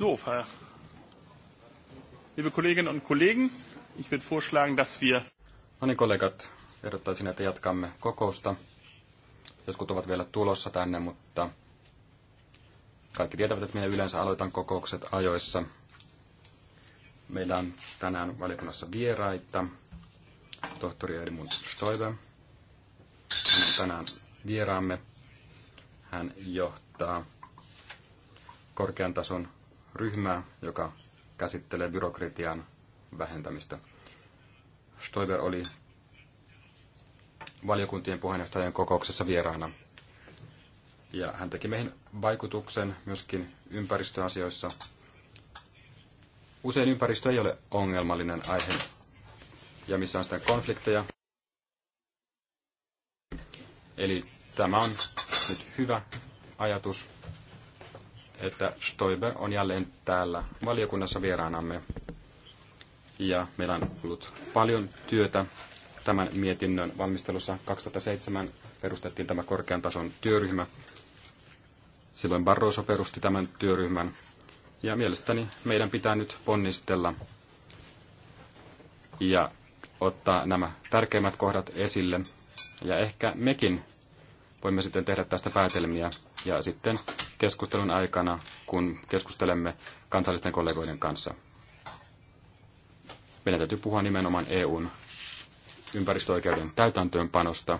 So, Frau, liebe Kolleginnen und Kollegen, ich würde vorschlagen, dass wir... No niin, kollegat, ehdottaisin, että jatkamme kokousta. Jotkut ovat vielä tulossa tänne, mutta kaikki tietävät, että minä yleensä aloitan kokoukset ajoissa. Meillä on tänään valiokunnassa vieraita. Tohtori Edmund Stoive. Hän on tänään vieraamme. Hän johtaa korkean tason ryhmää, joka käsittelee byrokratian vähentämistä. Stoiber oli valiokuntien puheenjohtajien kokouksessa vieraana. Ja hän teki meihin vaikutuksen myöskin ympäristöasioissa. Usein ympäristö ei ole ongelmallinen aihe, ja missä on sitten konflikteja. Eli tämä on nyt hyvä ajatus että Stoiber on jälleen täällä valiokunnassa vieraanamme. Ja meillä on ollut paljon työtä tämän mietinnön valmistelussa. 2007 perustettiin tämä korkean tason työryhmä. Silloin Barroso perusti tämän työryhmän. Ja mielestäni meidän pitää nyt ponnistella ja ottaa nämä tärkeimmät kohdat esille. Ja ehkä mekin voimme sitten tehdä tästä päätelmiä ja sitten keskustelun aikana, kun keskustelemme kansallisten kollegoiden kanssa. Meidän täytyy puhua nimenomaan EUn ympäristöoikeuden täytäntöönpanosta.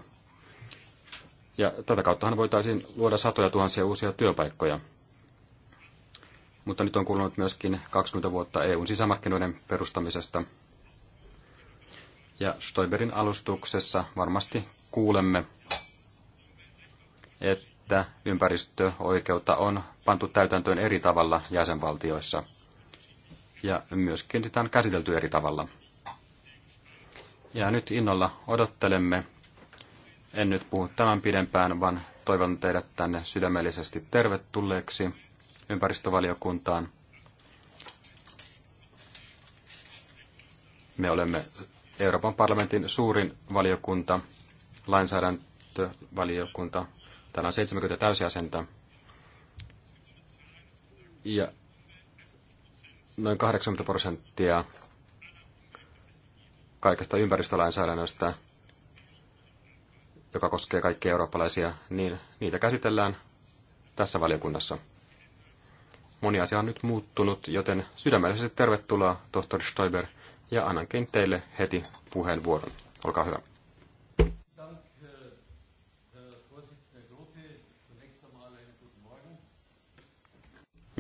Ja tätä kauttahan voitaisiin luoda satoja tuhansia uusia työpaikkoja. Mutta nyt on kulunut myöskin 20 vuotta EUn sisämarkkinoiden perustamisesta. Ja Stoiberin alustuksessa varmasti kuulemme, että että ympäristöoikeutta on pantu täytäntöön eri tavalla jäsenvaltioissa. Ja myöskin sitä on käsitelty eri tavalla. Ja nyt innolla odottelemme. En nyt puhu tämän pidempään, vaan toivon teidät tänne sydämellisesti tervetulleeksi ympäristövaliokuntaan. Me olemme Euroopan parlamentin suurin valiokunta, lainsäädäntövaliokunta Täällä on 70 täysiasenta. Ja noin 80 prosenttia kaikesta ympäristölainsäädännöstä, joka koskee kaikkia eurooppalaisia, niin niitä käsitellään tässä valiokunnassa. Moni asia on nyt muuttunut, joten sydämellisesti tervetuloa, tohtori Stoiber, ja annankin teille heti puheenvuoron. Olkaa hyvä.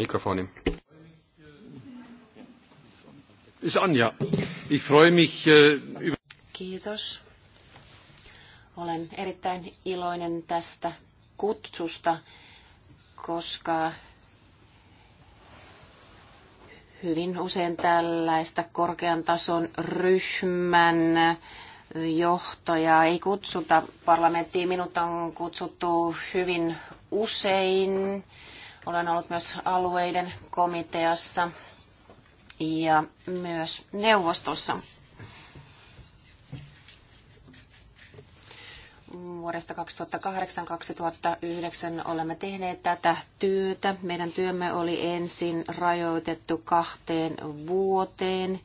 Mikrofoni. Anja, ich freue mich äh, über... Kiitos. Olen erittäin iloinen tästä kutsusta, koska hyvin usein tällaista korkean tason ryhmän johtoja ei kutsuta parlamenttiin. Minut on kutsuttu hyvin usein olen ollut myös alueiden komiteassa ja myös neuvostossa. Vuodesta 2008-2009 olemme tehneet tätä työtä. Meidän työmme oli ensin rajoitettu kahteen vuoteen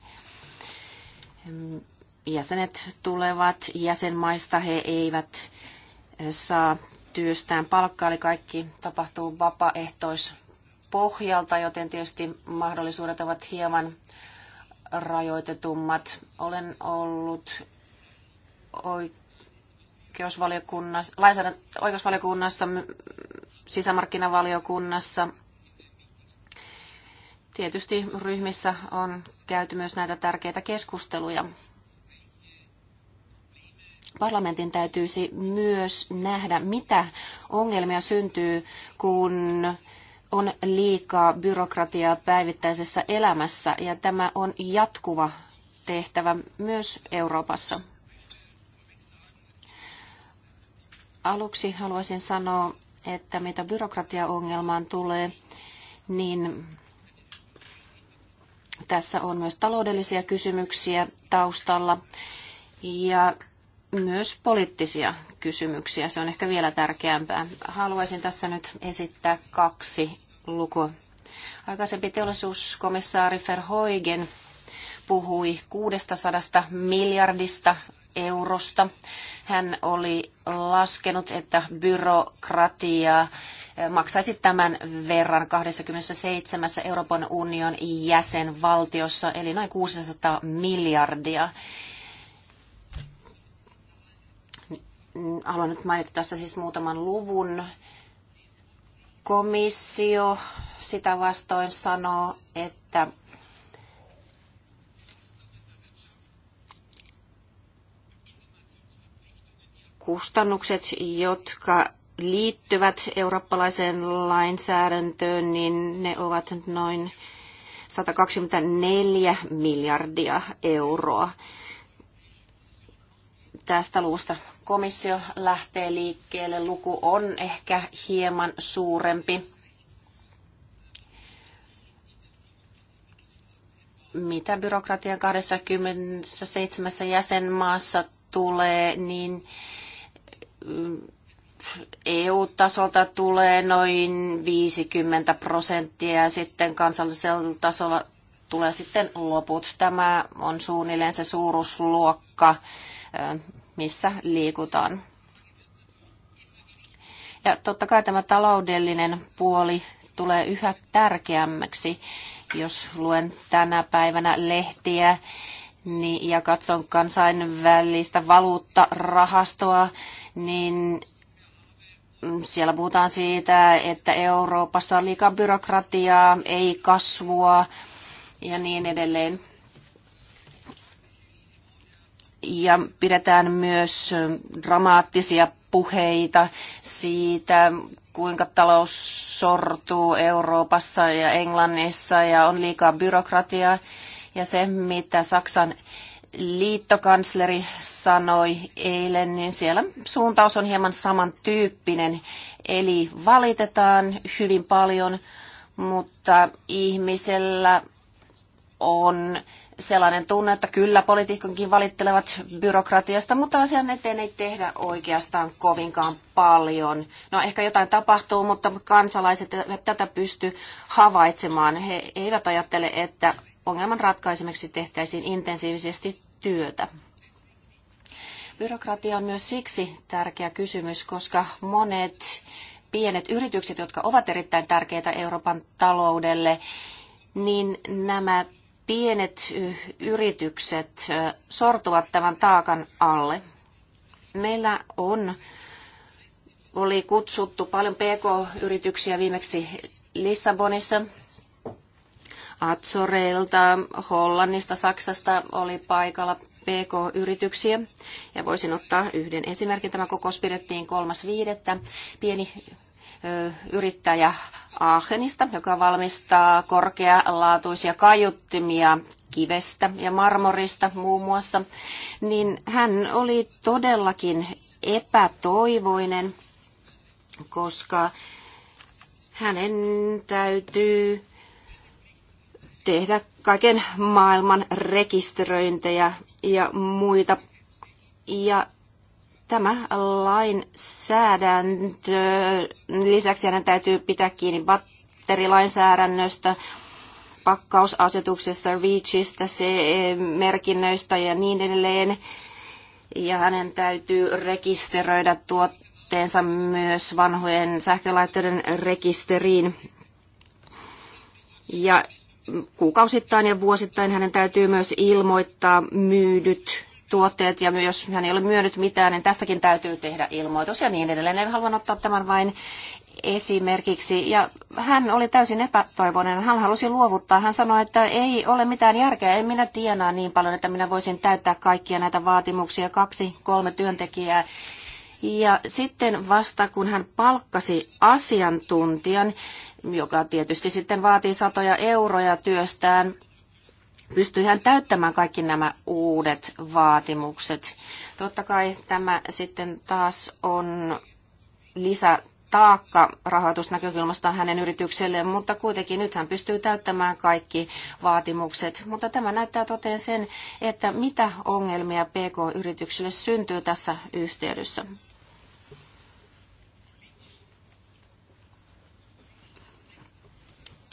jäsenet tulevat jäsenmaista, he eivät saa työstään palkkaa, eli kaikki tapahtuu vapaaehtoispohjalta, joten tietysti mahdollisuudet ovat hieman rajoitetummat. Olen ollut oikeusvaliokunnassa, oikeusvaliokunnassa, sisämarkkinavaliokunnassa. Tietysti ryhmissä on käyty myös näitä tärkeitä keskusteluja. Parlamentin täytyisi myös nähdä, mitä ongelmia syntyy, kun on liikaa byrokratiaa päivittäisessä elämässä, ja tämä on jatkuva tehtävä myös Euroopassa. Aluksi haluaisin sanoa, että mitä byrokratiaongelmaan tulee, niin tässä on myös taloudellisia kysymyksiä taustalla. Ja myös poliittisia kysymyksiä. Se on ehkä vielä tärkeämpää. Haluaisin tässä nyt esittää kaksi lukua. Aikaisempi teollisuuskomissaari Verhoigen puhui 600 miljardista eurosta. Hän oli laskenut, että byrokratia maksaisi tämän verran 27 Euroopan union jäsenvaltiossa, eli noin 600 miljardia. Haluan nyt mainita tässä siis muutaman luvun. Komissio sitä vastoin sanoo, että kustannukset, jotka liittyvät eurooppalaiseen lainsäädäntöön, niin ne ovat noin 124 miljardia euroa tästä luvusta komissio lähtee liikkeelle. Luku on ehkä hieman suurempi. Mitä byrokratian 27 jäsenmaassa tulee, niin mm, EU-tasolta tulee noin 50 prosenttia ja sitten kansallisella tasolla tulee sitten loput. Tämä on suunnilleen se suuruusluokka, missä liikutaan. Ja totta kai tämä taloudellinen puoli tulee yhä tärkeämmäksi, jos luen tänä päivänä lehtiä niin, ja katson kansainvälistä valuuttarahastoa, niin siellä puhutaan siitä, että Euroopassa on liikaa byrokratiaa, ei kasvua ja niin edelleen ja pidetään myös dramaattisia puheita siitä, kuinka talous sortuu Euroopassa ja Englannissa ja on liikaa byrokratiaa. Ja se, mitä Saksan liittokansleri sanoi eilen, niin siellä suuntaus on hieman samantyyppinen. Eli valitetaan hyvin paljon, mutta ihmisellä on sellainen tunne, että kyllä poliitikkonkin valittelevat byrokratiasta, mutta asian eteen ei tehdä oikeastaan kovinkaan paljon. No ehkä jotain tapahtuu, mutta kansalaiset eivät tätä pysty havaitsemaan. He eivät ajattele, että ongelman ratkaisemiseksi tehtäisiin intensiivisesti työtä. Byrokratia on myös siksi tärkeä kysymys, koska monet pienet yritykset, jotka ovat erittäin tärkeitä Euroopan taloudelle, niin nämä pienet yritykset sortuvat tämän taakan alle. Meillä on, oli kutsuttu paljon PK-yrityksiä viimeksi Lissabonissa. Azoreilta, Hollannista, Saksasta oli paikalla PK-yrityksiä. Ja voisin ottaa yhden esimerkin. Tämä kokous pidettiin 3.5. Pieni yrittäjä Aachenista, joka valmistaa korkealaatuisia kaiuttimia kivestä ja marmorista muun muassa, niin hän oli todellakin epätoivoinen, koska hänen täytyy tehdä kaiken maailman rekisteröintejä ja muita. Ja Tämä lainsäädäntö, lisäksi hänen täytyy pitää kiinni batterilainsäädännöstä, pakkausasetuksessa, REACHista, CE-merkinnöistä eh, ja niin edelleen. Ja hänen täytyy rekisteröidä tuotteensa myös vanhojen sähkölaitteiden rekisteriin. Ja kuukausittain ja vuosittain hänen täytyy myös ilmoittaa myydyt tuotteet ja jos hän ei ole myönnyt mitään, niin tästäkin täytyy tehdä ilmoitus ja niin edelleen. En haluan ottaa tämän vain esimerkiksi. Ja hän oli täysin epätoivoinen. Hän halusi luovuttaa. Hän sanoi, että ei ole mitään järkeä. En minä tienaa niin paljon, että minä voisin täyttää kaikkia näitä vaatimuksia. Kaksi, kolme työntekijää. Ja sitten vasta kun hän palkkasi asiantuntijan, joka tietysti sitten vaatii satoja euroja työstään, pystyy hän täyttämään kaikki nämä uudet vaatimukset. Totta kai tämä sitten taas on lisä taakka rahoitusnäkökulmasta hänen yritykselleen, mutta kuitenkin nyt hän pystyy täyttämään kaikki vaatimukset. Mutta tämä näyttää toteen sen, että mitä ongelmia PK-yrityksille syntyy tässä yhteydessä.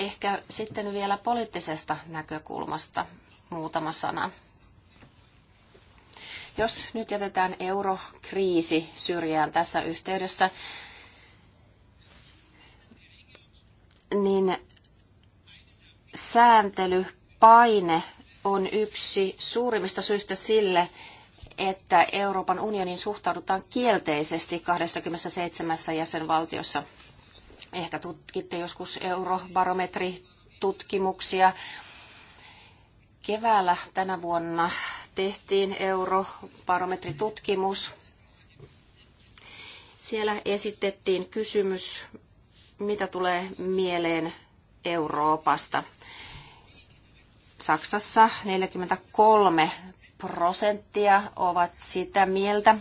Ehkä sitten vielä poliittisesta näkökulmasta muutama sana. Jos nyt jätetään eurokriisi syrjään tässä yhteydessä, niin sääntelypaine on yksi suurimmista syistä sille, että Euroopan unionin suhtaudutaan kielteisesti 27 jäsenvaltiossa. Ehkä tutkitte joskus eurobarometritutkimuksia. Keväällä tänä vuonna tehtiin eurobarometritutkimus. Siellä esitettiin kysymys, mitä tulee mieleen Euroopasta. Saksassa 43 prosenttia ovat sitä mieltä,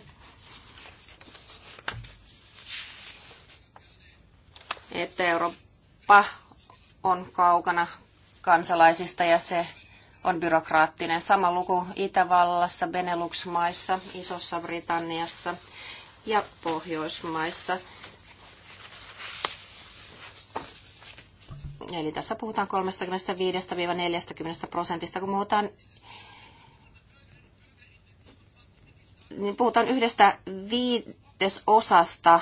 että Eurooppa on kaukana kansalaisista ja se on byrokraattinen. Sama luku Itävallassa, Benelux-maissa, Isossa Britanniassa ja Pohjoismaissa. Eli tässä puhutaan 35-40 prosentista, kun puhutaan, niin puhutaan yhdestä viidesosasta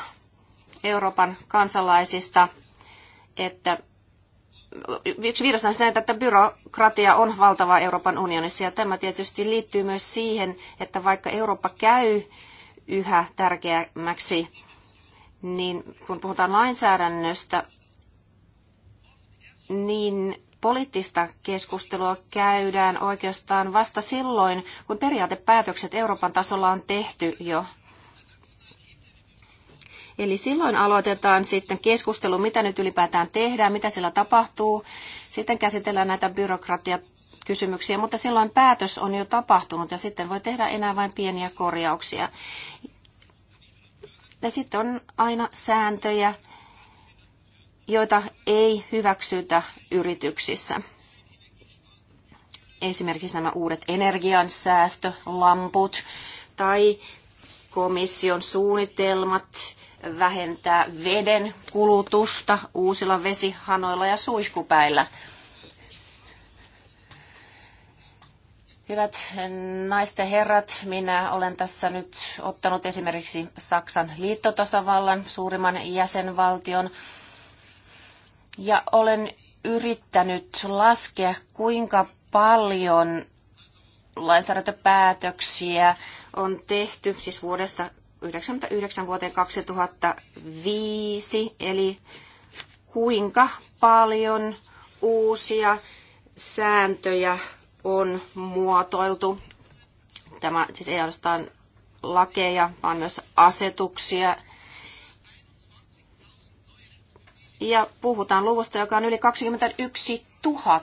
Euroopan kansalaisista, että yksi on näitä, että byrokratia on valtava Euroopan unionissa ja tämä tietysti liittyy myös siihen, että vaikka Eurooppa käy yhä tärkeämmäksi, niin kun puhutaan lainsäädännöstä, niin poliittista keskustelua käydään oikeastaan vasta silloin, kun periaatepäätökset Euroopan tasolla on tehty jo. Eli silloin aloitetaan sitten keskustelu, mitä nyt ylipäätään tehdään, mitä siellä tapahtuu. Sitten käsitellään näitä byrokratiakysymyksiä, kysymyksiä, mutta silloin päätös on jo tapahtunut ja sitten voi tehdä enää vain pieniä korjauksia. Ja sitten on aina sääntöjä, joita ei hyväksytä yrityksissä. Esimerkiksi nämä uudet energiansäästölamput tai komission suunnitelmat vähentää veden kulutusta uusilla vesihanoilla ja suihkupäillä. Hyvät naisten herrat, minä olen tässä nyt ottanut esimerkiksi Saksan liittotasavallan suurimman jäsenvaltion ja olen yrittänyt laskea, kuinka paljon lainsäädäntöpäätöksiä on tehty siis vuodesta 1999 vuoteen 2005, eli kuinka paljon uusia sääntöjä on muotoiltu. Tämä siis ei ainoastaan lakeja, vaan myös asetuksia. Ja puhutaan luvusta, joka on yli 21 000.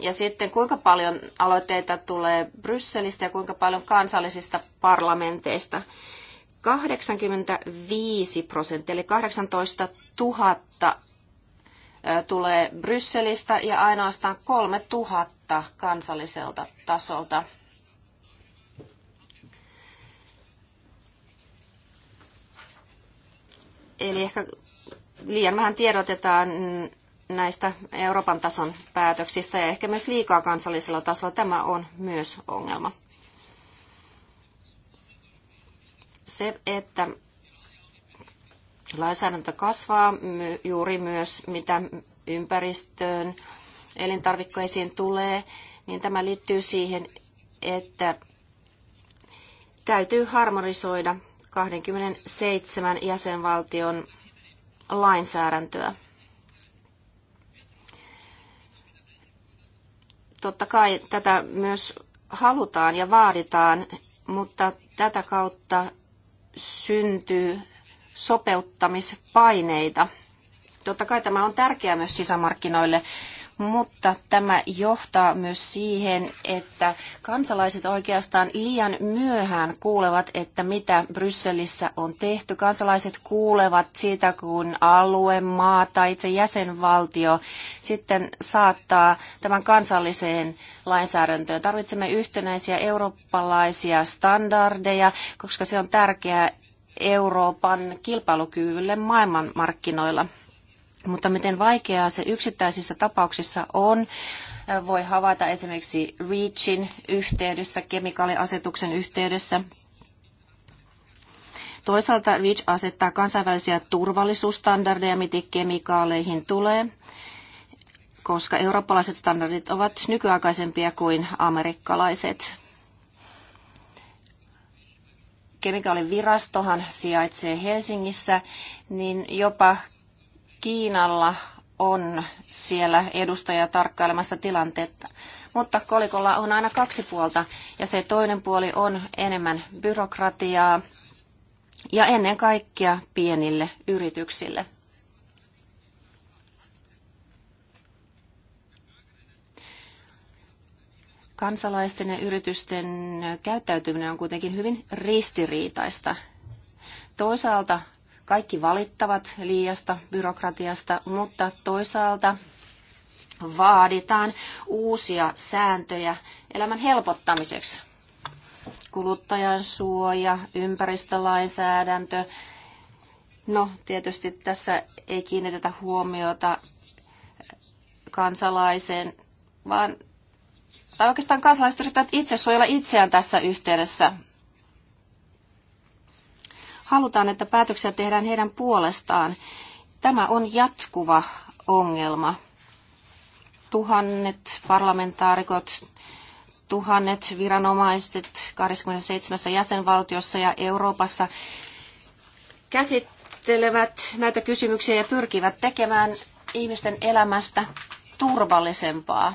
Ja sitten kuinka paljon aloitteita tulee Brysselistä ja kuinka paljon kansallisista parlamenteista? 85 prosenttia, eli 18 000 tulee Brysselistä ja ainoastaan 3 000 kansalliselta tasolta. Eli ehkä liian vähän tiedotetaan näistä Euroopan tason päätöksistä ja ehkä myös liikaa kansallisella tasolla. Tämä on myös ongelma. Se, että lainsäädäntö kasvaa juuri myös mitä ympäristöön elintarvikkeisiin tulee, niin tämä liittyy siihen, että täytyy harmonisoida 27 jäsenvaltion lainsäädäntöä. Totta kai tätä myös halutaan ja vaaditaan, mutta tätä kautta syntyy sopeuttamispaineita. Totta kai tämä on tärkeää myös sisämarkkinoille, mutta tämä johtaa myös siihen, että kansalaiset oikeastaan liian myöhään kuulevat, että mitä Brysselissä on tehty. Kansalaiset kuulevat siitä, kun alue, maa tai itse jäsenvaltio sitten saattaa tämän kansalliseen lainsäädäntöön. Tarvitsemme yhtenäisiä eurooppalaisia standardeja, koska se on tärkeää Euroopan kilpailukyvylle maailmanmarkkinoilla. Mutta miten vaikeaa se yksittäisissä tapauksissa on, voi havaita esimerkiksi REACHin yhteydessä, kemikaaliasetuksen yhteydessä. Toisaalta REACH asettaa kansainvälisiä turvallisuusstandardeja, miten kemikaaleihin tulee, koska eurooppalaiset standardit ovat nykyaikaisempia kuin amerikkalaiset. Kemikaalivirastohan sijaitsee Helsingissä, niin jopa Kiinalla on siellä edustaja tarkkailemassa tilanteetta. Mutta kolikolla on aina kaksi puolta ja se toinen puoli on enemmän byrokratiaa ja ennen kaikkea pienille yrityksille. Kansalaisten ja yritysten käyttäytyminen on kuitenkin hyvin ristiriitaista. Toisaalta kaikki valittavat liiasta byrokratiasta, mutta toisaalta vaaditaan uusia sääntöjä elämän helpottamiseksi. Kuluttajan suoja, ympäristölainsäädäntö. No, tietysti tässä ei kiinnitetä huomiota kansalaiseen, vaan tai oikeastaan kansalaiset yrittävät itse suojella itseään tässä yhteydessä halutaan, että päätöksiä tehdään heidän puolestaan. Tämä on jatkuva ongelma. Tuhannet parlamentaarikot, tuhannet viranomaiset 27 jäsenvaltiossa ja Euroopassa käsittelevät näitä kysymyksiä ja pyrkivät tekemään ihmisten elämästä turvallisempaa.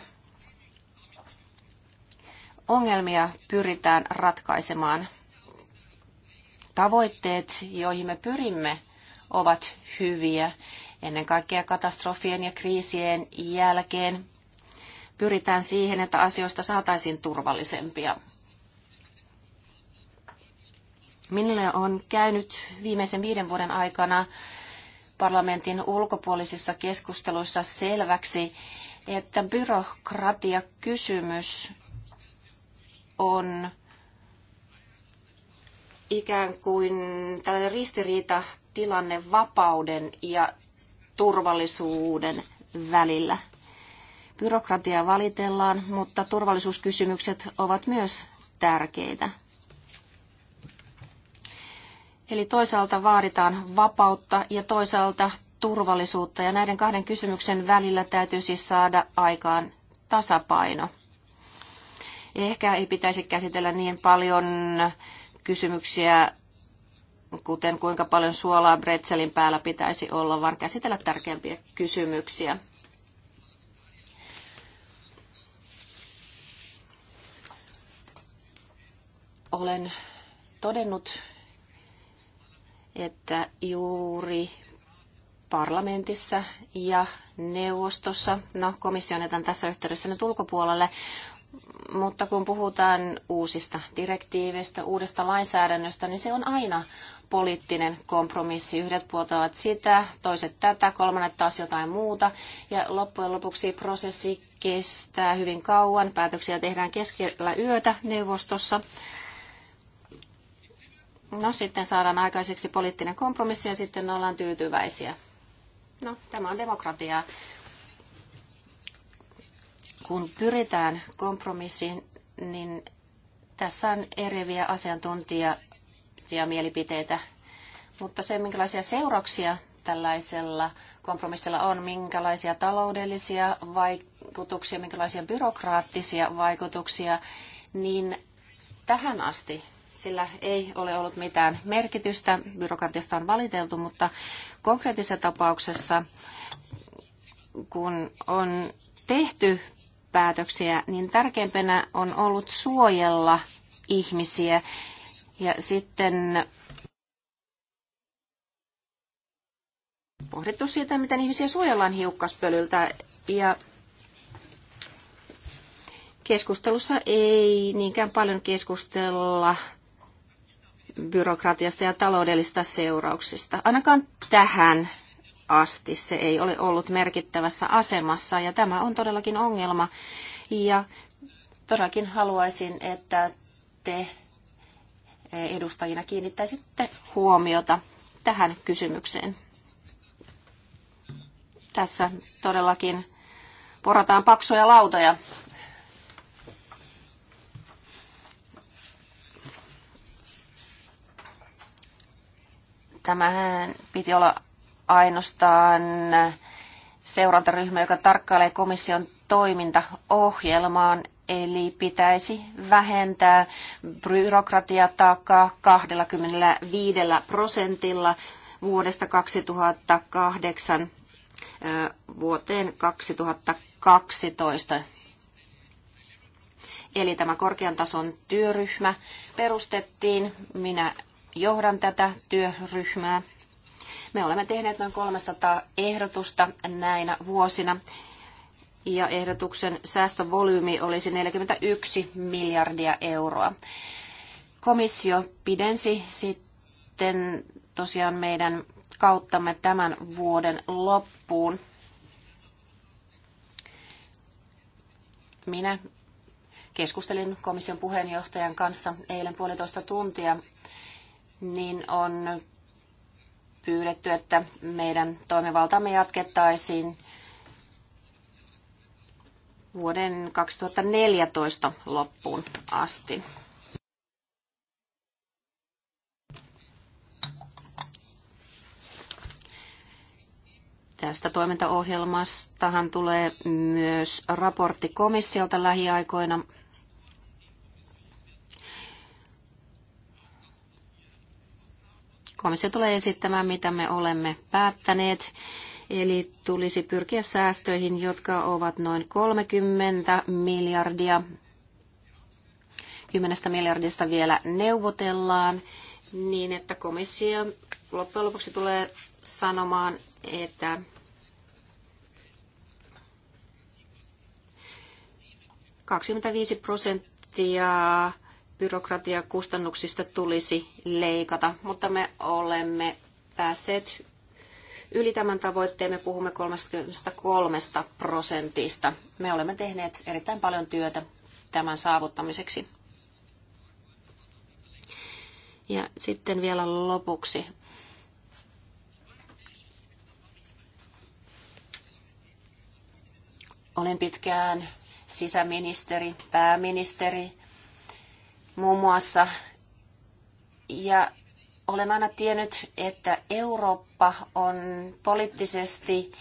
Ongelmia pyritään ratkaisemaan tavoitteet, joihin me pyrimme, ovat hyviä. Ennen kaikkea katastrofien ja kriisien jälkeen pyritään siihen, että asioista saataisiin turvallisempia. Minulle on käynyt viimeisen viiden vuoden aikana parlamentin ulkopuolisissa keskusteluissa selväksi, että byrokratiakysymys on ikään kuin tällainen ristiriita tilanne vapauden ja turvallisuuden välillä. Byrokratia valitellaan, mutta turvallisuuskysymykset ovat myös tärkeitä. Eli toisaalta vaaditaan vapautta ja toisaalta turvallisuutta, ja näiden kahden kysymyksen välillä täytyy siis saada aikaan tasapaino. Ehkä ei pitäisi käsitellä niin paljon kysymyksiä, kuten kuinka paljon suolaa bretselin päällä pitäisi olla, vaan käsitellä tärkeämpiä kysymyksiä. Olen todennut, että juuri parlamentissa ja neuvostossa, no komissio tässä yhteydessä nyt ulkopuolelle, mutta kun puhutaan uusista direktiiveistä, uudesta lainsäädännöstä, niin se on aina poliittinen kompromissi. Yhdet puoltavat sitä, toiset tätä, kolmannet taas jotain muuta. Ja loppujen lopuksi prosessi kestää hyvin kauan. Päätöksiä tehdään keskellä yötä neuvostossa. No sitten saadaan aikaiseksi poliittinen kompromissi ja sitten ollaan tyytyväisiä. No, tämä on demokratiaa kun pyritään kompromissiin, niin tässä on eriviä asiantuntija ja mielipiteitä. Mutta se, minkälaisia seurauksia tällaisella kompromissilla on, minkälaisia taloudellisia vaikutuksia, minkälaisia byrokraattisia vaikutuksia, niin tähän asti sillä ei ole ollut mitään merkitystä. Byrokratiasta on valiteltu, mutta konkreettisessa tapauksessa, kun on tehty päätöksiä, niin tärkeimpänä on ollut suojella ihmisiä. Ja sitten pohdittu siitä, miten ihmisiä suojellaan hiukkaspölyltä. Ja keskustelussa ei niinkään paljon keskustella byrokratiasta ja taloudellista seurauksista. Ainakaan tähän asti. Se ei ole ollut merkittävässä asemassa ja tämä on todellakin ongelma. Ja todellakin haluaisin, että te edustajina kiinnittäisitte huomiota tähän kysymykseen. Tässä todellakin porataan paksuja lautoja. Tämähän piti olla ainoastaan seurantaryhmä, joka tarkkailee komission toimintaohjelmaan, eli pitäisi vähentää byrokratiataakkaa 25 prosentilla vuodesta 2008 vuoteen 2012. Eli tämä korkean tason työryhmä perustettiin. Minä johdan tätä työryhmää. Me olemme tehneet noin 300 ehdotusta näinä vuosina ja ehdotuksen säästövolyymi olisi 41 miljardia euroa. Komissio pidensi sitten tosiaan meidän kauttamme tämän vuoden loppuun. Minä keskustelin komission puheenjohtajan kanssa eilen puolitoista tuntia, niin on pyydetty, että meidän toimivaltamme jatkettaisiin vuoden 2014 loppuun asti. Tästä toimintaohjelmastahan tulee myös raportti komissiolta lähiaikoina Komissio tulee esittämään, mitä me olemme päättäneet. Eli tulisi pyrkiä säästöihin, jotka ovat noin 30 miljardia. 10 miljardista vielä neuvotellaan niin, että komissio loppujen lopuksi tulee sanomaan, että Kaksikymmentäviisi prosenttia byrokratiakustannuksista tulisi leikata, mutta me olemme päässeet yli tämän tavoitteen. Me puhumme 33 prosentista. Me olemme tehneet erittäin paljon työtä tämän saavuttamiseksi. Ja sitten vielä lopuksi. Olen pitkään sisäministeri, pääministeri muun muassa. Ja olen aina tiennyt, että Eurooppa on poliittisesti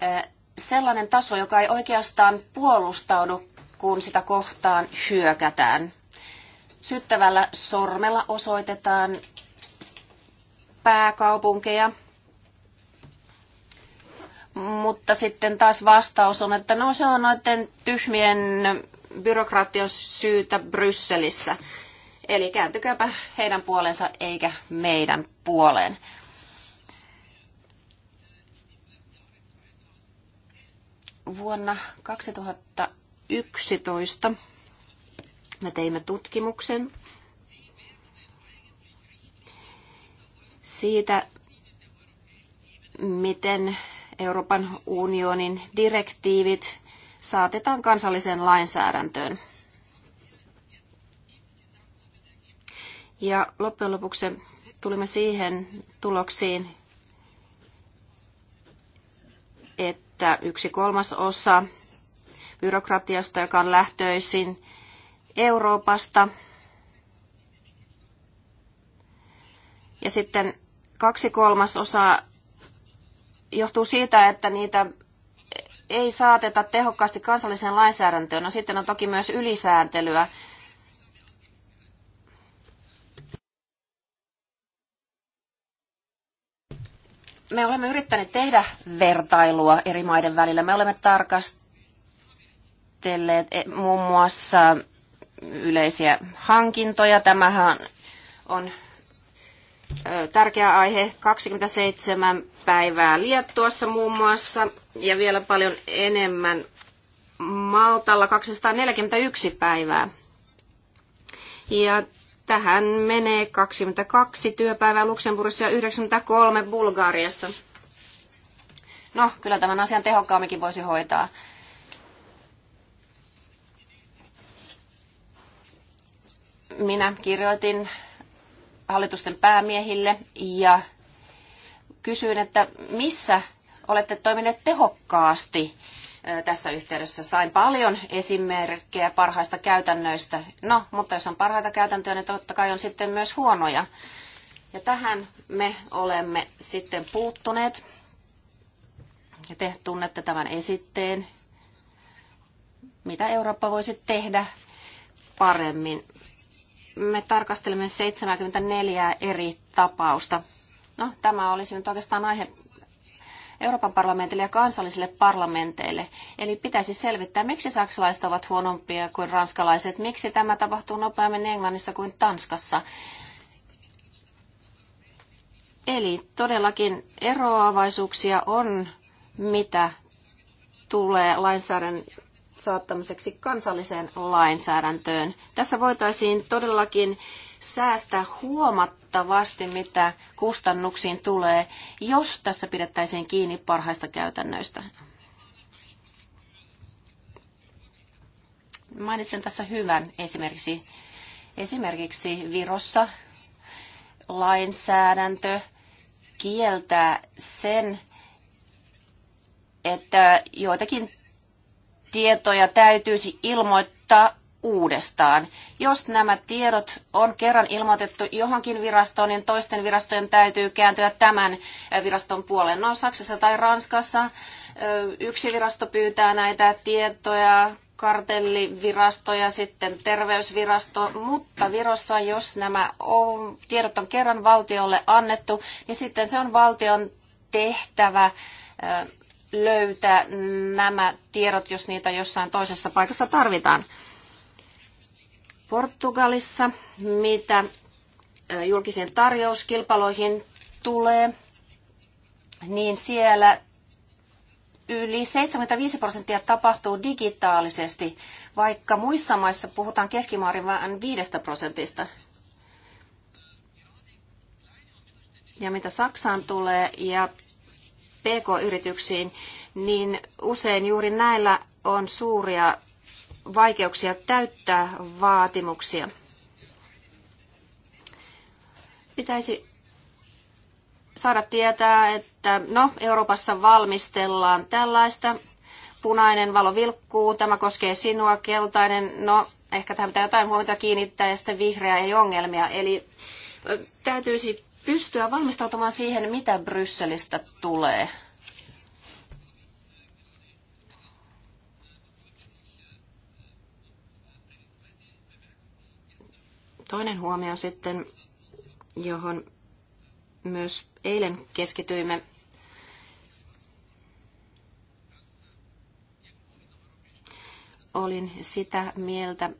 eh, sellainen taso, joka ei oikeastaan puolustaudu, kun sitä kohtaan hyökätään. Syttävällä sormella osoitetaan pääkaupunkeja, mutta sitten taas vastaus on, että no se on noiden tyhmien byrokratian syytä Brysselissä. Eli kääntykääpä heidän puolensa eikä meidän puoleen. Vuonna 2011 me teimme tutkimuksen siitä, miten Euroopan unionin direktiivit saatetaan kansalliseen lainsäädäntöön. Ja loppujen lopuksi tulimme siihen tuloksiin, että yksi kolmas osa byrokratiasta, joka on lähtöisin Euroopasta, ja sitten kaksi kolmasosaa johtuu siitä, että niitä ei saateta tehokkaasti kansalliseen lainsäädäntöön. No sitten on toki myös ylisääntelyä. Me olemme yrittäneet tehdä vertailua eri maiden välillä. Me olemme tarkastelleet eh, muun muassa yleisiä hankintoja. Tämähän on tärkeä aihe, 27 päivää Liettuassa muun muassa ja vielä paljon enemmän Maltalla 241 päivää. Ja tähän menee 22 työpäivää Luxemburgissa ja 93 Bulgariassa. No, kyllä tämän asian tehokkaamminkin voisi hoitaa. Minä kirjoitin hallitusten päämiehille ja kysyin, että missä olette toimineet tehokkaasti tässä yhteydessä. Sain paljon esimerkkejä parhaista käytännöistä. No, mutta jos on parhaita käytäntöjä, niin totta kai on sitten myös huonoja. Ja tähän me olemme sitten puuttuneet. Ja te tunnette tämän esitteen, mitä Eurooppa voisi tehdä paremmin me tarkastelemme 74 eri tapausta. No, tämä olisi nyt oikeastaan aihe Euroopan parlamentille ja kansallisille parlamenteille. Eli pitäisi selvittää, miksi saksalaiset ovat huonompia kuin ranskalaiset, miksi tämä tapahtuu nopeammin Englannissa kuin Tanskassa. Eli todellakin eroavaisuuksia on, mitä tulee lainsäädännön saattamiseksi kansalliseen lainsäädäntöön. Tässä voitaisiin todellakin säästää huomattavasti, mitä kustannuksiin tulee, jos tässä pidettäisiin kiinni parhaista käytännöistä. Mainitsen tässä hyvän esimerkiksi. Esimerkiksi Virossa lainsäädäntö kieltää sen, että joitakin tietoja täytyisi ilmoittaa uudestaan. Jos nämä tiedot on kerran ilmoitettu johonkin virastoon, niin toisten virastojen täytyy kääntyä tämän eh, viraston puoleen. No Saksassa tai Ranskassa eh, yksi virasto pyytää näitä tietoja, kartellivirasto ja sitten terveysvirasto, mutta Virossa, jos nämä on, tiedot on kerran valtiolle annettu, niin sitten se on valtion tehtävä eh, löytää nämä tiedot, jos niitä jossain toisessa paikassa tarvitaan. Portugalissa, mitä julkisiin tarjouskilpailuihin tulee, niin siellä yli 75 prosenttia tapahtuu digitaalisesti, vaikka muissa maissa puhutaan keskimäärin vain 5 prosentista. Ja mitä Saksaan tulee ja PK-yrityksiin, niin usein juuri näillä on suuria vaikeuksia täyttää vaatimuksia. Pitäisi saada tietää, että no, Euroopassa valmistellaan tällaista. Punainen valo vilkkuu, tämä koskee sinua, keltainen, no ehkä tähän pitää jotain huomiota kiinnittää ja sitten vihreä ei ongelmia. Eli täytyisi pystyä valmistautumaan siihen, mitä Brysselistä tulee. Toinen huomio sitten, johon myös eilen keskityimme, olin sitä mieltä,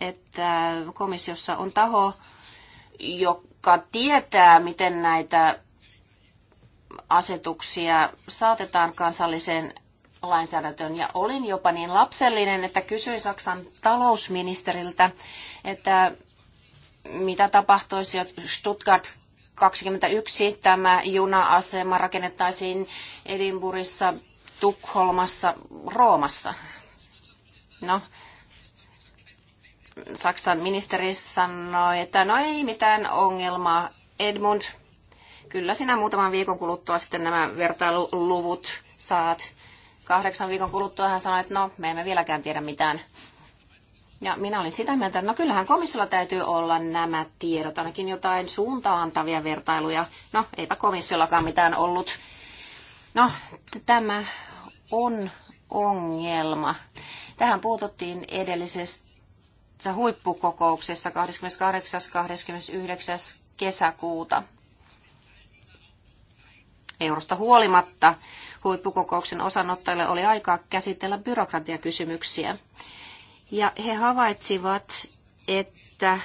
että komissiossa on taho, joka joka tietää, miten näitä asetuksia saatetaan kansalliseen lainsäädäntöön. Ja olin jopa niin lapsellinen, että kysyin Saksan talousministeriltä, että mitä tapahtuisi, jos Stuttgart 21 tämä juna-asema rakennettaisiin Edinburghissa, Tukholmassa, Roomassa. No, Saksan ministeri sanoi, että no ei mitään ongelmaa, Edmund, kyllä sinä muutaman viikon kuluttua sitten nämä vertailuluvut saat. Kahdeksan viikon kuluttua hän sanoi, että no me emme vieläkään tiedä mitään. Ja minä olin sitä mieltä, että no kyllähän komissiolla täytyy olla nämä tiedot, ainakin jotain suuntaantavia vertailuja. No, eipä komissiollakaan mitään ollut. No, tämä on ongelma. Tähän puututtiin edellisessä tässä huippukokouksessa 28.–29. kesäkuuta. Eurosta huolimatta huippukokouksen osanottajille oli aikaa käsitellä byrokratiakysymyksiä. Ja he havaitsivat, että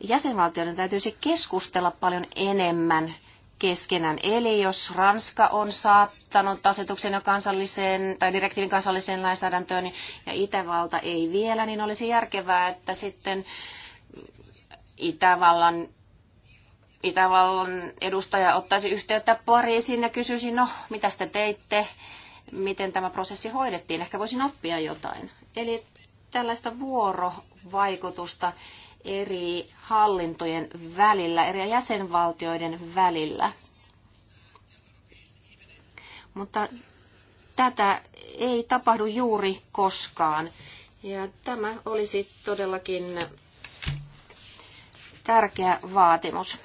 jäsenvaltioiden täytyisi keskustella paljon enemmän keskenään. Eli jos Ranska on saattanut asetuksen ja kansalliseen tai direktiivin kansalliseen lainsäädäntöön ja Itävalta ei vielä, niin olisi järkevää, että sitten Itävallan Itävallan edustaja ottaisi yhteyttä Pariisiin ja kysyisi, no, mitä te teitte, miten tämä prosessi hoidettiin, ehkä voisin oppia jotain. Eli tällaista vuorovaikutusta eri hallintojen välillä, eri jäsenvaltioiden välillä. Mutta tätä ei tapahdu juuri koskaan. Ja tämä olisi todellakin tärkeä vaatimus.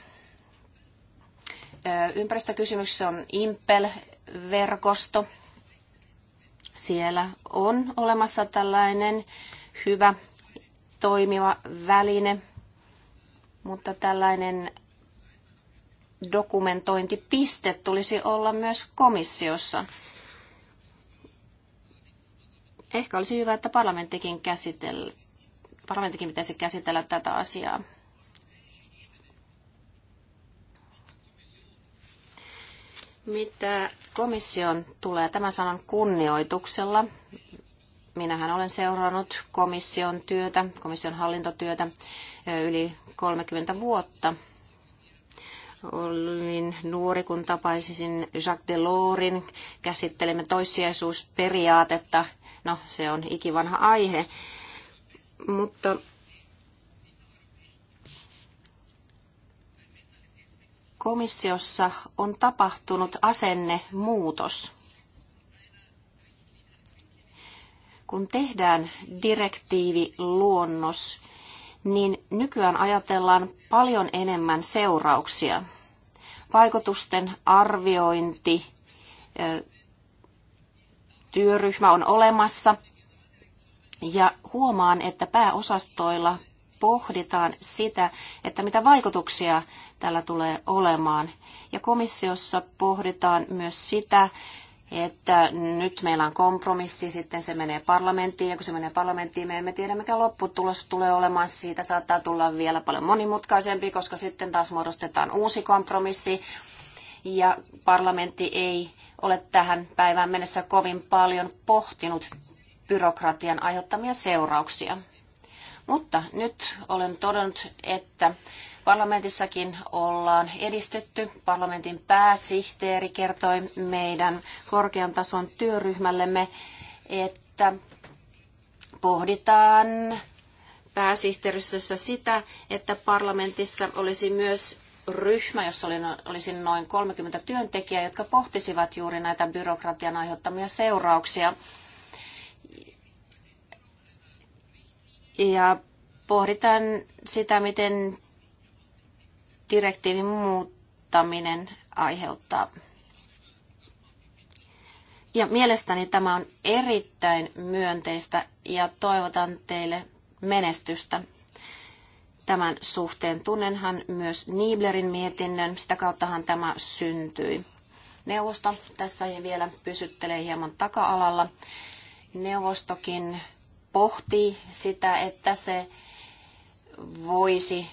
Ympäristökysymyksessä on Impel-verkosto. Siellä on olemassa tällainen hyvä toimiva väline, mutta tällainen dokumentointipiste tulisi olla myös komissiossa. Ehkä olisi hyvä, että parlamenttikin, käsitellä, parlamenttikin pitäisi käsitellä tätä asiaa. Mitä komission tulee, tämä sanon kunnioituksella, Minähän olen seurannut komission työtä, komission hallintotyötä yli 30 vuotta. Olin nuori, kun tapaisin Jacques Delorsin. Käsittelemme toissijaisuusperiaatetta. No, se on ikivanha aihe. Mutta komissiossa on tapahtunut asennemuutos. kun tehdään direktiiviluonnos, niin nykyään ajatellaan paljon enemmän seurauksia. Vaikutusten arviointi, työryhmä on olemassa ja huomaan, että pääosastoilla pohditaan sitä, että mitä vaikutuksia tällä tulee olemaan. Ja komissiossa pohditaan myös sitä, että nyt meillä on kompromissi, sitten se menee parlamenttiin, ja kun se menee parlamenttiin, me emme tiedä, mikä lopputulos tulee olemaan. Siitä saattaa tulla vielä paljon monimutkaisempi, koska sitten taas muodostetaan uusi kompromissi, ja parlamentti ei ole tähän päivään mennessä kovin paljon pohtinut byrokratian aiheuttamia seurauksia. Mutta nyt olen todennut, että Parlamentissakin ollaan edistytty. Parlamentin pääsihteeri kertoi meidän korkean tason työryhmällemme, että pohditaan pääsihteeristössä sitä, että parlamentissa olisi myös ryhmä, jossa no-, olisi noin 30 työntekijää, jotka pohtisivat juuri näitä byrokratian aiheuttamia seurauksia. Ja pohditaan sitä, miten direktiivin muuttaminen aiheuttaa. Ja mielestäni tämä on erittäin myönteistä ja toivotan teille menestystä tämän suhteen. Tunnenhan myös Nieblerin mietinnön, sitä kauttahan tämä syntyi. Neuvosto tässä vielä pysyttelee hieman taka-alalla. Neuvostokin pohtii sitä, että se voisi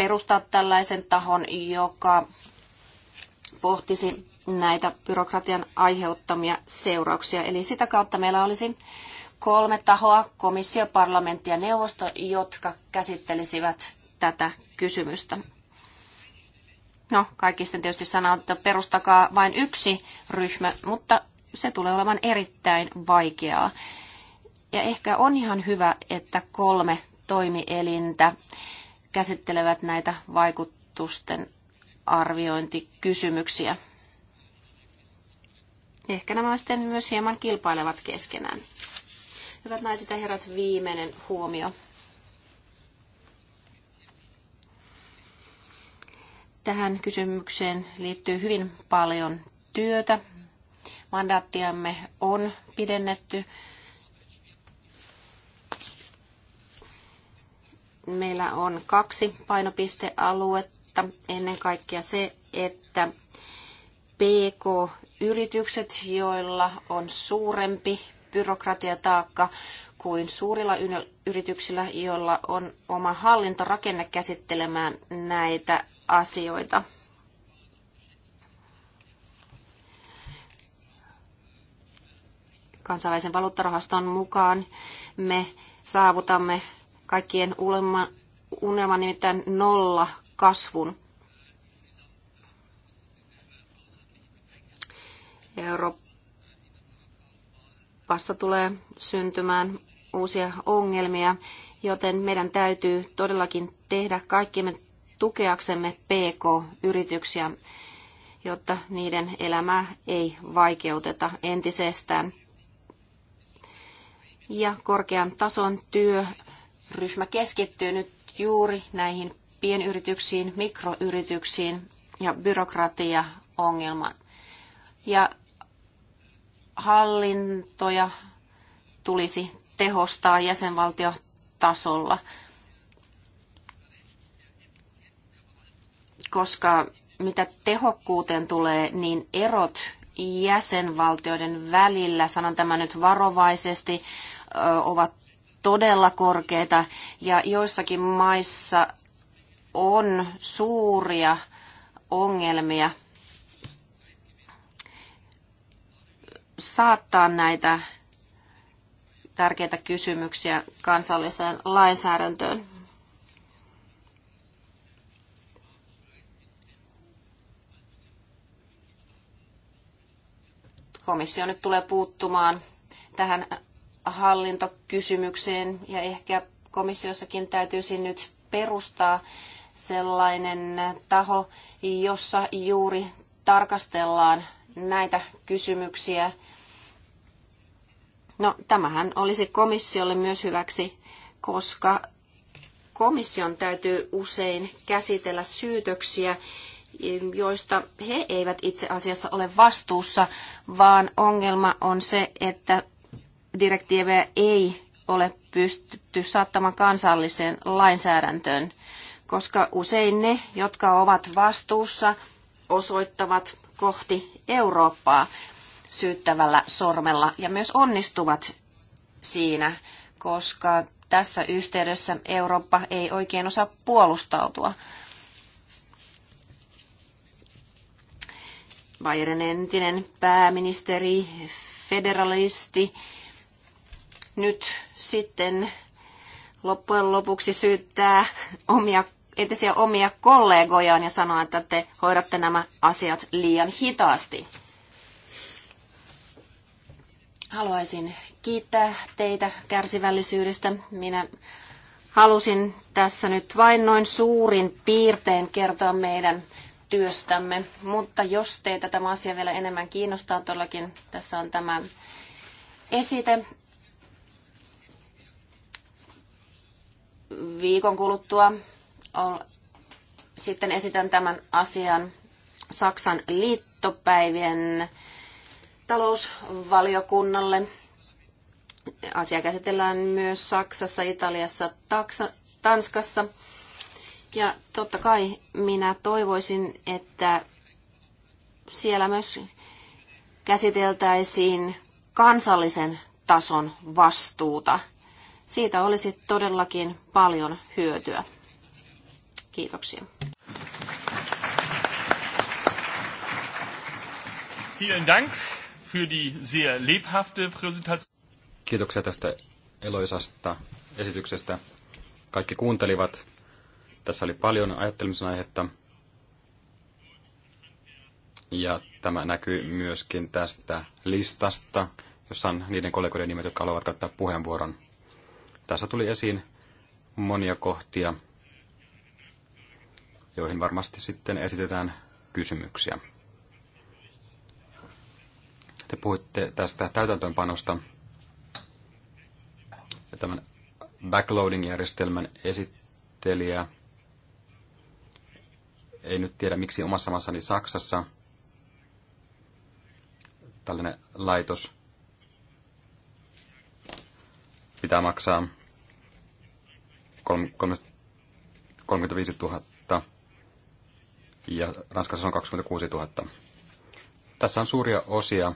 perustaa tällaisen tahon, joka pohtisi näitä byrokratian aiheuttamia seurauksia. Eli sitä kautta meillä olisi kolme tahoa, komissio, parlamentti ja neuvosto, jotka käsittelisivät tätä kysymystä. No, kaikki sitten tietysti sanoo, että perustakaa vain yksi ryhmä, mutta se tulee olemaan erittäin vaikeaa. Ja ehkä on ihan hyvä, että kolme toimielintä käsittelevät näitä vaikutusten arviointikysymyksiä. Ehkä nämä sitten myös hieman kilpailevat keskenään. Hyvät naiset ja herrat, viimeinen huomio. Tähän kysymykseen liittyy hyvin paljon työtä. Mandaattiamme on pidennetty meillä on kaksi painopistealuetta. Ennen kaikkea se, että PK-yritykset, joilla on suurempi byrokratiataakka kuin suurilla yrityksillä, joilla on oma hallintorakenne käsittelemään näitä asioita. Kansainvälisen valuuttarahaston mukaan me saavutamme kaikkien unelma, unelma nimittäin nolla kasvun. Euroopassa tulee syntymään uusia ongelmia, joten meidän täytyy todellakin tehdä kaikkimme tukeaksemme PK-yrityksiä, jotta niiden elämää ei vaikeuteta entisestään. Ja korkean tason työ ryhmä keskittyy nyt juuri näihin pienyrityksiin, mikroyrityksiin ja byrokratiaongelmaan. Ja hallintoja tulisi tehostaa jäsenvaltiotasolla, koska mitä tehokkuuteen tulee, niin erot jäsenvaltioiden välillä, sanon tämä nyt varovaisesti, ovat todella korkeita ja joissakin maissa on suuria ongelmia saattaa näitä tärkeitä kysymyksiä kansalliseen lainsäädäntöön. Komissio nyt tulee puuttumaan tähän hallintokysymykseen ja ehkä komissiossakin täytyisi nyt perustaa sellainen taho, jossa juuri tarkastellaan näitä kysymyksiä. No, tämähän olisi komissiolle myös hyväksi, koska komission täytyy usein käsitellä syytöksiä, joista he eivät itse asiassa ole vastuussa, vaan ongelma on se, että direktiivejä ei ole pystytty saattamaan kansalliseen lainsäädäntöön, koska usein ne, jotka ovat vastuussa, osoittavat kohti Eurooppaa syyttävällä sormella ja myös onnistuvat siinä, koska tässä yhteydessä Eurooppa ei oikein osaa puolustautua. Bayernin entinen pääministeri, federalisti, nyt sitten loppujen lopuksi syyttää omia, entisiä omia kollegojaan ja sanoa, että te hoidatte nämä asiat liian hitaasti. Haluaisin kiittää teitä kärsivällisyydestä. Minä halusin tässä nyt vain noin suurin piirtein kertoa meidän työstämme, mutta jos teitä tämä asia vielä enemmän kiinnostaa, todellakin tässä on tämä esite viikon kuluttua sitten esitän tämän asian Saksan liittopäivien talousvaliokunnalle. Asia käsitellään myös Saksassa, Italiassa, Taksa, Tanskassa. Ja totta kai minä toivoisin, että siellä myös käsiteltäisiin kansallisen tason vastuuta – siitä olisi todellakin paljon hyötyä. Kiitoksia. Vielen Dank für die sehr lebhafte Präsentation. Kiitoksia tästä eloisasta esityksestä. Kaikki kuuntelivat. Tässä oli paljon ajattelemisen aihetta. Ja tämä näkyy myöskin tästä listasta, jossa on niiden kollegoiden nimet, jotka haluavat käyttää puheenvuoron. Tässä tuli esiin monia kohtia, joihin varmasti sitten esitetään kysymyksiä. Te puhuitte tästä täytäntöönpanosta ja tämän backloading-järjestelmän esittelijä ei nyt tiedä, miksi omassa maassani Saksassa tällainen laitos pitää maksaa 35 000 ja Ranskassa on 26 000. Tässä on suuria osia,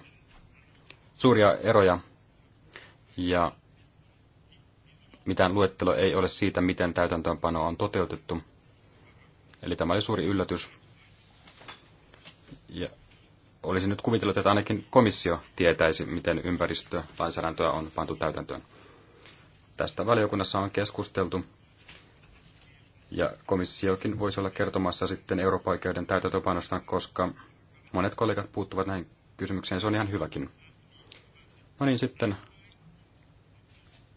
suuria eroja ja mitään luettelo ei ole siitä, miten täytäntöönpano on toteutettu. Eli tämä oli suuri yllätys. Ja olisin nyt kuvitellut, että ainakin komissio tietäisi, miten ympäristölainsäädäntöä on pantu täytäntöön. Tästä valiokunnassa on keskusteltu ja komissiokin voisi olla kertomassa sitten Euroopan täytäntöpanosta, koska monet kollegat puuttuvat näihin kysymykseen. Se on ihan hyväkin. No niin, sitten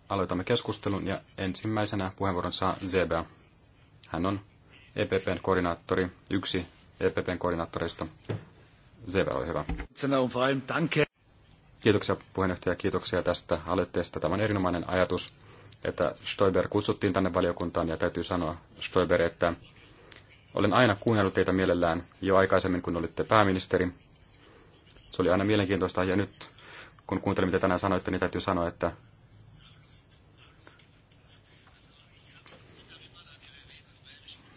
aloitamme keskustelun ja ensimmäisenä puheenvuoron saa Zebra. Hän on EPPn koordinaattori, yksi EPPn koordinaattoreista. Zebra, ole hyvä. Kiitoksia puheenjohtaja, kiitoksia tästä aloitteesta. Tämä on erinomainen ajatus että Stoiber kutsuttiin tänne valiokuntaan ja täytyy sanoa Stoiber, että olen aina kuunnellut teitä mielellään jo aikaisemmin, kun olitte pääministeri. Se oli aina mielenkiintoista ja nyt kun kuuntelin, mitä tänään sanoitte, niin täytyy sanoa, että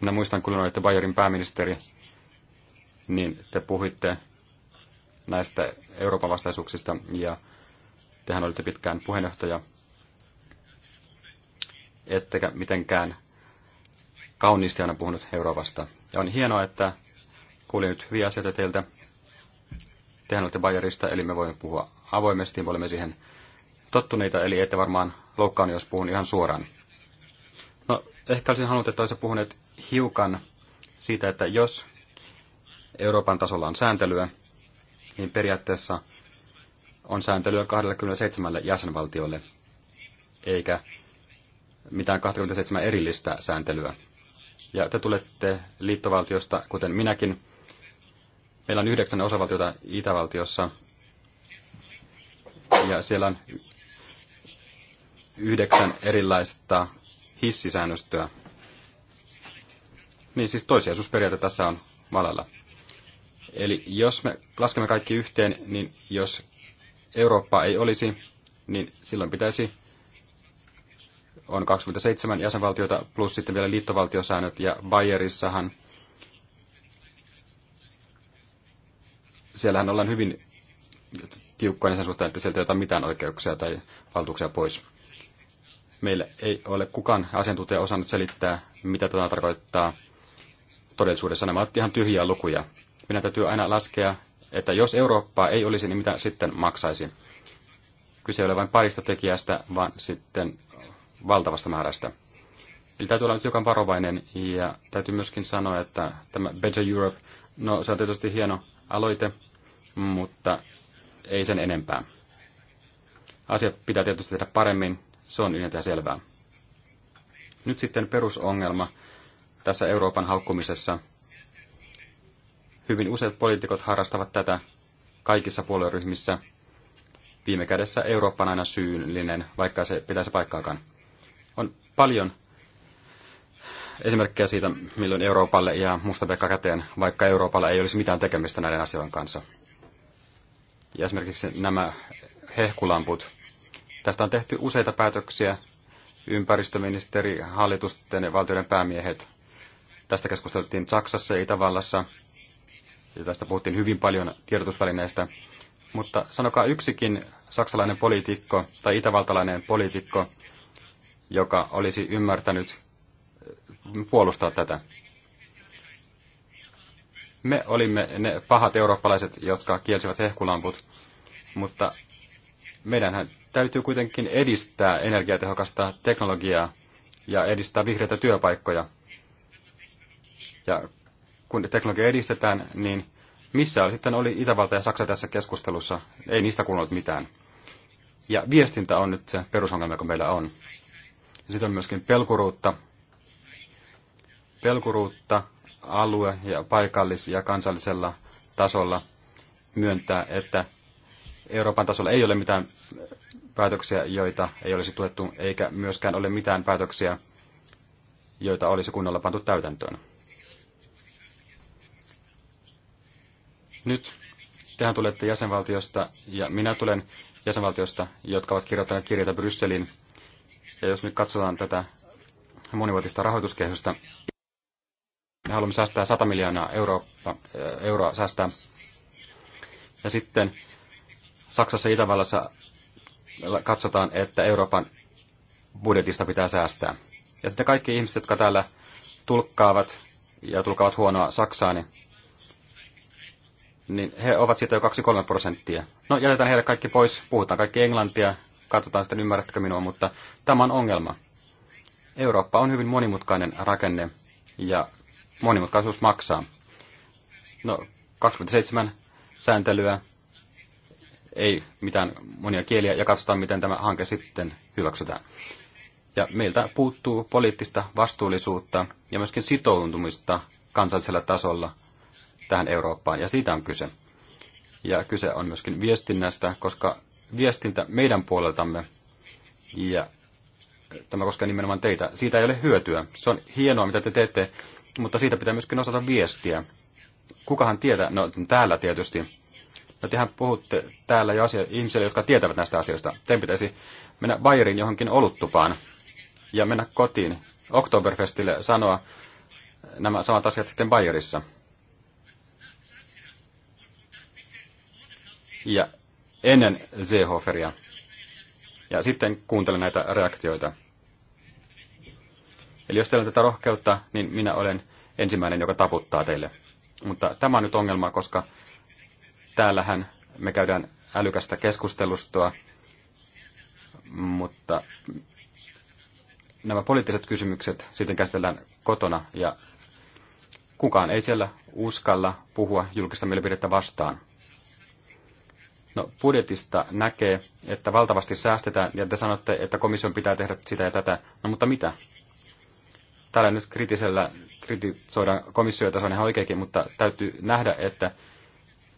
Minä muistan, kun olitte Bayerin pääministeri, niin te puhuitte näistä Euroopan vastaisuuksista ja tehän olitte pitkään puheenjohtaja ettekä mitenkään kauniisti aina puhunut Euroopasta. Ja on hienoa, että kuulin nyt hyviä asioita teiltä. Tehän olette Bayerista, eli me voimme puhua avoimesti, me olemme siihen tottuneita, eli ette varmaan loukkaan, jos puhun ihan suoraan. No, ehkä olisin halunnut, että olisitte puhuneet hiukan siitä, että jos Euroopan tasolla on sääntelyä, niin periaatteessa on sääntelyä 27 jäsenvaltiolle, eikä mitään 27 erillistä sääntelyä. Ja te tulette liittovaltiosta, kuten minäkin. Meillä on yhdeksän osavaltiota Itävaltiossa, ja siellä on yhdeksän erilaista hissisäännöstöä. Niin siis toisiasusperiaate tässä on valella. Eli jos me laskemme kaikki yhteen, niin jos Eurooppa ei olisi, niin silloin pitäisi on 27 jäsenvaltiota plus sitten vielä liittovaltiosäännöt ja Bayerissahan siellähän ollaan hyvin tiukkoinen sen suhteen, että sieltä ei ota mitään oikeuksia tai valtuuksia pois. Meillä ei ole kukaan asiantuntija osannut selittää, mitä tämä tarkoittaa todellisuudessa. Nämä ovat ihan tyhjiä lukuja. Minä täytyy aina laskea, että jos Eurooppaa ei olisi, niin mitä sitten maksaisi. Kyse ei ole vain parista tekijästä, vaan sitten valtavasta määrästä. Eli täytyy olla nyt joka varovainen ja täytyy myöskin sanoa, että tämä Better Europe, no se on tietysti hieno aloite, mutta ei sen enempää. Asia pitää tietysti tehdä paremmin, se on yhdentä selvää. Nyt sitten perusongelma tässä Euroopan haukkumisessa. Hyvin useat poliitikot harrastavat tätä kaikissa puolueryhmissä. Viime kädessä Eurooppa on aina syyllinen, vaikka se pitäisi paikkaakaan. On paljon esimerkkejä siitä, milloin Euroopalle ja Pekka käteen, vaikka Euroopalla ei olisi mitään tekemistä näiden asioiden kanssa. Ja esimerkiksi nämä hehkulamput. Tästä on tehty useita päätöksiä. Ympäristöministeri, hallitusten ja valtioiden päämiehet. Tästä keskusteltiin Saksassa ja Itävallassa. Ja tästä puhuttiin hyvin paljon tiedotusvälineistä. Mutta sanokaa yksikin saksalainen poliitikko tai itävaltalainen poliitikko, joka olisi ymmärtänyt äh, puolustaa tätä. Me olimme ne pahat eurooppalaiset, jotka kielsivät hehkulamput, mutta meidänhän täytyy kuitenkin edistää energiatehokasta teknologiaa ja edistää vihreitä työpaikkoja. Ja kun teknologia edistetään, niin missä oli sitten oli Itävalta ja Saksa tässä keskustelussa? Ei niistä kuulunut mitään. Ja viestintä on nyt se perusongelma, joka meillä on. Sitten on myöskin pelkuruutta. Pelkuruutta alue- ja paikallis- ja kansallisella tasolla myöntää, että Euroopan tasolla ei ole mitään päätöksiä, joita ei olisi tuettu, eikä myöskään ole mitään päätöksiä, joita olisi kunnolla pantu täytäntöön. Nyt tehän tulette jäsenvaltiosta ja minä tulen jäsenvaltiosta, jotka ovat kirjoittaneet kirjeitä Brysselin ja jos nyt katsotaan tätä monivuotista rahoituskehystä, me haluamme säästää 100 miljoonaa euroa, eh, euroa säästää. Ja sitten Saksassa ja Itävallassa katsotaan, että Euroopan budjetista pitää säästää. Ja sitten kaikki ihmiset, jotka täällä tulkkaavat ja tulkaavat huonoa Saksaa, niin, niin he ovat siitä jo 2-3 prosenttia. No jätetään heidät kaikki pois, puhutaan kaikki englantia, katsotaan sitten ymmärrätkö minua, mutta tämä on ongelma. Eurooppa on hyvin monimutkainen rakenne ja monimutkaisuus maksaa. No, 27 sääntelyä, ei mitään monia kieliä ja katsotaan, miten tämä hanke sitten hyväksytään. Ja meiltä puuttuu poliittista vastuullisuutta ja myöskin sitoutumista kansallisella tasolla tähän Eurooppaan, ja siitä on kyse. Ja kyse on myöskin viestinnästä, koska viestintä meidän puoleltamme, ja tämä koskee nimenomaan teitä, siitä ei ole hyötyä. Se on hienoa, mitä te teette, mutta siitä pitää myöskin osata viestiä. Kukahan tietää? No täällä tietysti. No tehän puhutte täällä jo asia, ihmisille, jotka tietävät näistä asioista. Teidän pitäisi mennä Bayerin johonkin oluttupaan ja mennä kotiin Oktoberfestille sanoa nämä samat asiat sitten Bayerissa. Ja ennen Seehoferia. Ja sitten kuuntelen näitä reaktioita. Eli jos teillä on tätä rohkeutta, niin minä olen ensimmäinen, joka taputtaa teille. Mutta tämä on nyt ongelma, koska täällähän me käydään älykästä keskustelustoa, mutta nämä poliittiset kysymykset sitten käsitellään kotona ja kukaan ei siellä uskalla puhua julkista mielipidettä vastaan. No, budjetista näkee, että valtavasti säästetään, ja te sanotte, että komission pitää tehdä sitä ja tätä. No, mutta mitä? Täällä nyt kritisellä kritisoidaan komissiota, se on ihan oikeakin, mutta täytyy nähdä, että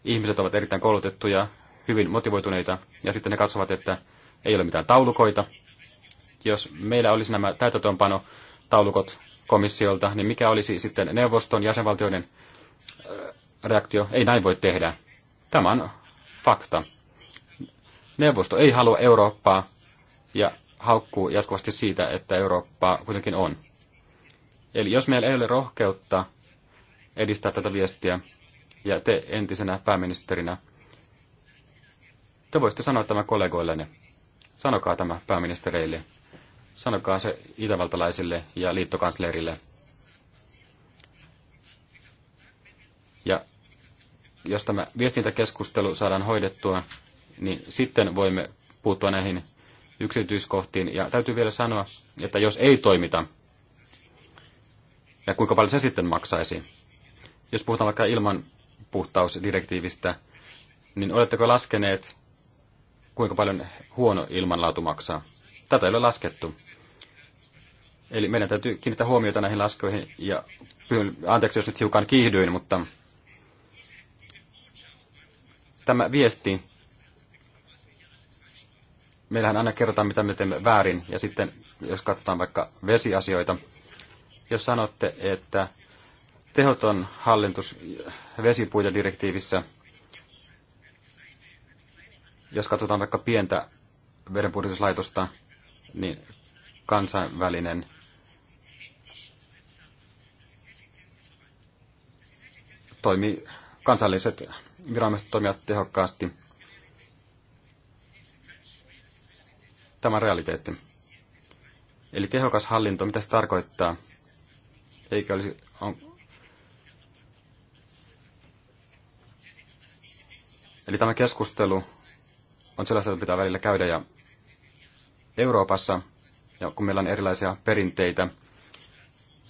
ihmiset ovat erittäin koulutettuja, hyvin motivoituneita, ja sitten ne katsovat, että ei ole mitään taulukoita. Jos meillä olisi nämä täytäntöönpano taulukot komissiolta, niin mikä olisi sitten neuvoston jäsenvaltioiden reaktio? Ei näin voi tehdä. Tämä on fakta. Neuvosto ei halua Eurooppaa ja haukkuu jatkuvasti siitä, että Eurooppaa kuitenkin on. Eli jos meillä ei ole rohkeutta edistää tätä viestiä, ja te entisenä pääministerinä, te voisitte sanoa tämä kollegoillenne. Sanokaa tämä pääministereille. Sanokaa se itävaltalaisille ja liittokanslerille. Ja jos tämä viestintäkeskustelu saadaan hoidettua, niin sitten voimme puuttua näihin yksityiskohtiin. Ja täytyy vielä sanoa, että jos ei toimita, ja kuinka paljon se sitten maksaisi? Jos puhutaan vaikka ilman puhtausdirektiivistä, niin oletteko laskeneet, kuinka paljon huono ilmanlaatu maksaa? Tätä ei ole laskettu. Eli meidän täytyy kiinnittää huomiota näihin laskuihin. Ja anteeksi, jos nyt hiukan kiihdyin, mutta tämä viesti, meillähän aina kerrotaan, mitä me teemme väärin, ja sitten jos katsotaan vaikka vesiasioita, jos sanotte, että tehoton hallintus direktiivissä, jos katsotaan vaikka pientä vedenpuhdistuslaitosta, niin kansainvälinen toimi kansalliset viranomaiset toimia tehokkaasti. Tämä on realiteetti. Eli tehokas hallinto, mitä se tarkoittaa? Eikä olisi, on, Eli tämä keskustelu on sellaista, jota pitää välillä käydä. Ja Euroopassa, ja kun meillä on erilaisia perinteitä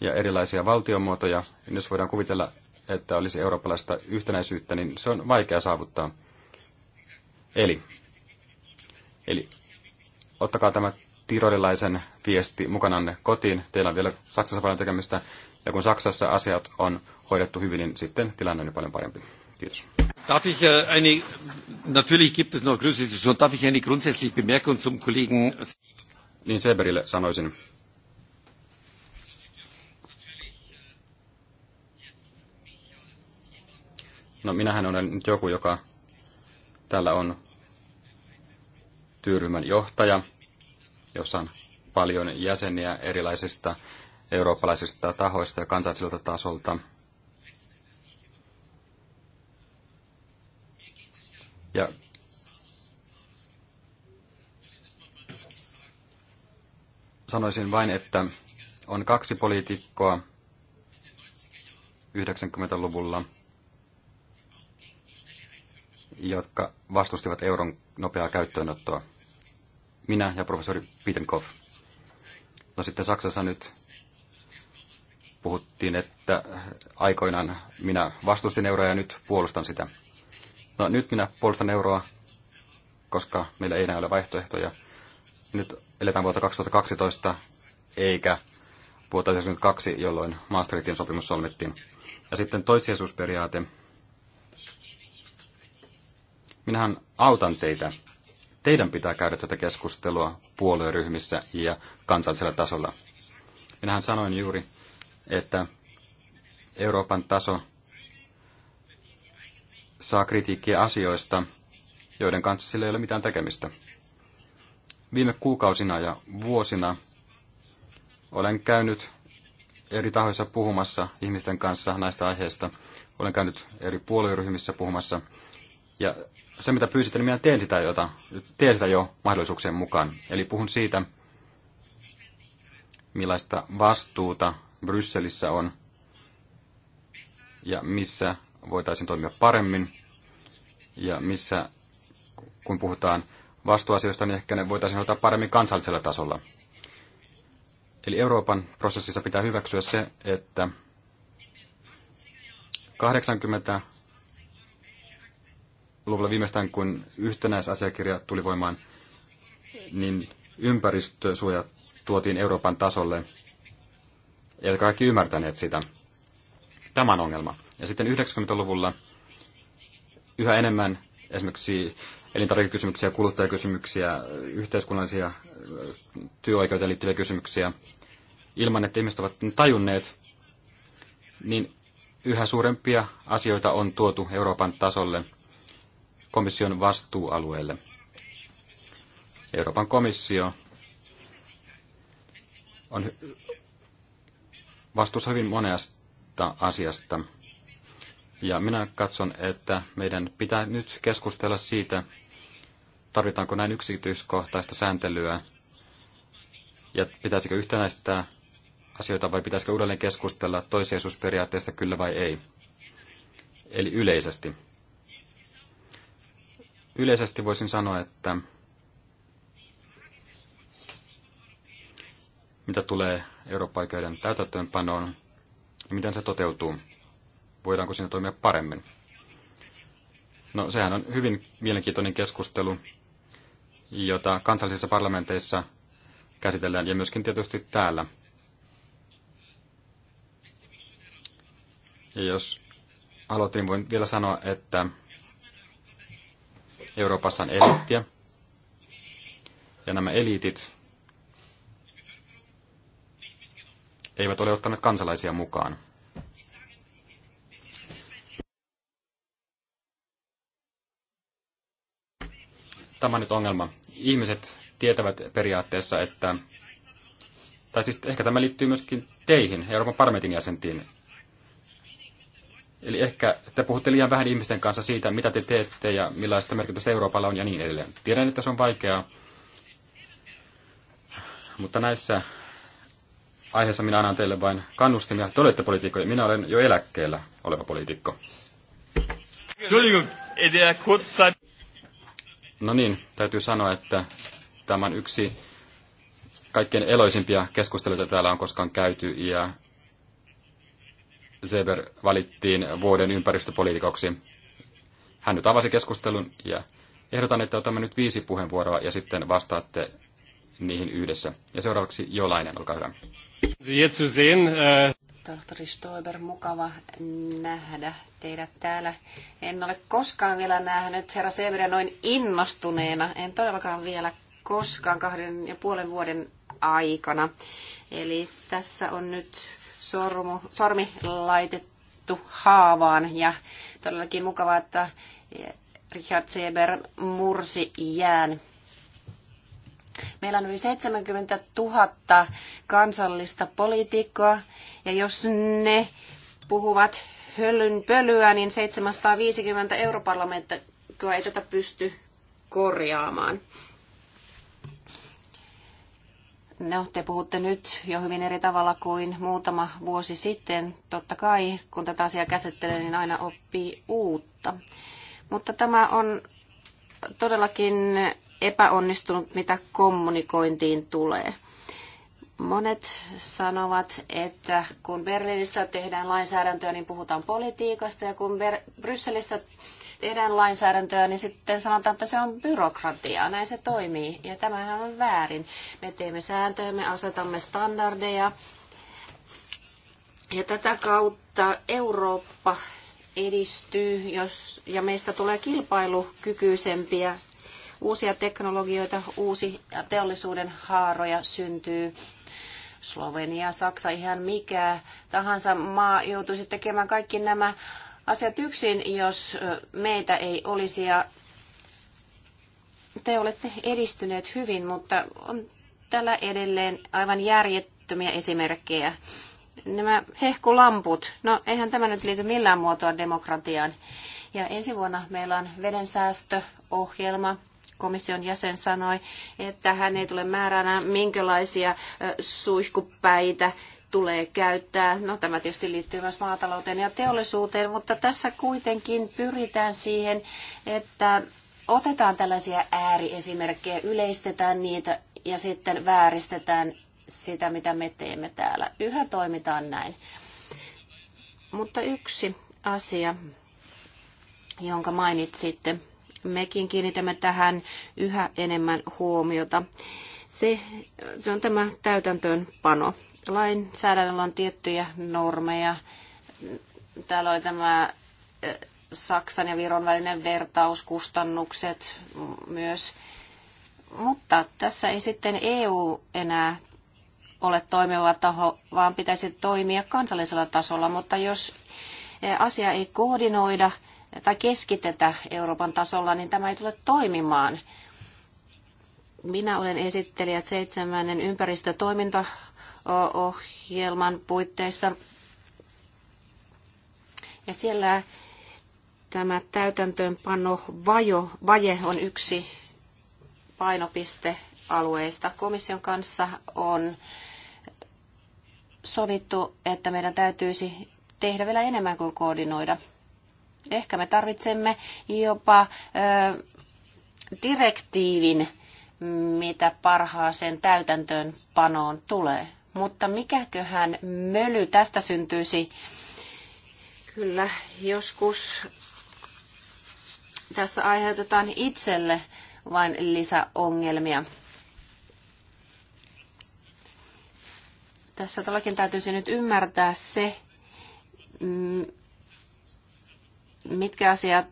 ja erilaisia valtiomuotoja, niin jos voidaan kuvitella, että olisi eurooppalaista yhtenäisyyttä, niin se on vaikea saavuttaa. Eli, eli ottakaa tämä tirolilaisen viesti mukananne kotiin. Teillä on vielä Saksassa paljon tekemistä. Ja kun Saksassa asiat on hoidettu hyvin, niin sitten tilanne on paljon parempi. Kiitos. Darf ich äh, eine, natürlich gibt es noch größere darf ich eine grundsätzliche Bemerkung zum Kollegen... Niin Seberille sanoisin, No minähän olen nyt joku, joka täällä on työryhmän johtaja, jossa on paljon jäseniä erilaisista eurooppalaisista tahoista ja kansalliselta tasolta. Ja sanoisin vain, että on kaksi poliitikkoa 90-luvulla, jotka vastustivat euron nopeaa käyttöönottoa. Minä ja professori Pitenkov. No sitten Saksassa nyt puhuttiin, että aikoinaan minä vastustin euroa ja nyt puolustan sitä. No nyt minä puolustan euroa, koska meillä ei enää ole vaihtoehtoja. Nyt eletään vuotta 2012 eikä vuotta 1992, jolloin Maastrichtin sopimus solmittiin. Ja sitten toissijaisuusperiaate Minähän autan teitä. Teidän pitää käydä tätä keskustelua puolueryhmissä ja kansallisella tasolla. Minähän sanoin juuri, että Euroopan taso saa kritiikkiä asioista, joiden kanssa sillä ei ole mitään tekemistä. Viime kuukausina ja vuosina olen käynyt eri tahoissa puhumassa ihmisten kanssa näistä aiheista. Olen käynyt eri puolueryhmissä puhumassa. Ja se mitä pyysitte, niin minä teen sitä, jota, teen sitä jo mahdollisuuksien mukaan. Eli puhun siitä, millaista vastuuta Brysselissä on ja missä voitaisiin toimia paremmin ja missä, kun puhutaan vastuuasioista, niin ehkä ne voitaisiin hoitaa paremmin kansallisella tasolla. Eli Euroopan prosessissa pitää hyväksyä se, että 80- luvulla viimeistään, kun yhtenäisasiakirja tuli voimaan, niin ympäristösuoja tuotiin Euroopan tasolle, eivätkä kaikki ymmärtäneet sitä. Tämä ongelma. Ja sitten 90-luvulla yhä enemmän esimerkiksi elintarvikekysymyksiä, kuluttajakysymyksiä, yhteiskunnallisia työoikeuteen liittyviä kysymyksiä, ilman että ihmiset ovat tajunneet, niin yhä suurempia asioita on tuotu Euroopan tasolle komission vastuualueelle. Euroopan komissio on vastuussa hyvin monesta asiasta. Ja minä katson, että meidän pitää nyt keskustella siitä, tarvitaanko näin yksityiskohtaista sääntelyä ja pitäisikö yhtenäistää asioita vai pitäisikö uudelleen keskustella toisiaisuusperiaatteesta kyllä vai ei. Eli yleisesti. Yleisesti voisin sanoa, että mitä tulee Euroopan oikeuden täytäntöönpanoon ja niin miten se toteutuu, voidaanko siinä toimia paremmin. No sehän on hyvin mielenkiintoinen keskustelu, jota kansallisissa parlamenteissa käsitellään ja myöskin tietysti täällä. Ja jos aloitin, voin vielä sanoa, että Euroopassa on eliittiä. Ja nämä eliitit eivät ole ottaneet kansalaisia mukaan. Tämä on nyt ongelma. Ihmiset tietävät periaatteessa, että, tai siis ehkä tämä liittyy myöskin teihin, Euroopan parlamentin jäsentiin, Eli ehkä te puhutte liian vähän ihmisten kanssa siitä, mitä te teette ja millaista merkitystä Euroopalla on ja niin edelleen. Tiedän, että se on vaikeaa, mutta näissä aiheissa minä annan teille vain kannustimia. Te olette poliitikkoja, minä olen jo eläkkeellä oleva poliitikko. No niin, täytyy sanoa, että tämä on yksi kaikkien eloisimpia keskusteluita täällä on koskaan käyty ja Zeber valittiin vuoden ympäristöpolitiikaksi. Hän nyt avasi keskustelun ja ehdotan, että otamme nyt viisi puheenvuoroa ja sitten vastaatte niihin yhdessä. Ja seuraavaksi Jolainen, olkaa hyvä. Äh, Tohtori Stoiber, mukava nähdä teidät täällä. En ole koskaan vielä nähnyt herra Severia noin innostuneena. En todellakaan vielä koskaan kahden ja puolen vuoden aikana. Eli tässä on nyt sormu, sormi laitettu haavaan. Ja todellakin mukavaa, että Richard Seber mursi jään. Meillä on yli 70 000 kansallista poliitikkoa, ja jos ne puhuvat höllyn pölyä, niin 750 europarlamenttia ei tätä pysty korjaamaan. No, te puhutte nyt jo hyvin eri tavalla kuin muutama vuosi sitten. Totta kai, kun tätä asiaa käsittelee, niin aina oppii uutta. Mutta tämä on todellakin epäonnistunut, mitä kommunikointiin tulee. Monet sanovat, että kun Berliinissä tehdään lainsäädäntöä, niin puhutaan politiikasta, ja kun Ber- Brysselissä tehdään lainsäädäntöä, niin sitten sanotaan, että se on byrokratiaa. Näin se toimii. Ja tämähän on väärin. Me teemme sääntöjä, me asetamme standardeja. Ja tätä kautta Eurooppa edistyy jos, ja meistä tulee kilpailukykyisempiä. Uusia teknologioita, uusi teollisuuden haaroja syntyy. Slovenia, Saksa, ihan mikä tahansa maa joutuisi tekemään kaikki nämä asiat yksin, jos meitä ei olisi. Ja te olette edistyneet hyvin, mutta on tällä edelleen aivan järjettömiä esimerkkejä. Nämä hehkulamput, no eihän tämä nyt liity millään muotoa demokratiaan. Ja ensi vuonna meillä on vedensäästöohjelma. Komission jäsen sanoi, että hän ei tule määränä minkälaisia suihkupäitä tulee käyttää. No tämä tietysti liittyy myös maatalouteen ja teollisuuteen, mutta tässä kuitenkin pyritään siihen, että otetaan tällaisia ääriesimerkkejä, yleistetään niitä ja sitten vääristetään sitä, mitä me teemme täällä. Yhä toimitaan näin. Mutta yksi asia, jonka mainitsitte, mekin kiinnitämme tähän yhä enemmän huomiota. Se, se on tämä täytäntöönpano lainsäädännöllä on tiettyjä normeja. Täällä oli tämä Saksan ja Viron välinen vertauskustannukset myös. Mutta tässä ei sitten EU enää ole toimiva taho, vaan pitäisi toimia kansallisella tasolla. Mutta jos asia ei koordinoida tai keskitetä Euroopan tasolla, niin tämä ei tule toimimaan. Minä olen esittelijä seitsemännen ympäristötoiminta ohjelman puitteissa. Ja siellä tämä täytäntöönpano vajo, vaje on yksi painopistealueista. Komission kanssa on sovittu, että meidän täytyisi tehdä vielä enemmän kuin koordinoida. Ehkä me tarvitsemme jopa ö, direktiivin, mitä parhaaseen täytäntöönpanoon tulee mutta mikäköhän möly tästä syntyisi? Kyllä, joskus tässä aiheutetaan itselle vain lisäongelmia. Tässä todellakin täytyisi nyt ymmärtää se, mitkä asiat,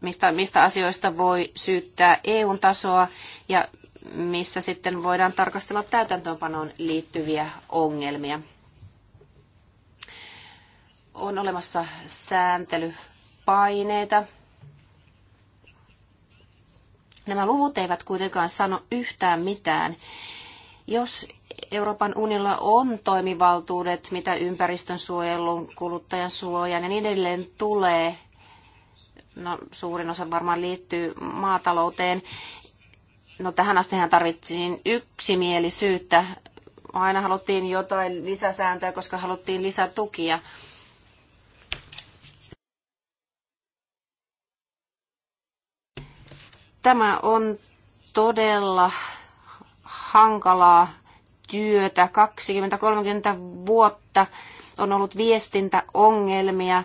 mistä, mistä asioista voi syyttää eu tasoa ja missä sitten voidaan tarkastella täytäntöönpanoon liittyviä ongelmia. On olemassa sääntelypaineita. Nämä luvut eivät kuitenkaan sano yhtään mitään. Jos Euroopan unilla on toimivaltuudet, mitä ympäristön suojelun, kuluttajan suojan ja niin edelleen tulee, no, suurin osa varmaan liittyy maatalouteen, No tähän astihan tarvittiin yksimielisyyttä. Aina haluttiin jotain lisäsääntöä, koska haluttiin lisätukia. Tämä on todella hankalaa työtä. 20-30 vuotta on ollut viestintäongelmia,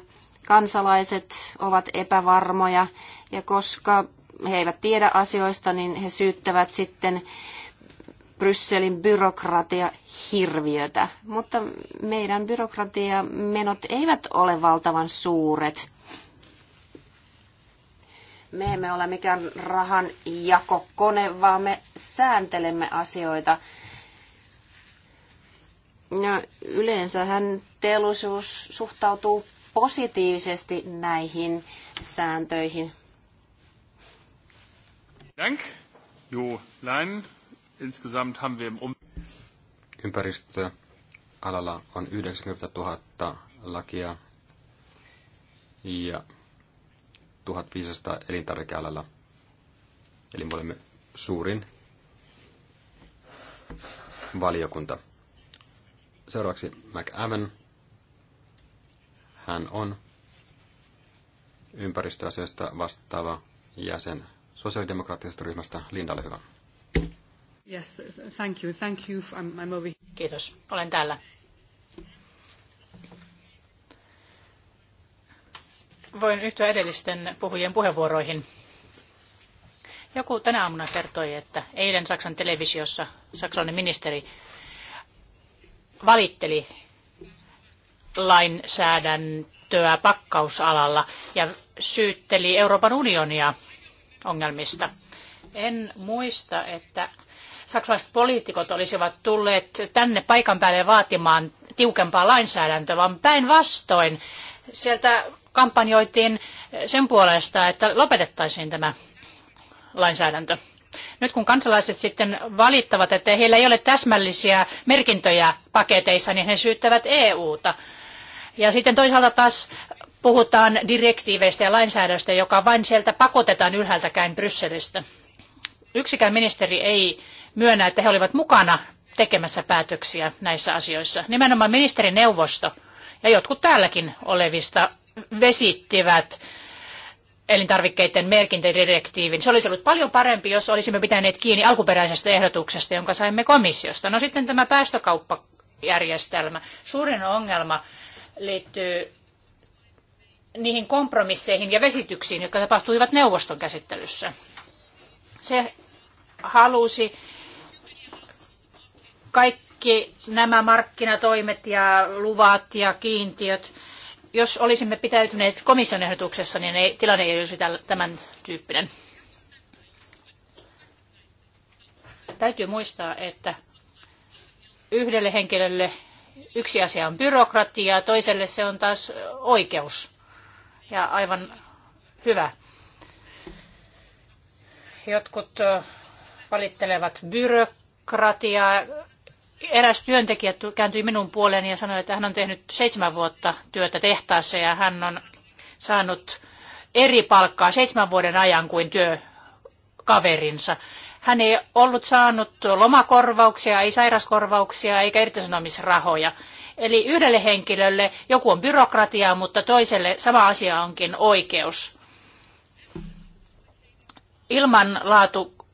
kansalaiset ovat epävarmoja ja koska he eivät tiedä asioista, niin he syyttävät sitten Brysselin byrokratia hirviötä. Mutta meidän byrokratiamenot eivät ole valtavan suuret. Me emme ole mikään rahan jakokone, vaan me sääntelemme asioita. Ja yleensähän teollisuus suhtautuu positiivisesti näihin sääntöihin. Dank. Jo Insgesamt haben wir im um Ympäristöalalla on 90 000 lakia ja 1500 elintarvikealalla. Eli me olemme suurin valiokunta. Seuraavaksi McAven. Hän on ympäristöasioista vastaava jäsen Sosiaalidemokraattisesta ryhmästä Lindalle hyvä. Yes, thank you. Thank you. I'm, I'm over here. Kiitos. Olen täällä. Voin yhtyä edellisten puhujien puheenvuoroihin. Joku tänä aamuna kertoi, että eilen Saksan televisiossa saksalainen ministeri valitteli lainsäädäntöä pakkausalalla ja syytteli Euroopan unionia ongelmista. En muista, että saksalaiset poliitikot olisivat tulleet tänne paikan päälle vaatimaan tiukempaa lainsäädäntöä, vaan päinvastoin sieltä kampanjoitiin sen puolesta, että lopetettaisiin tämä lainsäädäntö. Nyt kun kansalaiset sitten valittavat, että heillä ei ole täsmällisiä merkintöjä paketeissa, niin he syyttävät EUta. Ja sitten toisaalta taas puhutaan direktiiveistä ja lainsäädännöstä, joka vain sieltä pakotetaan käin Brysselistä. Yksikään ministeri ei myönnä, että he olivat mukana tekemässä päätöksiä näissä asioissa. Nimenomaan ministerineuvosto ja jotkut täälläkin olevista vesittivät elintarvikkeiden merkintädirektiivin. Se olisi ollut paljon parempi, jos olisimme pitäneet kiinni alkuperäisestä ehdotuksesta, jonka saimme komissiosta. No sitten tämä päästökauppajärjestelmä. Suurin ongelma liittyy niihin kompromisseihin ja vesityksiin, jotka tapahtuivat neuvoston käsittelyssä. Se halusi kaikki nämä markkinatoimet ja luvat ja kiintiöt. Jos olisimme pitäytyneet komission ehdotuksessa, niin ei, tilanne ei olisi tämän tyyppinen. Täytyy muistaa, että yhdelle henkilölle yksi asia on byrokratia, toiselle se on taas oikeus ja aivan hyvä. Jotkut valittelevat byrokratiaa. Eräs työntekijä kääntyi minun puoleeni ja sanoi, että hän on tehnyt seitsemän vuotta työtä tehtaassa ja hän on saanut eri palkkaa seitsemän vuoden ajan kuin työkaverinsa. Hän ei ollut saanut lomakorvauksia, ei sairaskorvauksia eikä irtisanomisrahoja. Eli yhdelle henkilölle joku on byrokratiaa, mutta toiselle sama asia onkin oikeus.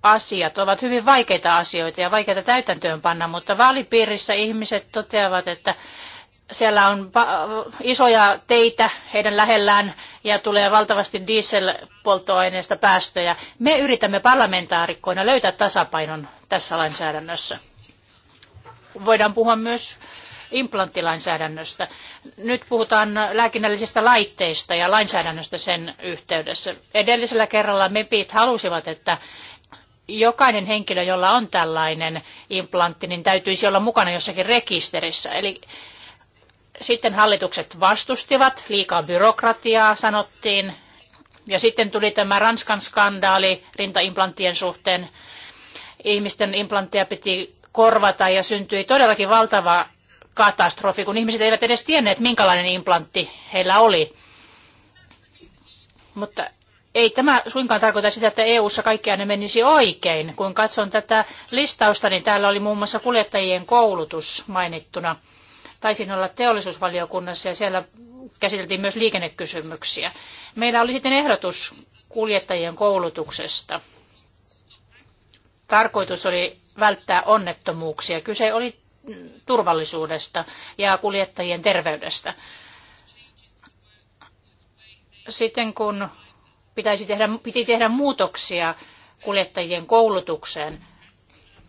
asiat ovat hyvin vaikeita asioita ja vaikeita panna, mutta vaalipiirissä ihmiset toteavat, että siellä on isoja teitä heidän lähellään ja tulee valtavasti dieselpolttoaineista päästöjä. Me yritämme parlamentaarikkoina löytää tasapainon tässä lainsäädännössä. Voidaan puhua myös implanttilainsäädännöstä. Nyt puhutaan lääkinnällisistä laitteista ja lainsäädännöstä sen yhteydessä. Edellisellä kerralla MEPit halusivat, että jokainen henkilö, jolla on tällainen implantti, niin täytyisi olla mukana jossakin rekisterissä. Eli sitten hallitukset vastustivat, liikaa byrokratiaa sanottiin. Ja sitten tuli tämä Ranskan skandaali rintaimplanttien suhteen. Ihmisten implantteja piti korvata ja syntyi todellakin valtava katastrofi, kun ihmiset eivät edes tienneet, minkälainen implantti heillä oli. Mutta ei tämä suinkaan tarkoita sitä, että EU-ssa kaikki ne menisi oikein. Kun katson tätä listausta, niin täällä oli muun muassa kuljettajien koulutus mainittuna. Taisin olla teollisuusvaliokunnassa ja siellä käsiteltiin myös liikennekysymyksiä. Meillä oli sitten ehdotus kuljettajien koulutuksesta. Tarkoitus oli välttää onnettomuuksia. Kyse oli turvallisuudesta ja kuljettajien terveydestä. Sitten kun pitäisi tehdä, piti tehdä muutoksia kuljettajien koulutukseen,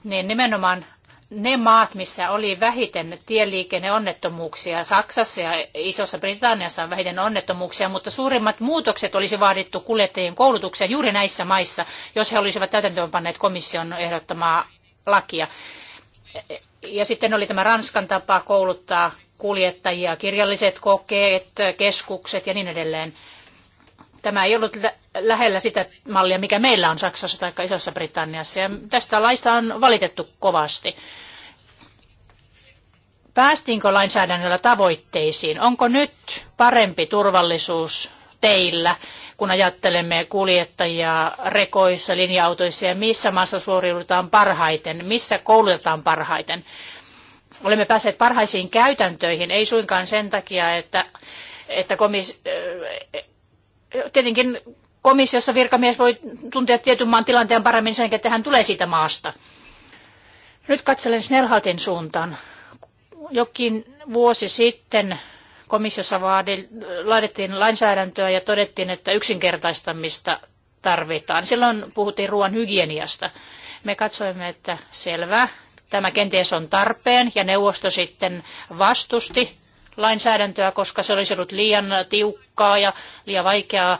niin nimenomaan ne maat, missä oli vähiten tieliikenneonnettomuuksia, Saksassa ja Isossa Britanniassa on vähiten onnettomuuksia, mutta suurimmat muutokset olisi vaadittu kuljettajien koulutukseen juuri näissä maissa, jos he olisivat täytäntöönpanneet komission ehdottamaa lakia. Ja sitten oli tämä Ranskan tapa kouluttaa kuljettajia, kirjalliset kokeet, keskukset ja niin edelleen. Tämä ei ollut lähellä sitä mallia, mikä meillä on Saksassa tai Isossa Britanniassa. Ja tästä laista on valitettu kovasti. Päästiinkö lainsäädännöllä tavoitteisiin? Onko nyt parempi turvallisuus teillä, kun ajattelemme kuljettajia rekoissa, linja-autoissa ja missä maassa suoriudutaan parhaiten, missä koulutetaan parhaiten? Olemme päässeet parhaisiin käytäntöihin, ei suinkaan sen takia, että, että komis, tietenkin komissiossa virkamies voi tuntea tietyn maan tilanteen paremmin sen, että hän tulee siitä maasta. Nyt katselen Snellhaltin suuntaan. Jokin vuosi sitten komissiossa vaadi, laadettiin lainsäädäntöä ja todettiin, että yksinkertaistamista tarvitaan. Silloin puhuttiin ruoan hygieniasta. Me katsoimme, että selvä, tämä kenties on tarpeen ja neuvosto sitten vastusti lainsäädäntöä, koska se olisi ollut liian tiukkaa ja liian vaikeaa.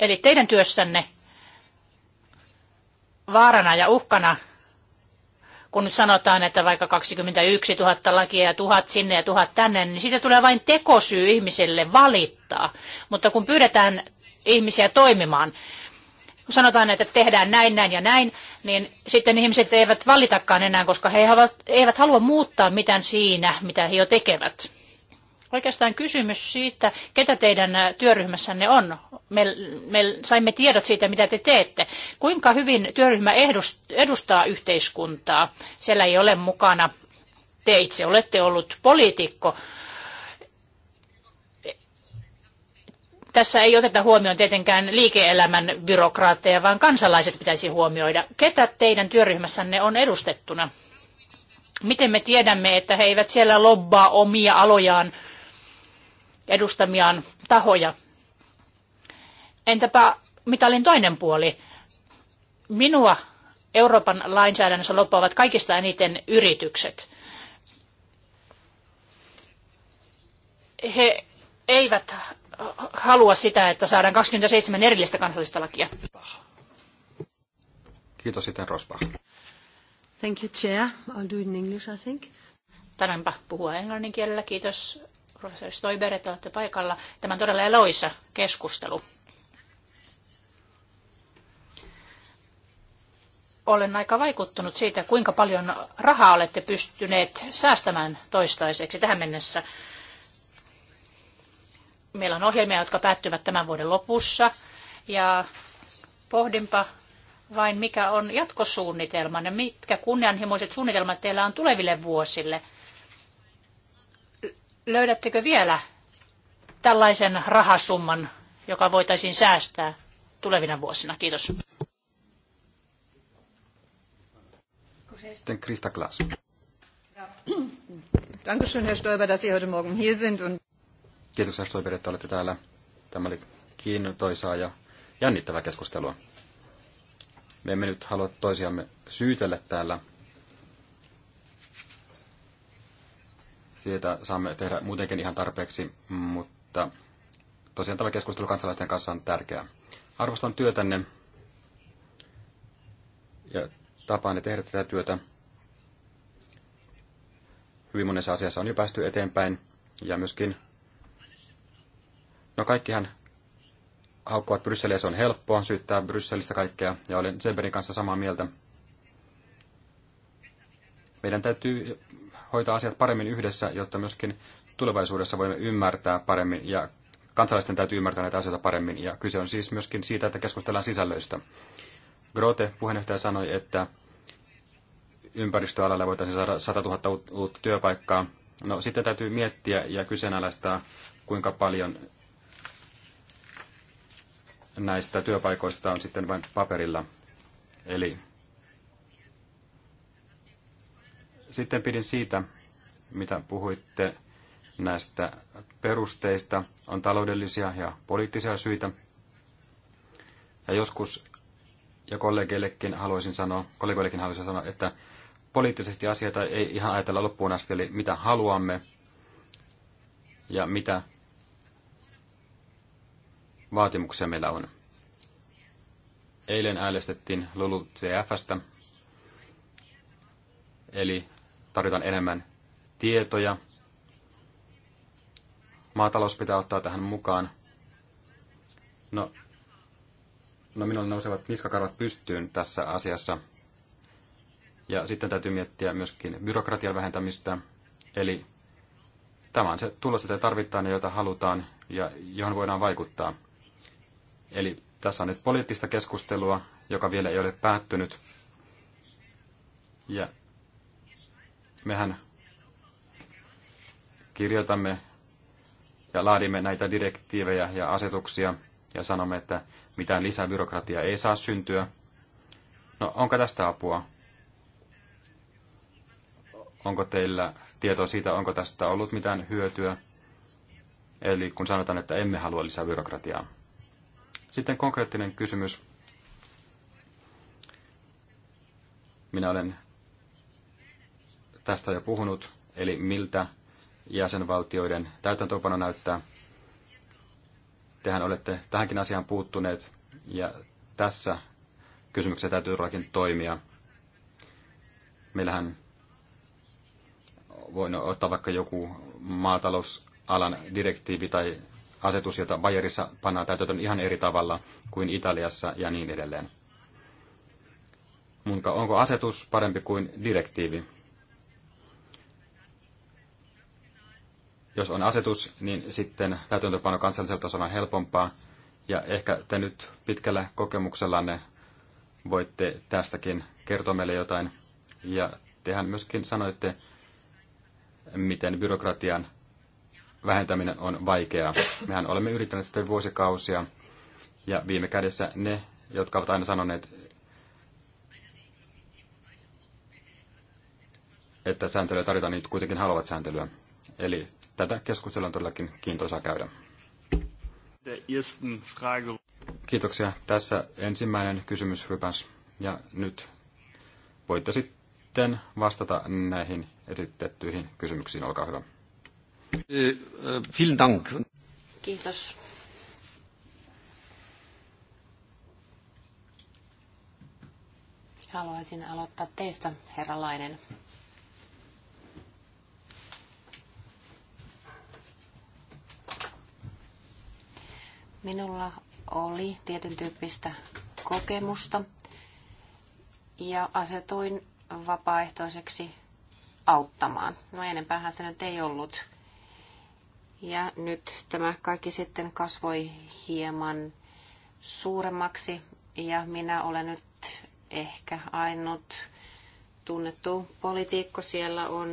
Eli teidän työssänne vaarana ja uhkana, kun nyt sanotaan, että vaikka 21 000 lakia ja tuhat sinne ja tuhat tänne, niin siitä tulee vain tekosyy ihmiselle valittaa. Mutta kun pyydetään ihmisiä toimimaan, sanotaan, että tehdään näin, näin ja näin, niin sitten ihmiset eivät valitakaan enää, koska he eivät halua muuttaa mitään siinä, mitä he jo tekevät. Oikeastaan kysymys siitä, ketä teidän työryhmässänne on. Me, me saimme tiedot siitä, mitä te teette. Kuinka hyvin työryhmä edustaa yhteiskuntaa? Siellä ei ole mukana te itse olette ollut poliitikko, tässä ei oteta huomioon tietenkään liike-elämän byrokraatteja, vaan kansalaiset pitäisi huomioida. Ketä teidän työryhmässänne on edustettuna? Miten me tiedämme, että he eivät siellä lobbaa omia alojaan edustamiaan tahoja? Entäpä mitalin toinen puoli? Minua Euroopan lainsäädännössä loppaavat kaikista eniten yritykset. He eivät halua sitä, että saadaan 27 erillistä kansallista lakia. Kiitos sitten Rospa. Thank you, Chair. I'll do it in English, I think. Tarvinpa puhua englannin kielellä. Kiitos professori Stoiber, että olette paikalla. Tämä on todella eloisa keskustelu. Olen aika vaikuttunut siitä, kuinka paljon rahaa olette pystyneet säästämään toistaiseksi tähän mennessä. Meillä on ohjelmia, jotka päättyvät tämän vuoden lopussa. Ja pohdinpa vain, mikä on jatkosuunnitelma ja mitkä kunnianhimoiset suunnitelmat teillä on tuleville vuosille. Löydättekö vielä tällaisen rahasumman, joka voitaisiin säästää tulevina vuosina? Kiitos. Sitten Krista Klaas. schön, Herr Stoiber, dass Sie heute Morgen hier sind. Und Kiitoksia, Stoiber, että olette täällä. Tämä oli kiinnostavaa ja jännittävää keskustelua. Me emme nyt halua toisiamme syytellä täällä. Siitä saamme tehdä muutenkin ihan tarpeeksi, mutta tosiaan tämä keskustelu kansalaisten kanssa on tärkeää. Arvostan työtänne ja tapaanne tehdä tätä työtä. Hyvin monessa asiassa on jo päästy eteenpäin ja myöskin No kaikkihan haukkuvat Brysseliä, se on helppoa syyttää Brysselistä kaikkea, ja olen Zemberin kanssa samaa mieltä. Meidän täytyy hoitaa asiat paremmin yhdessä, jotta myöskin tulevaisuudessa voimme ymmärtää paremmin, ja kansalaisten täytyy ymmärtää näitä asioita paremmin, ja kyse on siis myöskin siitä, että keskustellaan sisällöistä. Grote, puheenjohtaja, sanoi, että ympäristöalalle voitaisiin saada 100 000 uutta työpaikkaa. No sitten täytyy miettiä ja kyseenalaistaa, kuinka paljon näistä työpaikoista on sitten vain paperilla. Eli sitten pidin siitä, mitä puhuitte näistä perusteista. On taloudellisia ja poliittisia syitä. Ja joskus, ja kollegeillekin haluaisin sanoa, kollegoillekin haluaisin sanoa, että poliittisesti asioita ei ihan ajatella loppuun asti, eli mitä haluamme ja mitä vaatimuksia meillä on. Eilen äänestettiin LULU-CFstä, eli tarvitaan enemmän tietoja. Maatalous pitää ottaa tähän mukaan. No, no minulla nousevat niskakarvat pystyyn tässä asiassa. Ja sitten täytyy miettiä myöskin byrokratian vähentämistä. Eli tämä on se tulos, jota tarvitaan ja jota halutaan ja johon voidaan vaikuttaa. Eli tässä on nyt poliittista keskustelua, joka vielä ei ole päättynyt. Ja mehän kirjoitamme ja laadimme näitä direktiivejä ja asetuksia ja sanomme, että mitään lisäbyrokratiaa ei saa syntyä. No, onko tästä apua? Onko teillä tietoa siitä, onko tästä ollut mitään hyötyä? Eli kun sanotaan, että emme halua lisää byrokratiaa. Sitten konkreettinen kysymys. Minä olen tästä jo puhunut, eli miltä jäsenvaltioiden täytäntöönpano näyttää. Tehän olette tähänkin asiaan puuttuneet ja tässä kysymyksessä täytyy todellakin toimia. Meillähän voin ottaa vaikka joku maatalousalan direktiivi tai asetus, jota Bayerissa pannaan täytäntöön ihan eri tavalla kuin Italiassa ja niin edelleen. Mutta onko asetus parempi kuin direktiivi? Jos on asetus, niin sitten täytäntöpano kansallisella tasolla on helpompaa, ja ehkä te nyt pitkällä kokemuksellanne voitte tästäkin kertoa meille jotain. Ja tehän myöskin sanoitte, miten byrokratian vähentäminen on vaikeaa. Mehän olemme yrittäneet sitä vuosikausia ja viime kädessä ne, jotka ovat aina sanoneet, että sääntelyä tarjotaan, niin kuitenkin haluavat sääntelyä. Eli tätä keskustelua on todellakin kiintoisaa käydä. Kiitoksia. Tässä ensimmäinen kysymys Rypäs. Ja nyt voitte sitten vastata näihin esitettyihin kysymyksiin. Olkaa hyvä. Eh, eh, vielen Dank. Kiitos. Haluaisin aloittaa teistä, herra Lainen. Minulla oli tietyn tyyppistä kokemusta ja asetuin vapaaehtoiseksi auttamaan. No enempäähän se nyt ei ollut. Ja nyt tämä kaikki sitten kasvoi hieman suuremmaksi ja minä olen nyt ehkä ainut tunnettu poliitikko. Siellä on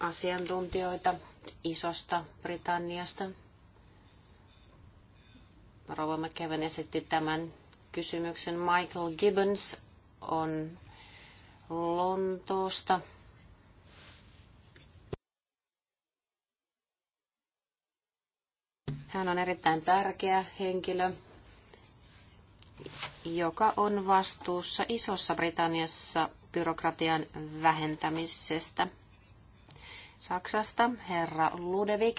asiantuntijoita isosta Britanniasta. Rova McKevin esitti tämän kysymyksen. Michael Gibbons on Lontoosta Hän on erittäin tärkeä henkilö, joka on vastuussa Isossa Britanniassa byrokratian vähentämisestä. Saksasta herra Ludewig.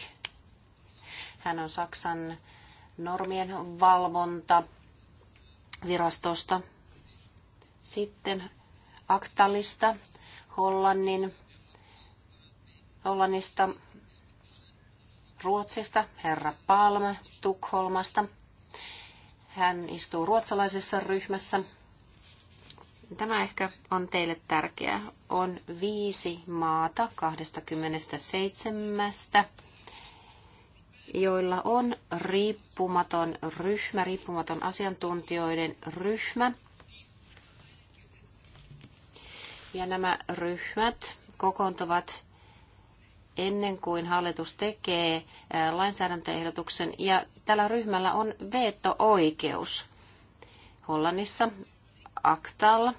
Hän on Saksan normien valvonta virastosta. Sitten Aktalista, Hollannin, Hollannista Ruotsista, herra Palm Tukholmasta. Hän istuu ruotsalaisessa ryhmässä. Tämä ehkä on teille tärkeää. On viisi maata 27, joilla on riippumaton ryhmä, riippumaton asiantuntijoiden ryhmä. Ja nämä ryhmät kokoontuvat ennen kuin hallitus tekee lainsäädäntöehdotuksen, ja tällä ryhmällä on veto-oikeus Hollannissa, Aktal.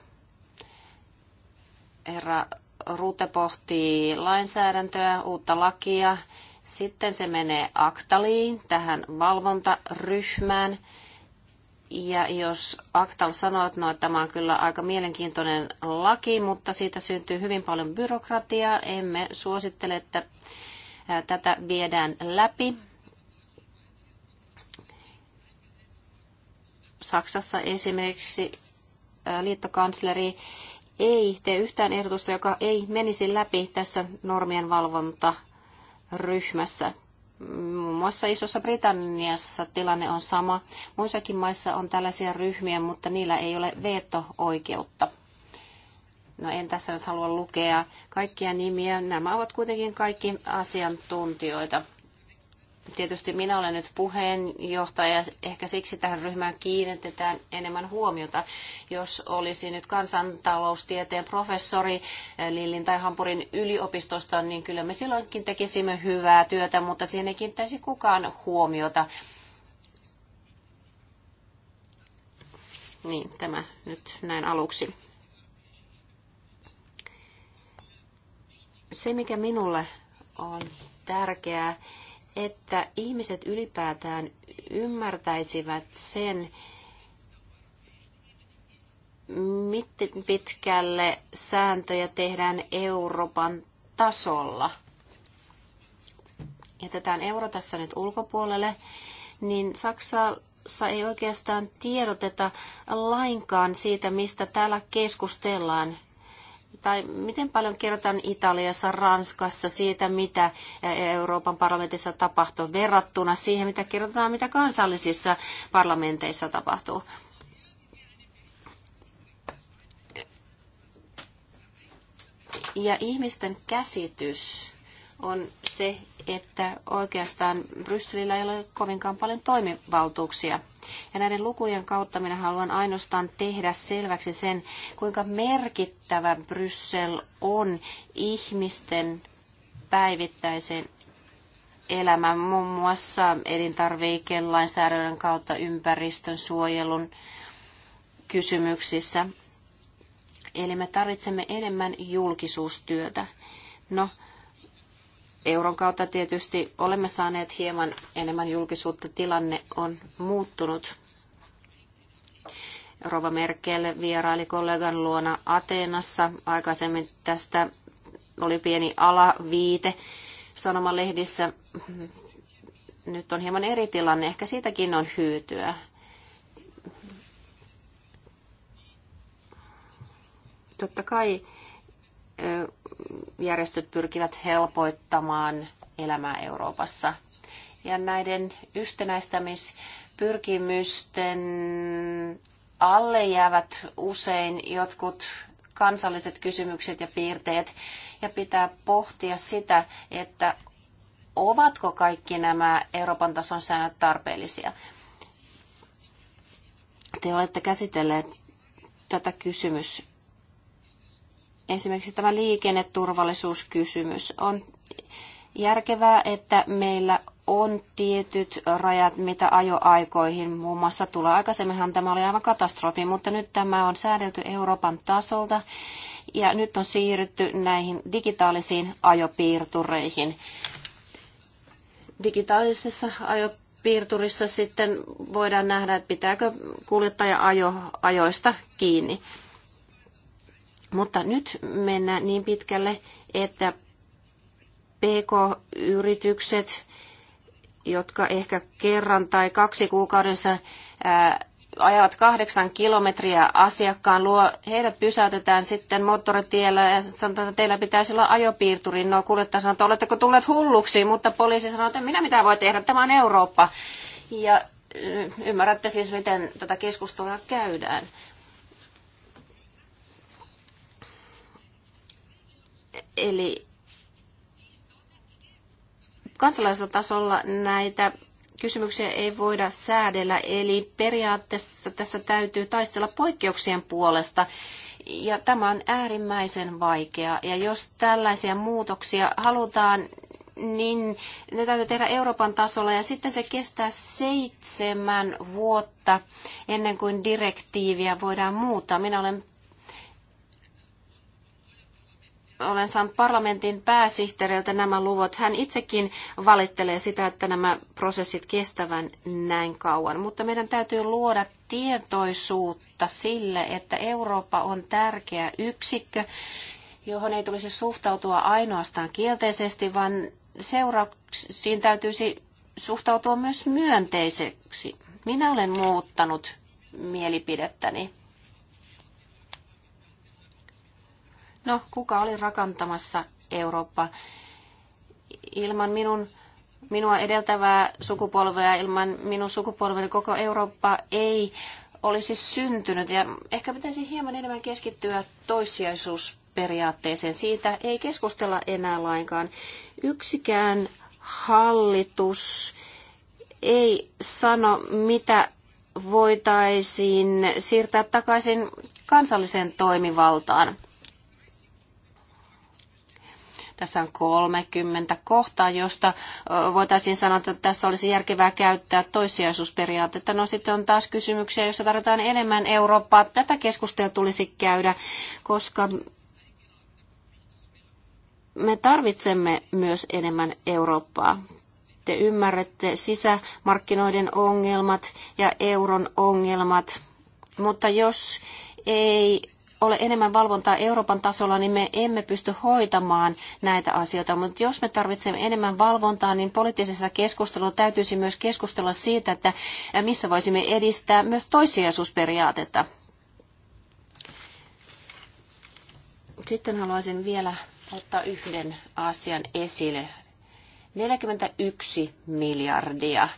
Herra Rute pohtii lainsäädäntöä, uutta lakia, sitten se menee Aktaliin, tähän valvontaryhmään, ja jos Aktal sanoo, että no, tämä on kyllä aika mielenkiintoinen laki, mutta siitä syntyy hyvin paljon byrokratiaa, emme suosittele, että tätä viedään läpi. Saksassa esimerkiksi liittokansleri ei tee yhtään ehdotusta, joka ei menisi läpi tässä normien valvontaryhmässä. Muun muassa Isossa Britanniassa tilanne on sama. Muissakin maissa on tällaisia ryhmiä, mutta niillä ei ole veto-oikeutta. No en tässä nyt halua lukea kaikkia nimiä. Nämä ovat kuitenkin kaikki asiantuntijoita. Tietysti minä olen nyt puheenjohtaja, ehkä siksi tähän ryhmään kiinnitetään enemmän huomiota. Jos olisi nyt kansantaloustieteen professori eh, Lillin tai Hampurin yliopistosta, niin kyllä me silloinkin tekisimme hyvää työtä, mutta siihen ei kiinnittäisi kukaan huomiota. Niin, tämä nyt näin aluksi. Se, mikä minulle on tärkeää, että ihmiset ylipäätään ymmärtäisivät sen, miten pitkälle sääntöjä tehdään Euroopan tasolla. Jätetään euro tässä nyt ulkopuolelle, niin Saksassa ei oikeastaan tiedoteta lainkaan siitä, mistä täällä keskustellaan tai miten paljon kerrotaan Italiassa, Ranskassa siitä, mitä Euroopan parlamentissa tapahtuu verrattuna siihen, mitä kerrotaan, mitä kansallisissa parlamenteissa tapahtuu? Ja ihmisten käsitys on se, että oikeastaan Brysselillä ei ole kovinkaan paljon toimivaltuuksia – ja näiden lukujen kautta minä haluan ainoastaan tehdä selväksi sen, kuinka merkittävä Bryssel on ihmisten päivittäisen elämän, muun muassa elintarvikelainsäädännön kautta ympäristön suojelun kysymyksissä. Eli me tarvitsemme enemmän julkisuustyötä. No, euron kautta tietysti olemme saaneet hieman enemmän julkisuutta. Tilanne on muuttunut. Rova Merkel vieraili kollegan luona Ateenassa. Aikaisemmin tästä oli pieni alaviite sanomalehdissä. Nyt on hieman eri tilanne. Ehkä siitäkin on hyötyä. Totta kai järjestöt pyrkivät helpoittamaan elämää Euroopassa. Ja näiden yhtenäistämispyrkimysten alle jäävät usein jotkut kansalliset kysymykset ja piirteet, ja pitää pohtia sitä, että ovatko kaikki nämä Euroopan tason säännöt tarpeellisia. Te olette käsitelleet tätä kysymys, Esimerkiksi tämä liikenneturvallisuuskysymys on järkevää, että meillä on tietyt rajat, mitä ajoaikoihin muun muassa tulee. Aikaisemminhan tämä oli aivan katastrofi, mutta nyt tämä on säädelty Euroopan tasolta ja nyt on siirrytty näihin digitaalisiin ajopiirtureihin. Digitaalisessa ajopiirturissa sitten voidaan nähdä, että pitääkö kuljettaja ajo, ajoista kiinni. Mutta nyt mennään niin pitkälle, että PK-yritykset, jotka ehkä kerran tai kaksi kuukaudessa ää, ajavat kahdeksan kilometriä asiakkaan luo, heidät pysäytetään sitten moottoritiellä ja sanotaan, että teillä pitäisi olla ajopiirturi. No kuljettaja sanoo, että oletteko tulleet hulluksi, mutta poliisi sanoo, että minä mitä voi tehdä, tämä on Eurooppa. Ja ymmärrätte siis, miten tätä keskustelua käydään. Eli kansalaisella tasolla näitä kysymyksiä ei voida säädellä, eli periaatteessa tässä täytyy taistella poikkeuksien puolesta. Ja tämä on äärimmäisen vaikeaa. Ja jos tällaisia muutoksia halutaan, niin ne täytyy tehdä Euroopan tasolla ja sitten se kestää seitsemän vuotta ennen kuin direktiiviä voidaan muuttaa. Minä olen olen saanut parlamentin pääsihteeriltä nämä luvut. Hän itsekin valittelee sitä, että nämä prosessit kestävän näin kauan. Mutta meidän täytyy luoda tietoisuutta sille, että Eurooppa on tärkeä yksikkö, johon ei tulisi suhtautua ainoastaan kielteisesti, vaan seurauksiin täytyisi suhtautua myös myönteiseksi. Minä olen muuttanut mielipidettäni No, kuka oli rakantamassa Eurooppaa? Ilman minun, minua edeltävää sukupolvea, ilman minun sukupolveni koko Eurooppa ei olisi syntynyt. Ja ehkä pitäisi hieman enemmän keskittyä toissijaisuusperiaatteeseen. Siitä ei keskustella enää lainkaan. Yksikään hallitus ei sano, mitä voitaisiin siirtää takaisin kansalliseen toimivaltaan. Tässä on 30 kohtaa, josta voitaisiin sanoa, että tässä olisi järkevää käyttää toissijaisuusperiaatetta. No sitten on taas kysymyksiä, joissa tarvitaan enemmän Eurooppaa. Tätä keskustelua tulisi käydä, koska me tarvitsemme myös enemmän Eurooppaa. Te ymmärrätte sisämarkkinoiden ongelmat ja euron ongelmat, mutta jos ei ole enemmän valvontaa Euroopan tasolla, niin me emme pysty hoitamaan näitä asioita. Mutta jos me tarvitsemme enemmän valvontaa, niin poliittisessa keskustelussa täytyisi myös keskustella siitä, että missä voisimme edistää myös toissijaisuusperiaatetta. Sitten haluaisin vielä ottaa yhden asian esille. 41 miljardia.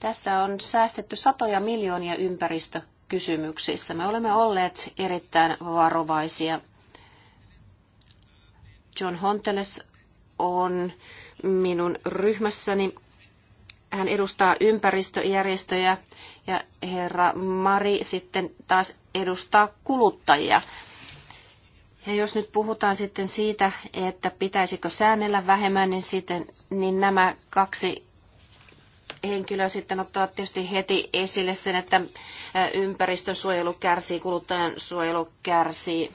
Tässä on säästetty satoja miljoonia ympäristö- kysymyksissä. Me olemme olleet erittäin varovaisia. John Honteles on minun ryhmässäni. Hän edustaa ympäristöjärjestöjä ja herra Mari sitten taas edustaa kuluttajia. Ja jos nyt puhutaan sitten siitä, että pitäisikö säännellä vähemmän, niin, sitten, niin nämä kaksi henkilöä sitten ottaa tietysti heti esille sen, että ympäristösuojelu kärsii, kuluttajan suojelu kärsii.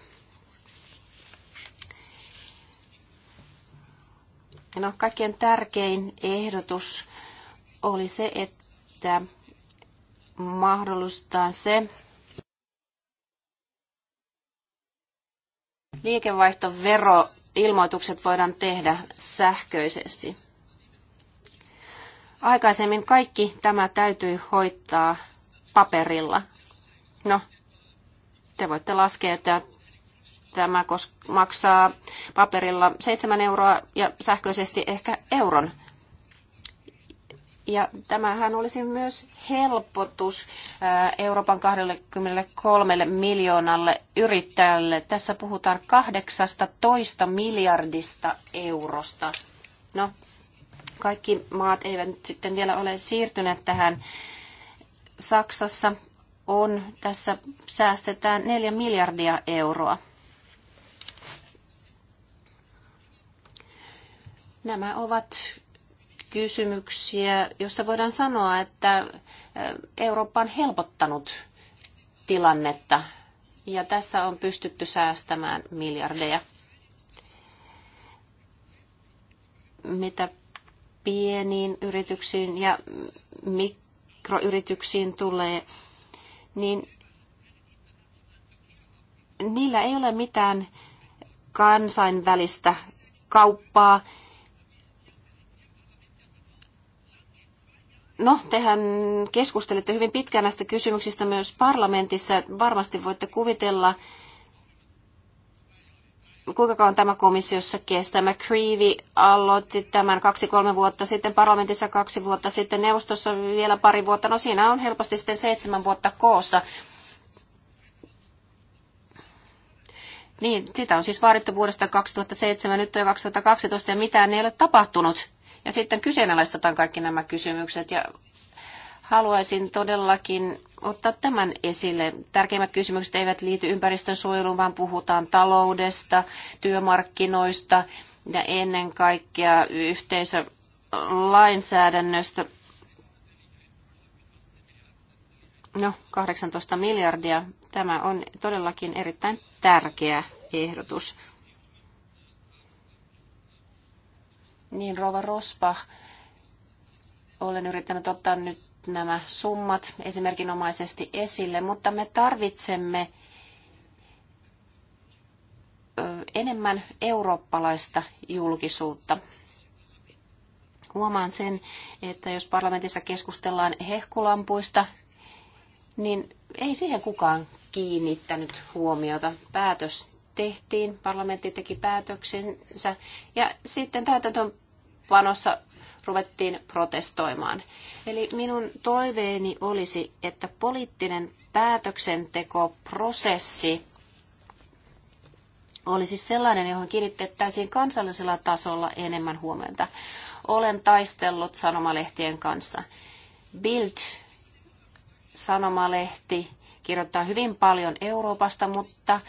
No, kaikkien tärkein ehdotus oli se, että mahdollistaa se liikevaihtovero ilmoitukset voidaan tehdä sähköisesti. Aikaisemmin kaikki tämä täytyy hoitaa paperilla. No, te voitte laskea, että tämä maksaa paperilla 7 euroa ja sähköisesti ehkä euron. Ja tämähän olisi myös helpotus Euroopan 23 miljoonalle yrittäjälle. Tässä puhutaan 18 miljardista eurosta. No, kaikki maat eivät sitten vielä ole siirtyneet tähän. Saksassa on, tässä säästetään 4 miljardia euroa. Nämä ovat kysymyksiä, joissa voidaan sanoa, että Eurooppa on helpottanut tilannetta ja tässä on pystytty säästämään miljardeja. Mitä pieniin yrityksiin ja mikroyrityksiin tulee, niin niillä ei ole mitään kansainvälistä kauppaa. No, tehän keskustelette hyvin pitkään näistä kysymyksistä myös parlamentissa. Varmasti voitte kuvitella, kuinka kauan tämä komissiossa kestää. McCreevy aloitti tämän kaksi-kolme vuotta sitten, parlamentissa kaksi vuotta sitten, neuvostossa vielä pari vuotta. No siinä on helposti sitten seitsemän vuotta koossa. Niin, sitä on siis vaadittu vuodesta 2007, nyt on jo 2012 ja mitään ei ole tapahtunut. Ja sitten kyseenalaistetaan kaikki nämä kysymykset ja Haluaisin todellakin ottaa tämän esille. Tärkeimmät kysymykset eivät liity ympäristönsuojeluun, vaan puhutaan taloudesta, työmarkkinoista ja ennen kaikkea yhteisölainsäädännöstä. No, 18 miljardia. Tämä on todellakin erittäin tärkeä ehdotus. Niin, Rova Rospa, olen yrittänyt ottaa nyt nämä summat esimerkinomaisesti esille, mutta me tarvitsemme enemmän eurooppalaista julkisuutta. Huomaan sen, että jos parlamentissa keskustellaan hehkulampuista, niin ei siihen kukaan kiinnittänyt huomiota. Päätös tehtiin, parlamentti teki päätöksensä ja sitten täytäntöönpanossa ruvettiin protestoimaan. Eli minun toiveeni olisi, että poliittinen päätöksentekoprosessi olisi sellainen, johon kiinnitettäisiin kansallisella tasolla enemmän huomiota. Olen taistellut sanomalehtien kanssa. Bild sanomalehti kirjoittaa hyvin paljon Euroopasta, mutta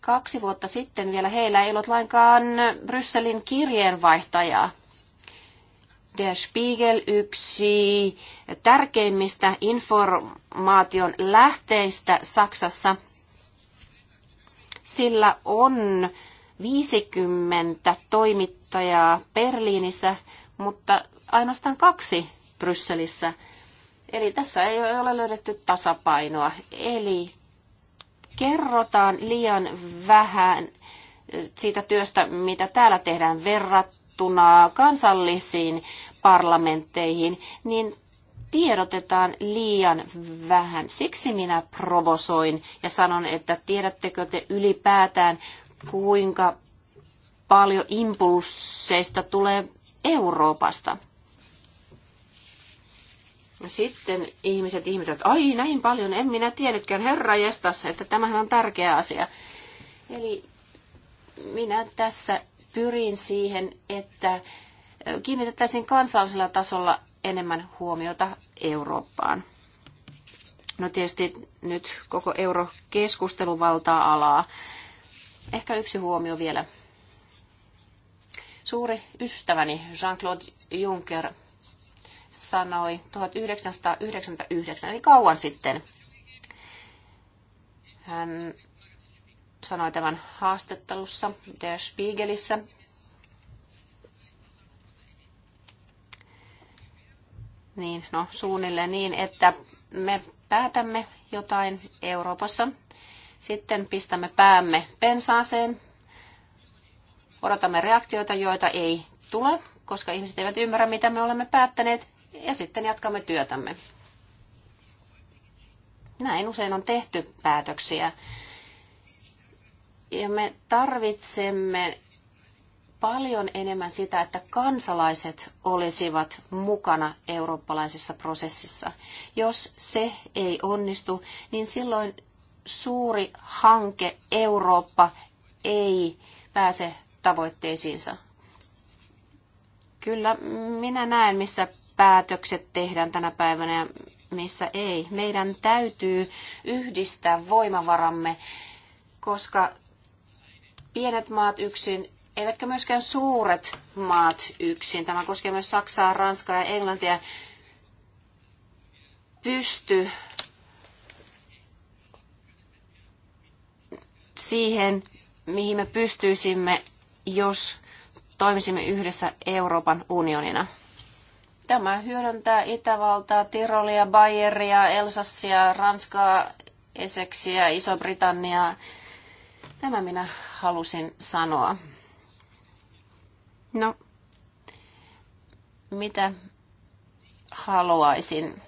kaksi vuotta sitten vielä heillä ei ollut lainkaan Brysselin kirjeenvaihtajaa. Der Spiegel yksi tärkeimmistä informaation lähteistä Saksassa. Sillä on 50 toimittajaa Berliinissä, mutta ainoastaan kaksi Brysselissä. Eli tässä ei ole löydetty tasapainoa. Eli kerrotaan liian vähän eh, siitä työstä, mitä täällä tehdään verrattuna verrattuna kansallisiin parlamentteihin, niin tiedotetaan liian vähän. Siksi minä provosoin ja sanon, että tiedättekö te ylipäätään, kuinka paljon impulseista tulee Euroopasta. No sitten ihmiset ihmettivät, ai näin paljon, en minä tiennytkään, herra jestas, että tämähän on tärkeä asia. Eli minä tässä pyrin siihen, että kiinnitettäisiin kansallisella tasolla enemmän huomiota Eurooppaan. No tietysti nyt koko eurokeskustelu valtaa alaa. Ehkä yksi huomio vielä. Suuri ystäväni Jean-Claude Juncker sanoi 1999, eli kauan sitten. Hän sanoi tämän haastattelussa Der Spiegelissä. Niin, no suunnilleen niin, että me päätämme jotain Euroopassa, sitten pistämme päämme pensaaseen, odotamme reaktioita, joita ei tule, koska ihmiset eivät ymmärrä, mitä me olemme päättäneet, ja sitten jatkamme työtämme. Näin usein on tehty päätöksiä ja me tarvitsemme paljon enemmän sitä, että kansalaiset olisivat mukana eurooppalaisessa prosessissa. Jos se ei onnistu, niin silloin suuri hanke Eurooppa ei pääse tavoitteisiinsa. Kyllä minä näen, missä päätökset tehdään tänä päivänä ja missä ei. Meidän täytyy yhdistää voimavaramme, koska pienet maat yksin, eivätkä myöskään suuret maat yksin. Tämä koskee myös Saksaa, Ranskaa ja Englantia. Pysty siihen, mihin me pystyisimme, jos toimisimme yhdessä Euroopan unionina. Tämä hyödyntää Itävaltaa, Tirolia, Bayeria, Elsassia, Ranskaa, Eseksiä, Iso-Britanniaa, Tämä minä halusin sanoa. No, mitä haluaisin?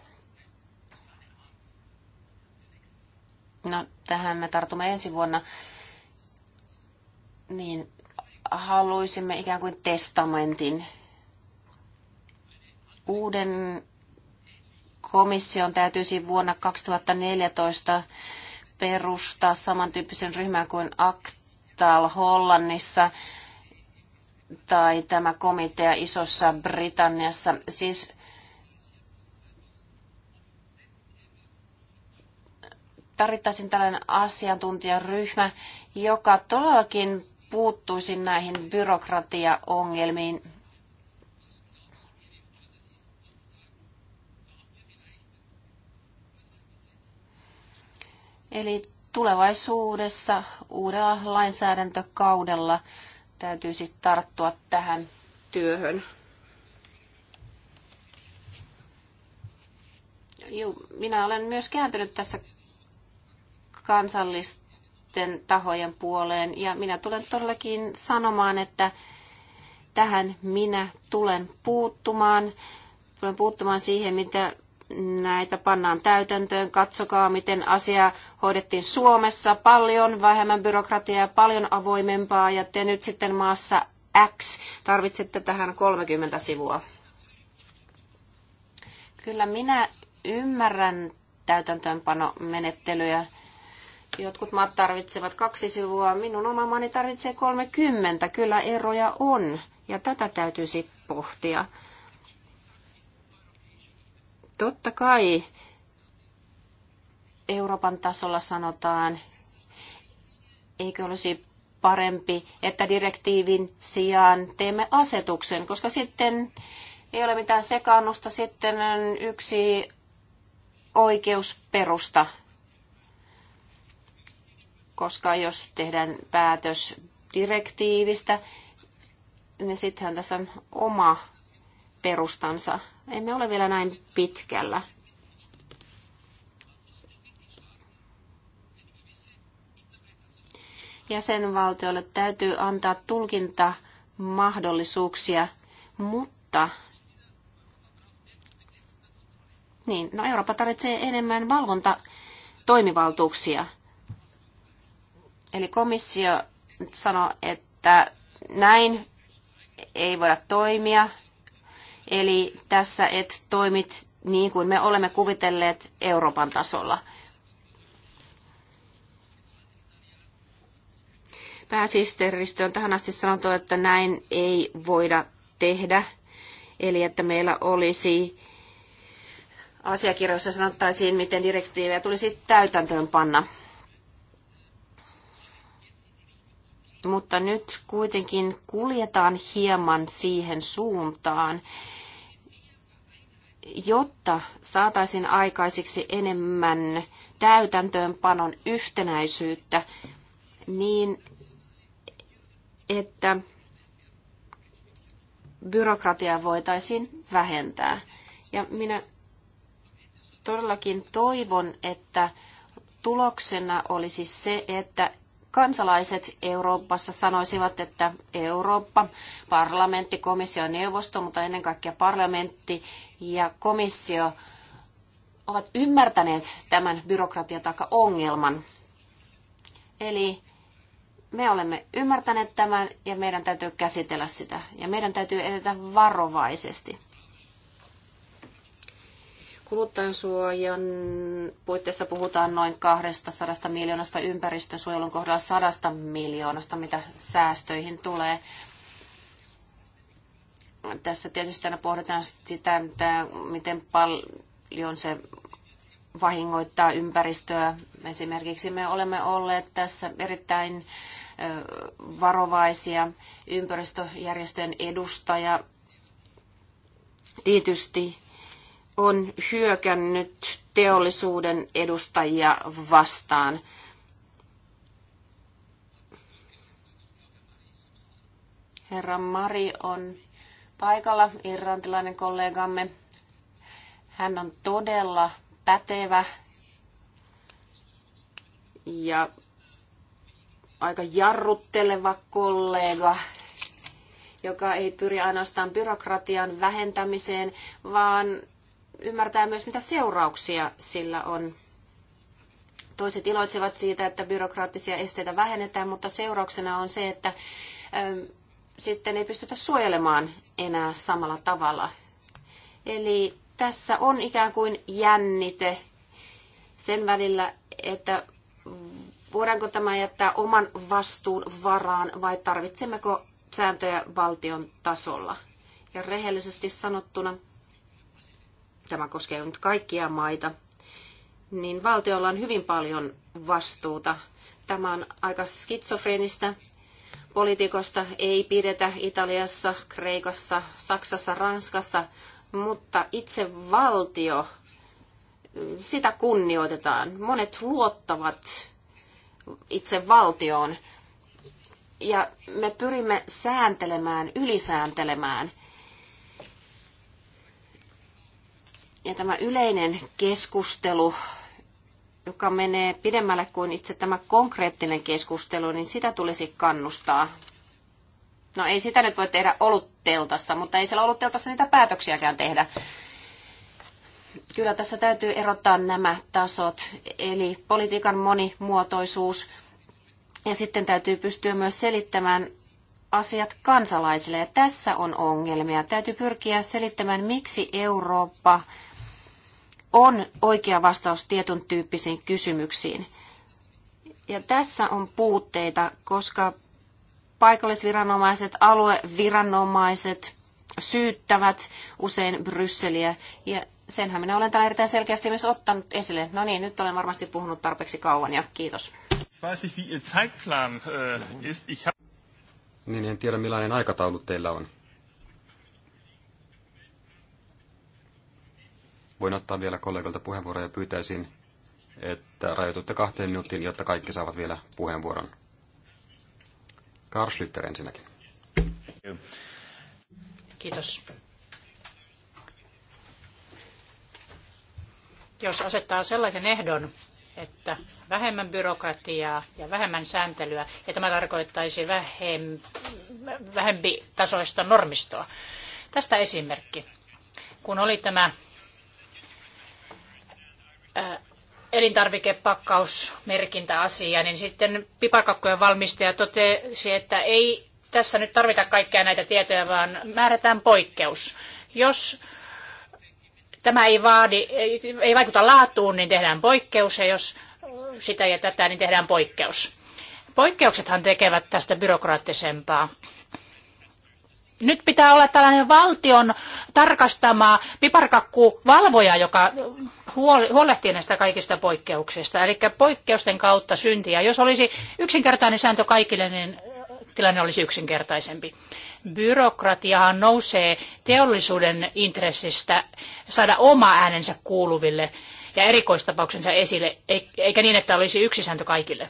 No, tähän me tartumme ensi vuonna. Niin, haluaisimme ikään kuin testamentin. Uuden komission täytyisi vuonna 2014 perustaa samantyyppisen ryhmän kuin Aktal Hollannissa tai tämä komitea Isossa Britanniassa. Siis tarvittaisiin tällainen asiantuntijaryhmä, joka todellakin puuttuisi näihin byrokratiaongelmiin Eli tulevaisuudessa uudella lainsäädäntökaudella täytyisi tarttua tähän työhön. Juu, minä olen myös kääntynyt tässä kansallisten tahojen puoleen ja minä tulen todellakin sanomaan, että tähän minä tulen puuttumaan. Tulen puuttumaan siihen, mitä näitä pannaan täytäntöön. Katsokaa, miten asia hoidettiin Suomessa. Paljon vähemmän byrokratiaa, paljon avoimempaa ja te nyt sitten maassa X tarvitsette tähän 30 sivua. Kyllä minä ymmärrän täytäntöönpanomenettelyjä. Jotkut maat tarvitsevat kaksi sivua, minun oma maani tarvitsee 30. Kyllä eroja on ja tätä täytyisi pohtia. Totta kai Euroopan tasolla sanotaan, eikö olisi parempi, että direktiivin sijaan teemme asetuksen, koska sitten ei ole mitään sekaannusta, sitten on yksi oikeusperusta. Koska jos tehdään päätös direktiivistä, niin sittenhän tässä on oma perustansa. Emme ole vielä näin pitkällä. Jäsenvaltioille täytyy antaa tulkintamahdollisuuksia, mutta niin, no Eurooppa tarvitsee enemmän valvontatoimivaltuuksia. Eli komissio sanoo, että näin ei voida toimia, Eli tässä et toimit niin kuin me olemme kuvitelleet Euroopan tasolla. Pääsisteristö on tähän asti sanottu, että näin ei voida tehdä. Eli että meillä olisi asiakirjoissa sanottaisiin, miten direktiivejä tulisi täytäntöön panna. Mutta nyt kuitenkin kuljetaan hieman siihen suuntaan, jotta saataisiin aikaisiksi enemmän täytäntöönpanon yhtenäisyyttä, niin että byrokratiaa voitaisiin vähentää. Ja minä todellakin toivon, että tuloksena olisi se, että kansalaiset Euroopassa sanoisivat, että Eurooppa, parlamentti, komissio ja neuvosto, mutta ennen kaikkea parlamentti ja komissio ovat ymmärtäneet tämän byrokratiataka-ongelman. Eli me olemme ymmärtäneet tämän ja meidän täytyy käsitellä sitä ja meidän täytyy edetä varovaisesti. Kuluttajansuojan puitteissa puhutaan noin 200 miljoonasta ympäristönsuojelun kohdalla 100 miljoonasta, mitä säästöihin tulee. Tässä tietysti aina pohditaan sitä, mitä, miten paljon se vahingoittaa ympäristöä. Esimerkiksi me olemme olleet tässä erittäin varovaisia. Ympäristöjärjestöjen edustaja tietysti on hyökännyt teollisuuden edustajia vastaan. Herra Mari on paikalla, irrantilainen kollegamme. Hän on todella pätevä ja aika jarrutteleva kollega, joka ei pyri ainoastaan byrokratian vähentämiseen, vaan ymmärtää myös, mitä seurauksia sillä on. Toiset iloitsevat siitä, että byrokraattisia esteitä vähennetään, mutta seurauksena on se, että ähm, sitten ei pystytä suojelemaan enää samalla tavalla. Eli tässä on ikään kuin jännite sen välillä, että voidaanko tämä jättää oman vastuun varaan vai tarvitsemmeko sääntöjä valtion tasolla. Ja rehellisesti sanottuna tämä koskee nyt kaikkia maita, niin valtiolla on hyvin paljon vastuuta. Tämä on aika skitsofreenistä. Poliitikosta ei pidetä Italiassa, Kreikassa, Saksassa, Ranskassa, mutta itse valtio, sitä kunnioitetaan. Monet luottavat itse valtioon. Ja me pyrimme sääntelemään, ylisääntelemään – Ja tämä yleinen keskustelu, joka menee pidemmälle kuin itse tämä konkreettinen keskustelu, niin sitä tulisi kannustaa. No ei sitä nyt voi tehdä olutteltassa, mutta ei siellä olutteltassa niitä päätöksiäkään tehdä. Kyllä tässä täytyy erottaa nämä tasot, eli politiikan monimuotoisuus, ja sitten täytyy pystyä myös selittämään asiat kansalaisille. Ja tässä on ongelmia. Täytyy pyrkiä selittämään, miksi Eurooppa on oikea vastaus tietyn tyyppisiin kysymyksiin. Ja tässä on puutteita, koska paikallisviranomaiset, alueviranomaiset syyttävät usein Brysseliä. Ja senhän minä olen täällä erittäin selkeästi myös ottanut esille. No niin, nyt olen varmasti puhunut tarpeeksi kauan ja kiitos. Äh, niin, en tiedä millainen aikataulu teillä on. Voin ottaa vielä kollegoilta puheenvuoroja ja pyytäisin, että rajoitutte kahteen minuuttiin, jotta kaikki saavat vielä puheenvuoron. Karl Schlitter ensinnäkin. Kiitos. Jos asettaa sellaisen ehdon, että vähemmän byrokratiaa ja vähemmän sääntelyä, ja tämä tarkoittaisi vähem, vähempi tasoista normistoa. Tästä esimerkki. Kun oli tämä Äh, elintarvikepakkausmerkintäasia, niin sitten piparkakkojen valmistaja totesi, että ei tässä nyt tarvita kaikkia näitä tietoja, vaan määrätään poikkeus. Jos tämä ei, vaadi, ei vaikuta laatuun, niin tehdään poikkeus, ja jos sitä ja tätä, niin tehdään poikkeus. Poikkeuksethan tekevät tästä byrokraattisempaa. Nyt pitää olla tällainen valtion tarkastama piparkakkuvalvoja, joka huolehtia näistä kaikista poikkeuksista, eli poikkeusten kautta syntiä. Jos olisi yksinkertainen sääntö kaikille, niin tilanne olisi yksinkertaisempi. Byrokratiahan nousee teollisuuden intressistä saada oma äänensä kuuluville ja erikoistapauksensa esille, e-, eikä niin, että olisi yksi sääntö kaikille.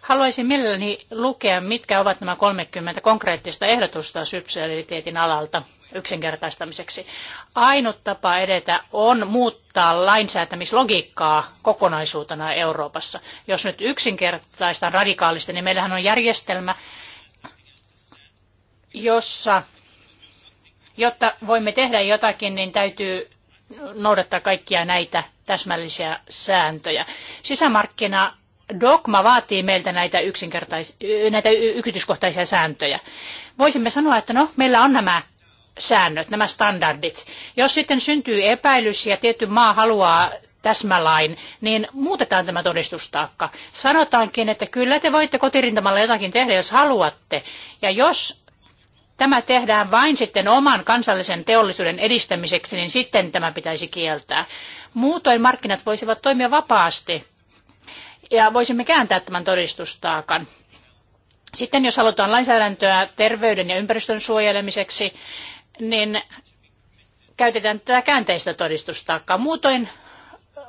Haluaisin mielelläni lukea, mitkä ovat nämä 30 konkreettista ehdotusta subsidiariteetin alalta yksinkertaistamiseksi. Ainut tapa edetä on muuttaa lainsäätämislogiikkaa kokonaisuutena Euroopassa. Jos nyt yksinkertaistaan radikaalisti, niin meillähän on järjestelmä, jossa, jotta voimme tehdä jotakin, niin täytyy noudattaa kaikkia näitä täsmällisiä sääntöjä. Sisämarkkina dogma vaatii meiltä näitä, yksinkertais- näitä yksityiskohtaisia sääntöjä. Voisimme sanoa, että no, meillä on nämä säännöt, nämä standardit. Jos sitten syntyy epäilys ja tietty maa haluaa täsmälain, niin muutetaan tämä todistustaakka. Sanotaankin, että kyllä te voitte kotirintamalla jotakin tehdä, jos haluatte. Ja jos tämä tehdään vain sitten oman kansallisen teollisuuden edistämiseksi, niin sitten tämä pitäisi kieltää. Muutoin markkinat voisivat toimia vapaasti ja voisimme kääntää tämän todistustaakan. Sitten jos halutaan lainsäädäntöä terveyden ja ympäristön suojelemiseksi, niin käytetään tätä käänteistä todistustaakkaa. Muutoin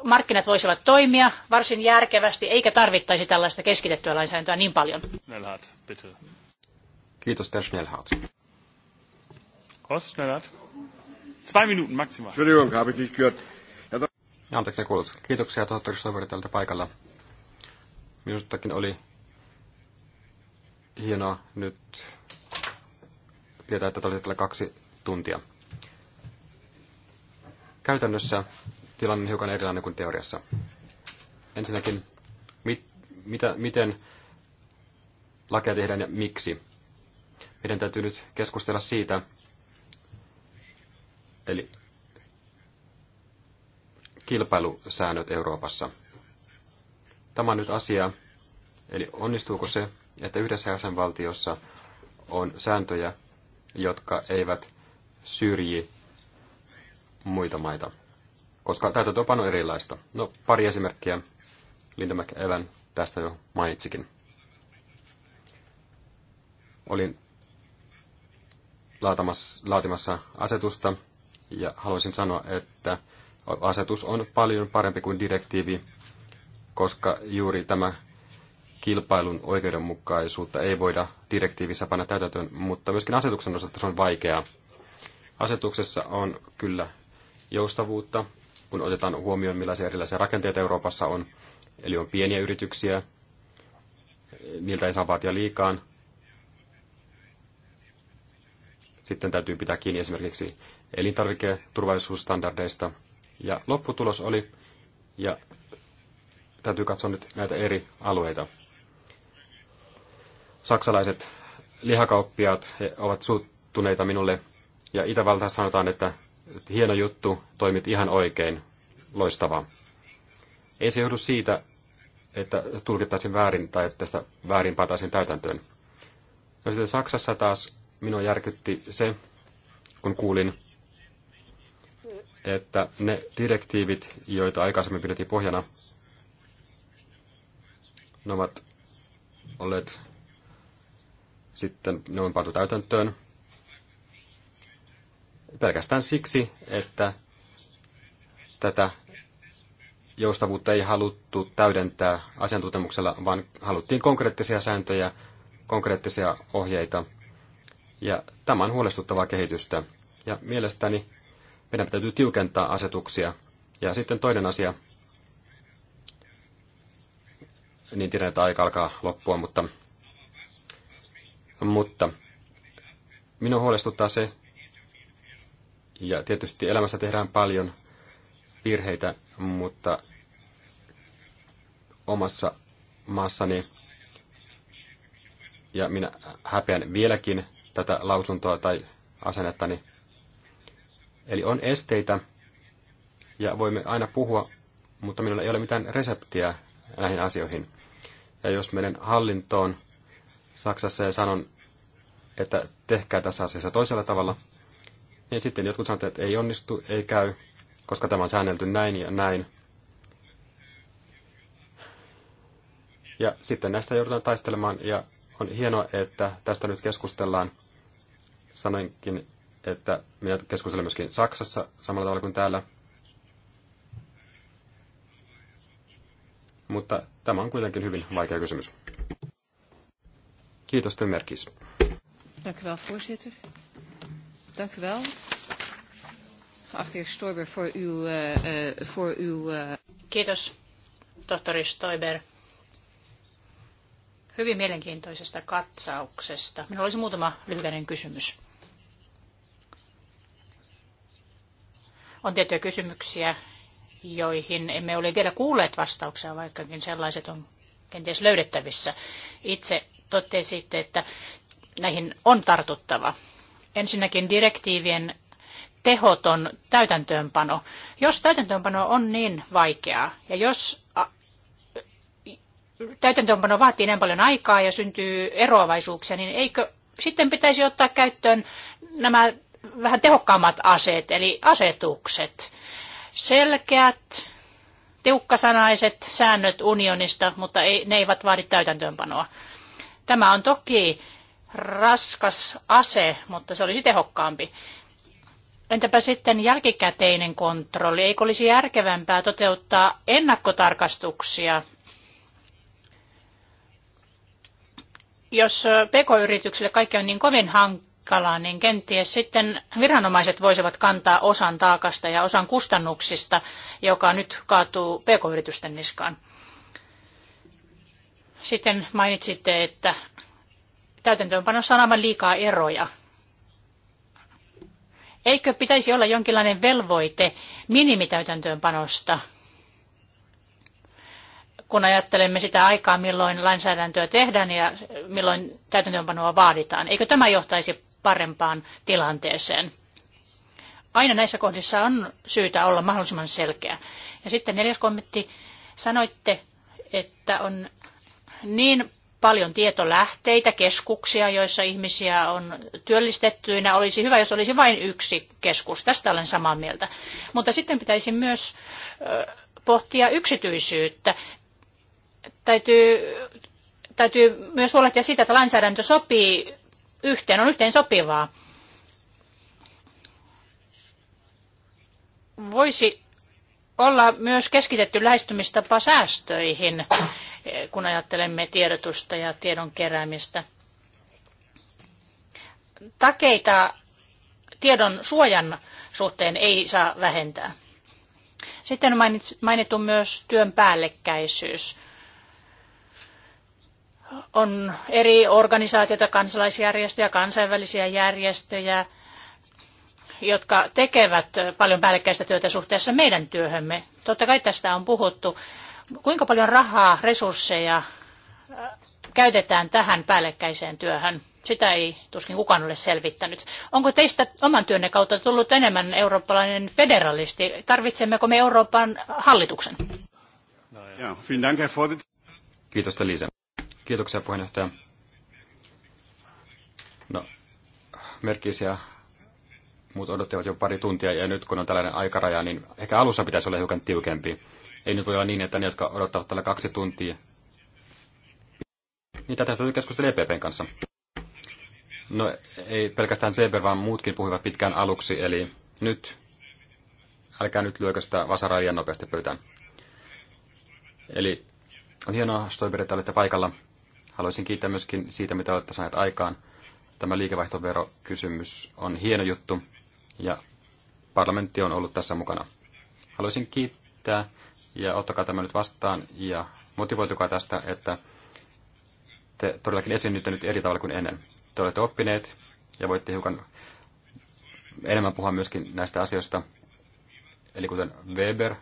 markkinat voisivat toimia varsin järkevästi, eikä tarvittaisi tällaista keskitettyä lainsäädäntöä niin paljon. Schnellhardt, bitte. Kiitos, Herr Schnellhardt. Horst Schnellhardt. Zwei Minuten maximal. Entschuldigung, habe ich nicht gehört. Anteeksi, kuulut. Kiitoksia tohtori Soiveri tältä paikalla. Minustakin oli hienoa nyt tietää, että tällä kaksi tuntia. Käytännössä tilanne on hiukan erilainen kuin teoriassa. Ensinnäkin, mit, mitä, miten lakeja tehdään ja miksi. Meidän täytyy nyt keskustella siitä, eli kilpailusäännöt Euroopassa. Tämä on nyt asia, eli onnistuuko se, että yhdessä jäsenvaltiossa on sääntöjä, jotka eivät syrji muita maita, koska täytäntöönpano on erilaista. No, pari esimerkkiä. Linda McEvan tästä jo mainitsikin. Olin laatimassa asetusta ja haluaisin sanoa, että asetus on paljon parempi kuin direktiivi, koska juuri tämä kilpailun oikeudenmukaisuutta ei voida direktiivissä panna täytäntöön, mutta myöskin asetuksen osalta se on vaikeaa, Asetuksessa on kyllä joustavuutta, kun otetaan huomioon millaisia erilaisia rakenteita Euroopassa on. Eli on pieniä yrityksiä, niiltä ei saa vaatia liikaan. Sitten täytyy pitää kiinni esimerkiksi elintarviketurvallisuusstandardeista. Ja lopputulos oli, ja täytyy katsoa nyt näitä eri alueita. Saksalaiset lihakauppiaat ovat suuttuneita minulle ja Itävaltaan sanotaan, että hieno juttu, toimit ihan oikein, loistavaa. Ei se johdu siitä, että tulkittaisiin väärin tai että sitä väärin pantaisiin täytäntöön. No sitten Saksassa taas minua järkytti se, kun kuulin, että ne direktiivit, joita aikaisemmin pidettiin pohjana, ne ovat olleet sitten, ne on pantu täytäntöön pelkästään siksi, että tätä joustavuutta ei haluttu täydentää asiantuntemuksella, vaan haluttiin konkreettisia sääntöjä, konkreettisia ohjeita. Ja tämä on huolestuttavaa kehitystä. Ja mielestäni meidän täytyy tiukentaa asetuksia. Ja sitten toinen asia, niin tiedän, että aika alkaa loppua, mutta, mutta minun huolestuttaa se, ja tietysti elämässä tehdään paljon virheitä, mutta omassa maassani, ja minä häpeän vieläkin tätä lausuntoa tai asennettani. Eli on esteitä, ja voimme aina puhua, mutta minulla ei ole mitään reseptiä näihin asioihin. Ja jos menen hallintoon Saksassa ja sanon, että tehkää tässä asiassa toisella tavalla, niin sitten jotkut sanovat, että ei onnistu, ei käy, koska tämä on säännelty näin ja näin. Ja sitten näistä joudutaan taistelemaan, ja on hienoa, että tästä nyt keskustellaan. Sanoinkin, että minä keskustelen myöskin Saksassa samalla tavalla kuin täällä. Mutta tämä on kuitenkin hyvin vaikea kysymys. Kiitos, Tömerkis. Dank u wel, voorzitter. Dank u wel. Geachte heer Stoiber voor uw... Uh, voor uw uh... Kiitos, tohtori Stoiber. Hyvin mielenkiintoisesta katsauksesta. Minulla olisi muutama lyhyinen kysymys. On tiettyjä kysymyksiä, joihin emme ole vielä kuulleet vastauksia, vaikkakin sellaiset on kenties löydettävissä. Itse totesitte, että näihin on tartuttava. Ensinnäkin direktiivien tehoton täytäntöönpano. Jos täytäntöönpano on niin vaikeaa ja jos täytäntöönpano vaatii näin paljon aikaa ja syntyy eroavaisuuksia, niin eikö sitten pitäisi ottaa käyttöön nämä vähän tehokkaammat aseet, eli asetukset. Selkeät, tiukkasanaiset säännöt unionista, mutta ei, ne eivät vaadi täytäntöönpanoa. Tämä on toki raskas ase, mutta se olisi tehokkaampi. Entäpä sitten jälkikäteinen kontrolli? Eikö olisi järkevämpää toteuttaa ennakkotarkastuksia? Jos pk-yrityksille kaikki on niin kovin hankalaa, niin kenties sitten viranomaiset voisivat kantaa osan taakasta ja osan kustannuksista, joka nyt kaatuu pk-yritysten niskaan. Sitten mainitsitte, että täytäntöönpanossa on aivan liikaa eroja. Eikö pitäisi olla jonkinlainen velvoite minimitäytäntöönpanosta, kun ajattelemme sitä aikaa, milloin lainsäädäntöä tehdään ja milloin täytäntöönpanoa vaaditaan? Eikö tämä johtaisi parempaan tilanteeseen? Aina näissä kohdissa on syytä olla mahdollisimman selkeä. Ja sitten neljäs kommentti. Sanoitte, että on niin paljon tietolähteitä, keskuksia, joissa ihmisiä on työllistettyinä. Olisi hyvä, jos olisi vain yksi keskus. Tästä olen samaa mieltä. Mutta sitten pitäisi myös pohtia yksityisyyttä. Täytyy, täytyy myös huolehtia siitä, että lainsäädäntö sopii yhteen, on yhteen sopivaa. Voisi olla myös keskitetty lähestymistapa säästöihin, kun ajattelemme tiedotusta ja tiedon keräämistä. Takeita tiedon suojan suhteen ei saa vähentää. Sitten on mainittu myös työn päällekkäisyys. On eri organisaatioita, kansalaisjärjestöjä, kansainvälisiä järjestöjä, jotka tekevät paljon päällekkäistä työtä suhteessa meidän työhömme. Totta kai tästä on puhuttu. Kuinka paljon rahaa, resursseja äh, käytetään tähän päällekkäiseen työhön? Sitä ei tuskin kukaan ole selvittänyt. Onko teistä oman työnne kautta tullut enemmän eurooppalainen federalisti? Tarvitsemmeko me Euroopan hallituksen? Kiitos, Liisa. Kiitoksia, puheenjohtaja. No, merkisiä muut odottivat jo pari tuntia, ja nyt kun on tällainen aikaraja, niin ehkä alussa pitäisi olla hiukan tiukempi. Ei nyt voi olla niin, että ne, jotka odottavat tällä kaksi tuntia, niin tästä täytyy keskustella EPPn kanssa. No ei pelkästään CP, vaan muutkin puhuivat pitkään aluksi, eli nyt, älkää nyt lyökö sitä vasaraa liian nopeasti pöytään. Eli on hienoa, Stoiber, että olette paikalla. Haluaisin kiittää myöskin siitä, mitä olette saaneet aikaan. Tämä liikevaihtoverokysymys on hieno juttu ja parlamentti on ollut tässä mukana. Haluaisin kiittää ja ottakaa tämä nyt vastaan ja motivoitukaa tästä, että te todellakin esiinnytte nyt eri tavalla kuin ennen. Te olette oppineet ja voitte hiukan enemmän puhua myöskin näistä asioista. Eli kuten Weber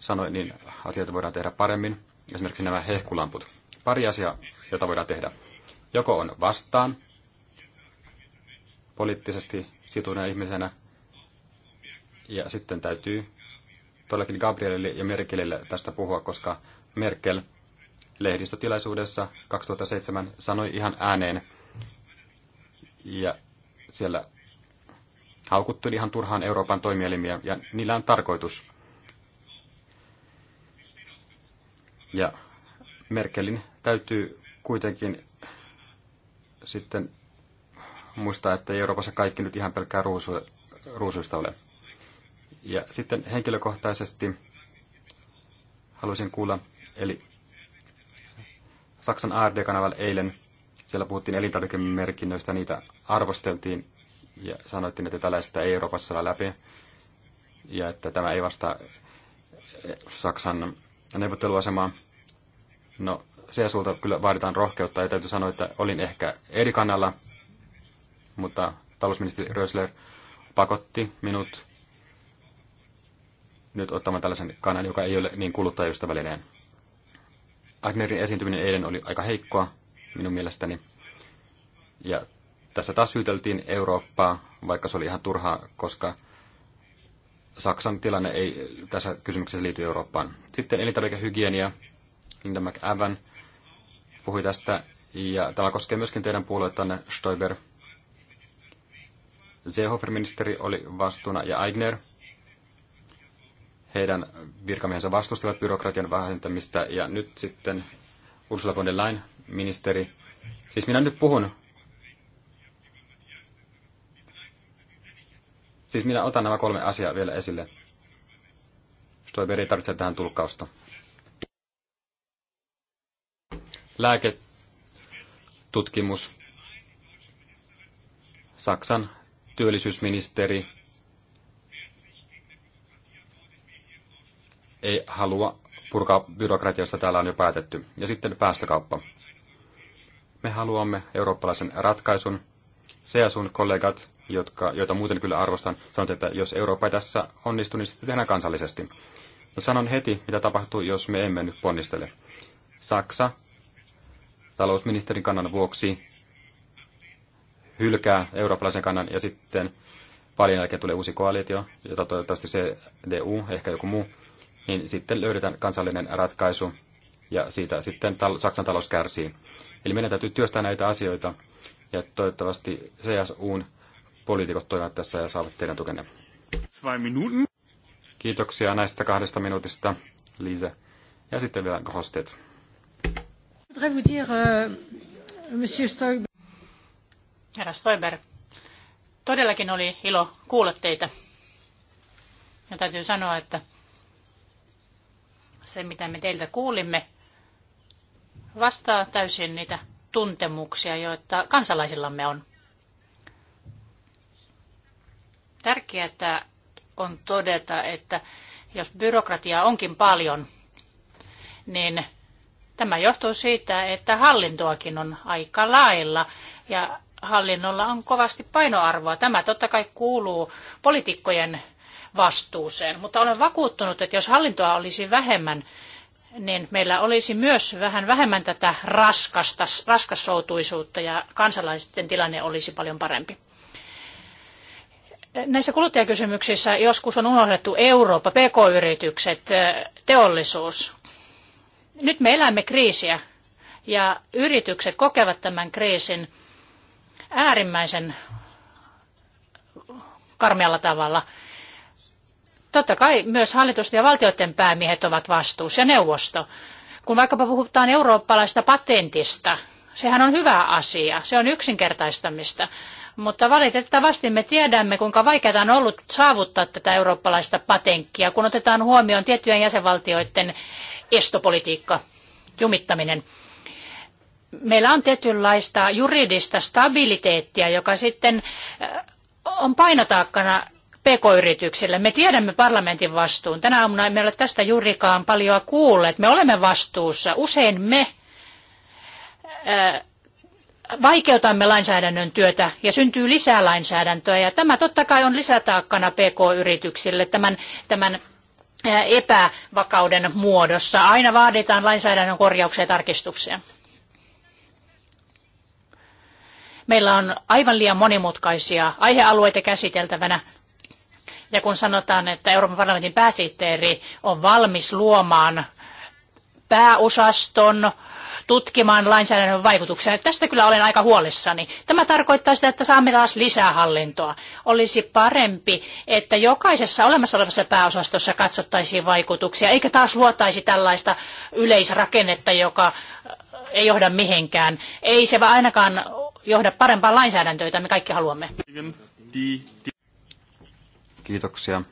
sanoi, niin asioita voidaan tehdä paremmin. Esimerkiksi nämä hehkulamput. Pari asiaa, jota voidaan tehdä. Joko on vastaan poliittisesti situneena ihmisenä. Ja sitten täytyy todellakin Gabrielille ja Merkelille tästä puhua, koska Merkel lehdistötilaisuudessa 2007 sanoi ihan ääneen, ja siellä haukuttui ihan turhaan Euroopan toimielimiä, ja niillä on tarkoitus. Ja Merkelin täytyy kuitenkin sitten muistaa, että ei Euroopassa kaikki nyt ihan pelkkää ruusu, ruusuista ole. Ja sitten henkilökohtaisesti haluaisin kuulla, eli Saksan ARD-kanavalla eilen siellä puhuttiin elintarvikemerkinnöistä, niitä arvosteltiin ja sanottiin, että tällaista ei Euroopassa ole läpi ja että tämä ei vastaa eh, Saksan neuvotteluasemaa. No, se suulta kyllä vaaditaan rohkeutta ja täytyy sanoa, että olin ehkä eri kannalla mutta talousministeri Rösler pakotti minut nyt ottamaan tällaisen kannan, joka ei ole niin kuluttajaystävällinen. Agnerin esiintyminen eilen oli aika heikkoa minun mielestäni. Ja tässä taas syyteltiin Eurooppaa, vaikka se oli ihan turhaa, koska Saksan tilanne ei tässä kysymyksessä liity Eurooppaan. Sitten elintarvikehygienia. Linda McAvan puhui tästä, ja tämä koskee myöskin teidän puoluettanne, Stoiber – Seehofer-ministeri oli vastuuna ja Aigner. Heidän virkamiehensä vastustivat byrokratian vähentämistä ja nyt sitten Ursula von der Leyen, ministeri. Siis minä nyt puhun. Siis minä otan nämä kolme asiaa vielä esille. Stoiberi tarvitsee tähän tulkkausta. Lääketutkimus. Saksan työllisyysministeri ei halua purkaa byrokratiasta täällä on jo päätetty. Ja sitten päästökauppa. Me haluamme eurooppalaisen ratkaisun. Se ja sun kollegat, jotka, joita muuten kyllä arvostan, sanot, että jos Eurooppa ei tässä onnistu, niin sitten tehdään kansallisesti. No sanon heti, mitä tapahtuu, jos me emme nyt ponnistele. Saksa talousministerin kannan vuoksi hylkää eurooppalaisen kannan ja sitten vaalien jälkeen tulee uusi koalitio, jota toivottavasti DU ehkä joku muu, niin sitten löydetään kansallinen ratkaisu ja siitä sitten Saksan talous kärsii. Eli meidän täytyy työstää näitä asioita ja toivottavasti CSUn poliitikot toimivat tässä ja saavat teidän tukenne. Kiitoksia näistä kahdesta minuutista, Liise. Ja sitten vielä euh, Stolberg. Herra Stoiber, todellakin oli ilo kuulla teitä. Ja täytyy sanoa, että se mitä me teiltä kuulimme vastaa täysin niitä tuntemuksia, joita kansalaisillamme on. Tärkeää on todeta, että jos byrokratiaa onkin paljon, niin tämä johtuu siitä, että hallintoakin on aika lailla. Ja hallinnolla on kovasti painoarvoa. Tämä totta kai kuuluu poliitikkojen vastuuseen, mutta olen vakuuttunut, että jos hallintoa olisi vähemmän, niin meillä olisi myös vähän vähemmän tätä raskasta, raskassoutuisuutta ja kansalaisten tilanne olisi paljon parempi. Näissä kuluttajakysymyksissä joskus on unohdettu Eurooppa, pk-yritykset, teollisuus. Nyt me elämme kriisiä ja yritykset kokevat tämän kriisin äärimmäisen karmealla tavalla. Totta kai myös hallitusten ja valtioiden päämiehet ovat vastuussa ja neuvosto. Kun vaikkapa puhutaan eurooppalaista patentista, sehän on hyvä asia, se on yksinkertaistamista. Mutta valitettavasti me tiedämme, kuinka vaikeaa on ollut saavuttaa tätä eurooppalaista patenttia, kun otetaan huomioon tiettyjen jäsenvaltioiden estopolitiikka, jumittaminen meillä on tietynlaista juridista stabiliteettia, joka sitten äh, on painotaakkana pk-yrityksille. Me tiedämme parlamentin vastuun. Tänä aamuna emme ole tästä juurikaan paljon kuulleet. Me olemme vastuussa. Usein me äh, vaikeutamme lainsäädännön työtä ja syntyy lisää lainsäädäntöä. Ja tämä totta kai on lisätaakkana pk-yrityksille tämän, tämän äh, epävakauden muodossa. Aina vaaditaan lainsäädännön korjauksia ja tarkistuksia. Meillä on aivan liian monimutkaisia aihealueita käsiteltävänä. Ja kun sanotaan, että Euroopan parlamentin pääsihteeri on valmis luomaan pääosaston, tutkimaan lainsäädännön vaikutuksia. Niin tästä kyllä olen aika huolissani. Tämä tarkoittaa sitä, että saamme taas lisää hallintoa. Olisi parempi, että jokaisessa olemassa olevassa pääosastossa katsottaisiin vaikutuksia, eikä taas luotaisi tällaista yleisrakennetta, joka ei johda mihinkään. Ei se ainakaan johda parempaan lainsäädäntöön, jota me kaikki haluamme. Kiitoksia.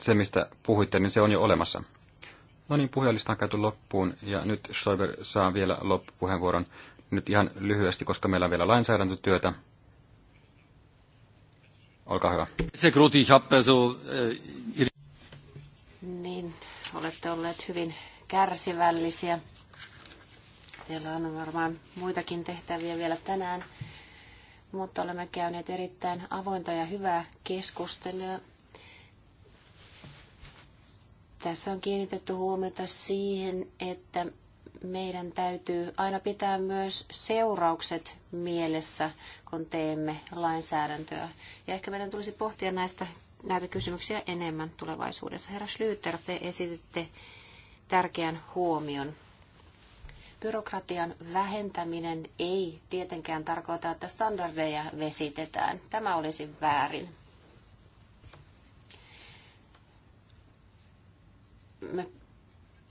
Se, mistä puhuitte, niin se on jo olemassa. No niin, puhujalista on käyty loppuun ja nyt Schäuber saa vielä loppupuheenvuoron. Nyt ihan lyhyesti, koska meillä on vielä lainsäädäntötyötä. Olkaa hyvä. Se kruti eh, Niin, olette olleet hyvin kärsivällisiä Teillä on varmaan muitakin tehtäviä vielä tänään, mutta olemme käyneet erittäin avointa ja hyvää keskustelua. Tässä on kiinnitetty huomiota siihen, että meidän täytyy aina pitää myös seuraukset mielessä, kun teemme lainsäädäntöä. Ja ehkä meidän tulisi pohtia näistä, näitä kysymyksiä enemmän tulevaisuudessa. Herra Schlüter, te esititte tärkeän huomion. Byrokratian vähentäminen ei tietenkään tarkoita, että standardeja vesitetään. Tämä olisi väärin. Me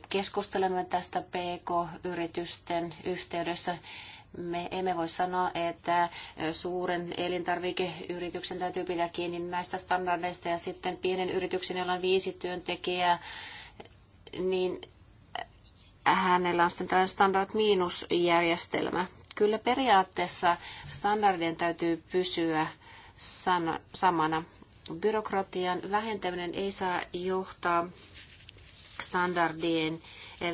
keskustelemme tästä PK-yritysten yhteydessä. Me emme voi sanoa, että suuren elintarvikeyrityksen täytyy pitää kiinni näistä standardeista ja sitten pienen yrityksen, jolla on viisi työntekijää, niin hänellä on sitten tällainen standard miinusjärjestelmä. Kyllä periaatteessa standardien täytyy pysyä sana, samana. Byrokratian vähentäminen ei saa johtaa standardien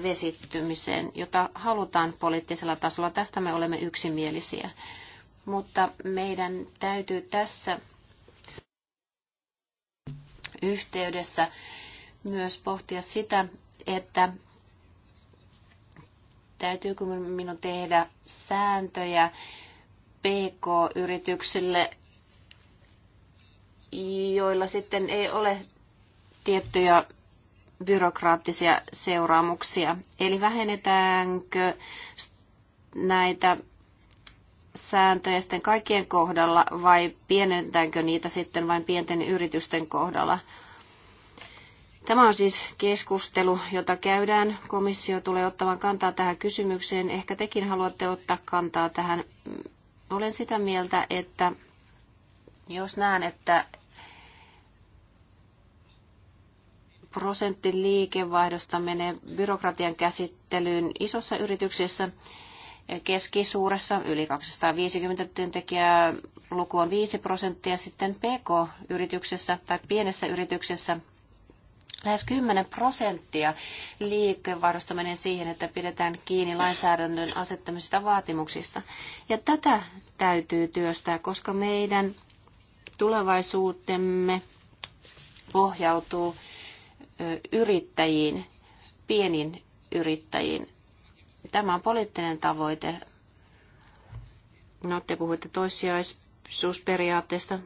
vesittymiseen, jota halutaan poliittisella tasolla. Tästä me olemme yksimielisiä. Mutta meidän täytyy tässä yhteydessä myös pohtia sitä, että Täytyykö minun tehdä sääntöjä PK-yrityksille, joilla sitten ei ole tiettyjä byrokraattisia seuraamuksia. Eli vähennetäänkö näitä sääntöjä sitten kaikkien kohdalla vai pienennetäänkö niitä sitten vain pienten yritysten kohdalla? Tämä on siis keskustelu, jota käydään. Komissio tulee ottamaan kantaa tähän kysymykseen. Ehkä tekin haluatte ottaa kantaa tähän. Olen sitä mieltä, että jos näen, että prosentti liikevaihdosta menee byrokratian käsittelyyn isossa yrityksessä, keskisuuressa yli 250 työntekijää luku on 5 prosenttia, sitten PK-yrityksessä tai pienessä yrityksessä – lähes 10 prosenttia liikevaihdosta menee siihen, että pidetään kiinni lainsäädännön asettamisista vaatimuksista. Ja tätä täytyy työstää, koska meidän tulevaisuutemme pohjautuu yrittäjiin, pienin yrittäjiin. Tämä on poliittinen tavoite. No, te puhuitte toissijaisuusperiaatteesta.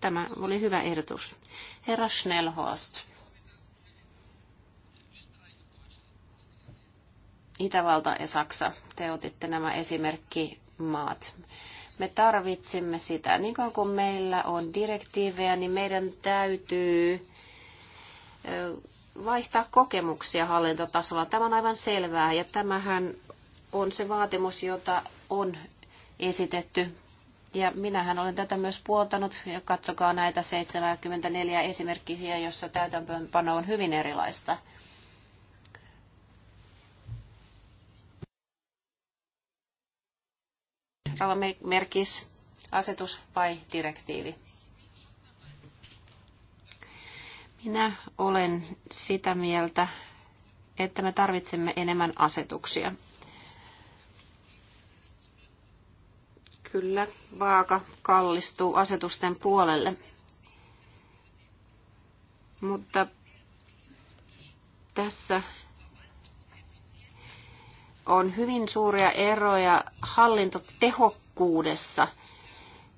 Tämä oli hyvä ehdotus. Herra Schnellhorst. Itävalta ja Saksa, te otitte nämä esimerkkimaat. Me tarvitsemme sitä. Niin kauan kuin meillä on direktiivejä, niin meidän täytyy vaihtaa kokemuksia hallintotasolla. Tämä on aivan selvää ja tämähän on se vaatimus, jota on esitetty. Ja minähän olen tätä myös puoltanut ja katsokaa näitä 74 esimerkkiä, jossa täytäntöönpano on hyvin erilaista. seuraava Merkis, asetus vai direktiivi? Minä olen sitä mieltä, että me tarvitsemme enemmän asetuksia. Kyllä, vaaka kallistuu asetusten puolelle. Mutta tässä on hyvin suuria eroja hallintotehokkuudessa.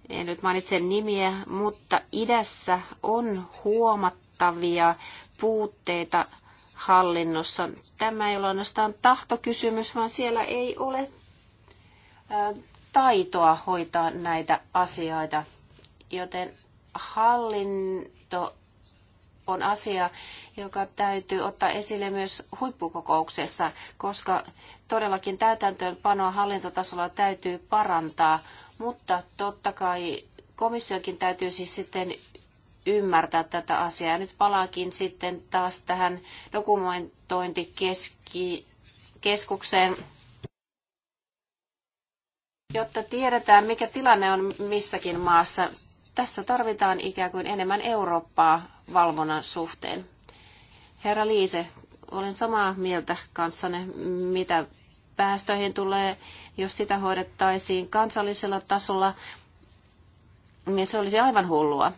En nyt mainitse nimiä, mutta idässä on huomattavia puutteita hallinnossa. Tämä ei ole ainoastaan tahtokysymys, vaan siellä ei ole taitoa hoitaa näitä asioita. Joten hallinto on asia, joka täytyy ottaa esille myös huippukokouksessa, koska todellakin täytäntöönpanoa hallintotasolla täytyy parantaa, mutta totta kai komissiokin täytyy siis sitten ymmärtää tätä asiaa. Ja nyt palaakin sitten taas tähän dokumentointikeskukseen, jotta tiedetään, mikä tilanne on missäkin maassa. Tässä tarvitaan ikään kuin enemmän Eurooppaa valvonnan suhteen. Herra Liise, olen samaa mieltä kanssanne, mitä päästöihin tulee, jos sitä hoidettaisiin kansallisella tasolla, niin se olisi aivan hullua.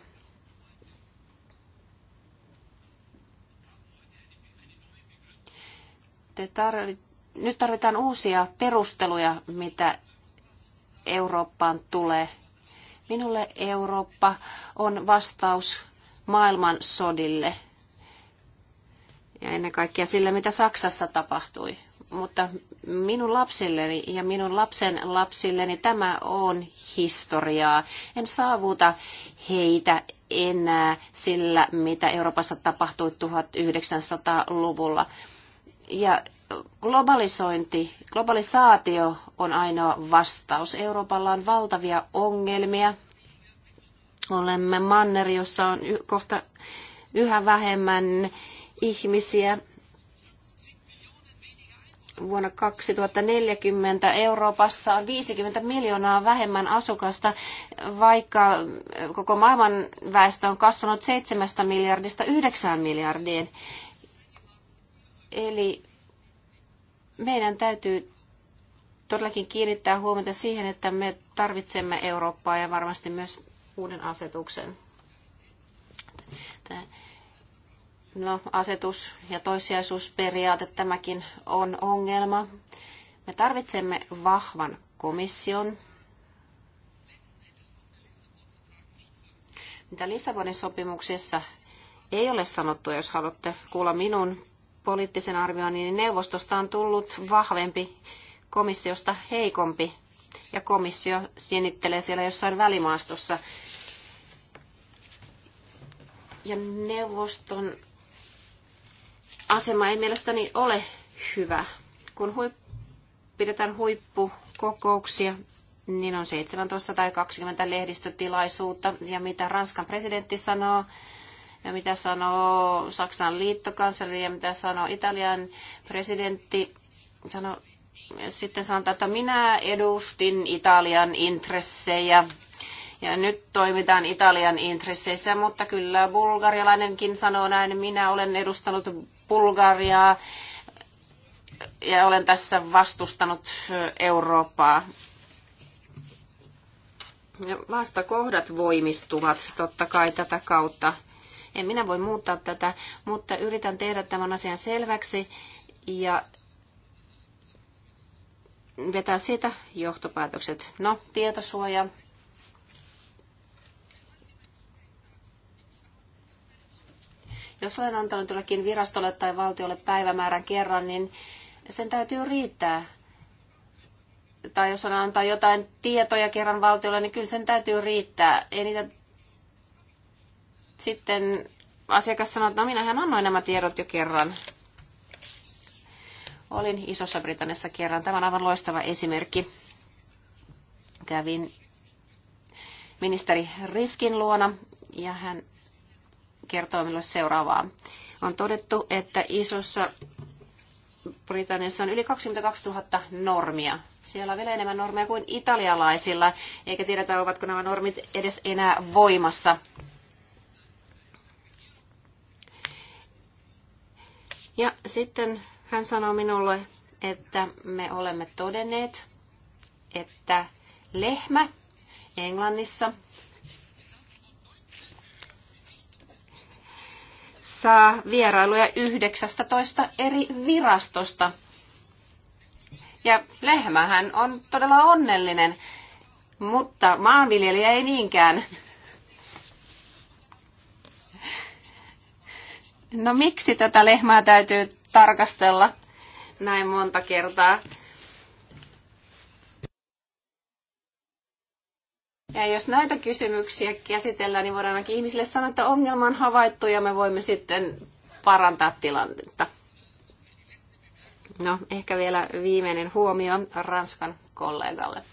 Te tar- nyt tarvitaan uusia perusteluja, mitä Eurooppaan tulee. Minulle Eurooppa on vastaus maailmansodille ja ennen kaikkea sille, mitä Saksassa tapahtui. Mutta minun lapsilleni ja minun lapsen lapsilleni tämä on historiaa. En saavuta heitä enää sillä, mitä Euroopassa tapahtui 1900-luvulla. Ja globalisointi, globalisaatio on ainoa vastaus. Euroopalla on valtavia ongelmia – Olemme manner, jossa on kohta yhä vähemmän ihmisiä. Vuonna 2040 Euroopassa on 50 miljoonaa vähemmän asukasta, vaikka koko maailman väestö on kasvanut 7 miljardista 9 miljardiin. Eli meidän täytyy todellakin kiinnittää huomiota siihen, että me tarvitsemme Eurooppaa ja varmasti myös uuden asetuksen. No, asetus ja toissijaisuusperiaate, tämäkin on ongelma. Me tarvitsemme vahvan komission. Mitä Lissabonin sopimuksessa ei ole sanottu, jos haluatte kuulla minun poliittisen arvioon, niin neuvostosta on tullut vahvempi, komissiosta heikompi ja komissio sienittelee siellä jossain välimaastossa. Ja neuvoston asema ei mielestäni ole hyvä. Kun huip- pidetään huippukokouksia, niin on 17 tai 20 lehdistötilaisuutta. Ja mitä Ranskan presidentti sanoo, ja mitä sanoo Saksan liittokansleri ja mitä sanoo Italian presidentti, sanoo, sitten sanotaan, että minä edustin Italian intressejä ja nyt toimitaan Italian intresseissä, mutta kyllä bulgarialainenkin sanoo näin. Minä olen edustanut Bulgariaa ja olen tässä vastustanut Eurooppaa. Ja vastakohdat voimistuvat totta kai tätä kautta. En minä voi muuttaa tätä, mutta yritän tehdä tämän asian selväksi ja vetää siitä johtopäätökset. No, tietosuoja, Jos olen antanut jollekin virastolle tai valtiolle päivämäärän kerran, niin sen täytyy riittää. Tai jos on antaa jotain tietoja kerran valtiolle, niin kyllä sen täytyy riittää. Ei niitä sitten asiakas sanoo, että no minähän annoin nämä tiedot jo kerran. Olin Isossa Britannissa kerran. Tämä on aivan loistava esimerkki. Kävin ministeri Riskin luona ja hän kertoo minulle seuraavaa. On todettu, että isossa Britanniassa on yli 22 000 normia. Siellä on vielä enemmän normeja kuin italialaisilla, eikä tiedetä, ovatko nämä normit edes enää voimassa. Ja sitten hän sanoi minulle, että me olemme todenneet, että lehmä Englannissa saa vierailuja 19 eri virastosta. Ja lehmähän on todella onnellinen, mutta maanviljelijä ei niinkään. No miksi tätä lehmää täytyy tarkastella näin monta kertaa? Ja jos näitä kysymyksiä käsitellään, niin voidaan ainakin ihmisille sanoa, että ongelma on havaittu ja me voimme sitten parantaa tilannetta. No, ehkä vielä viimeinen huomio Ranskan kollegalle.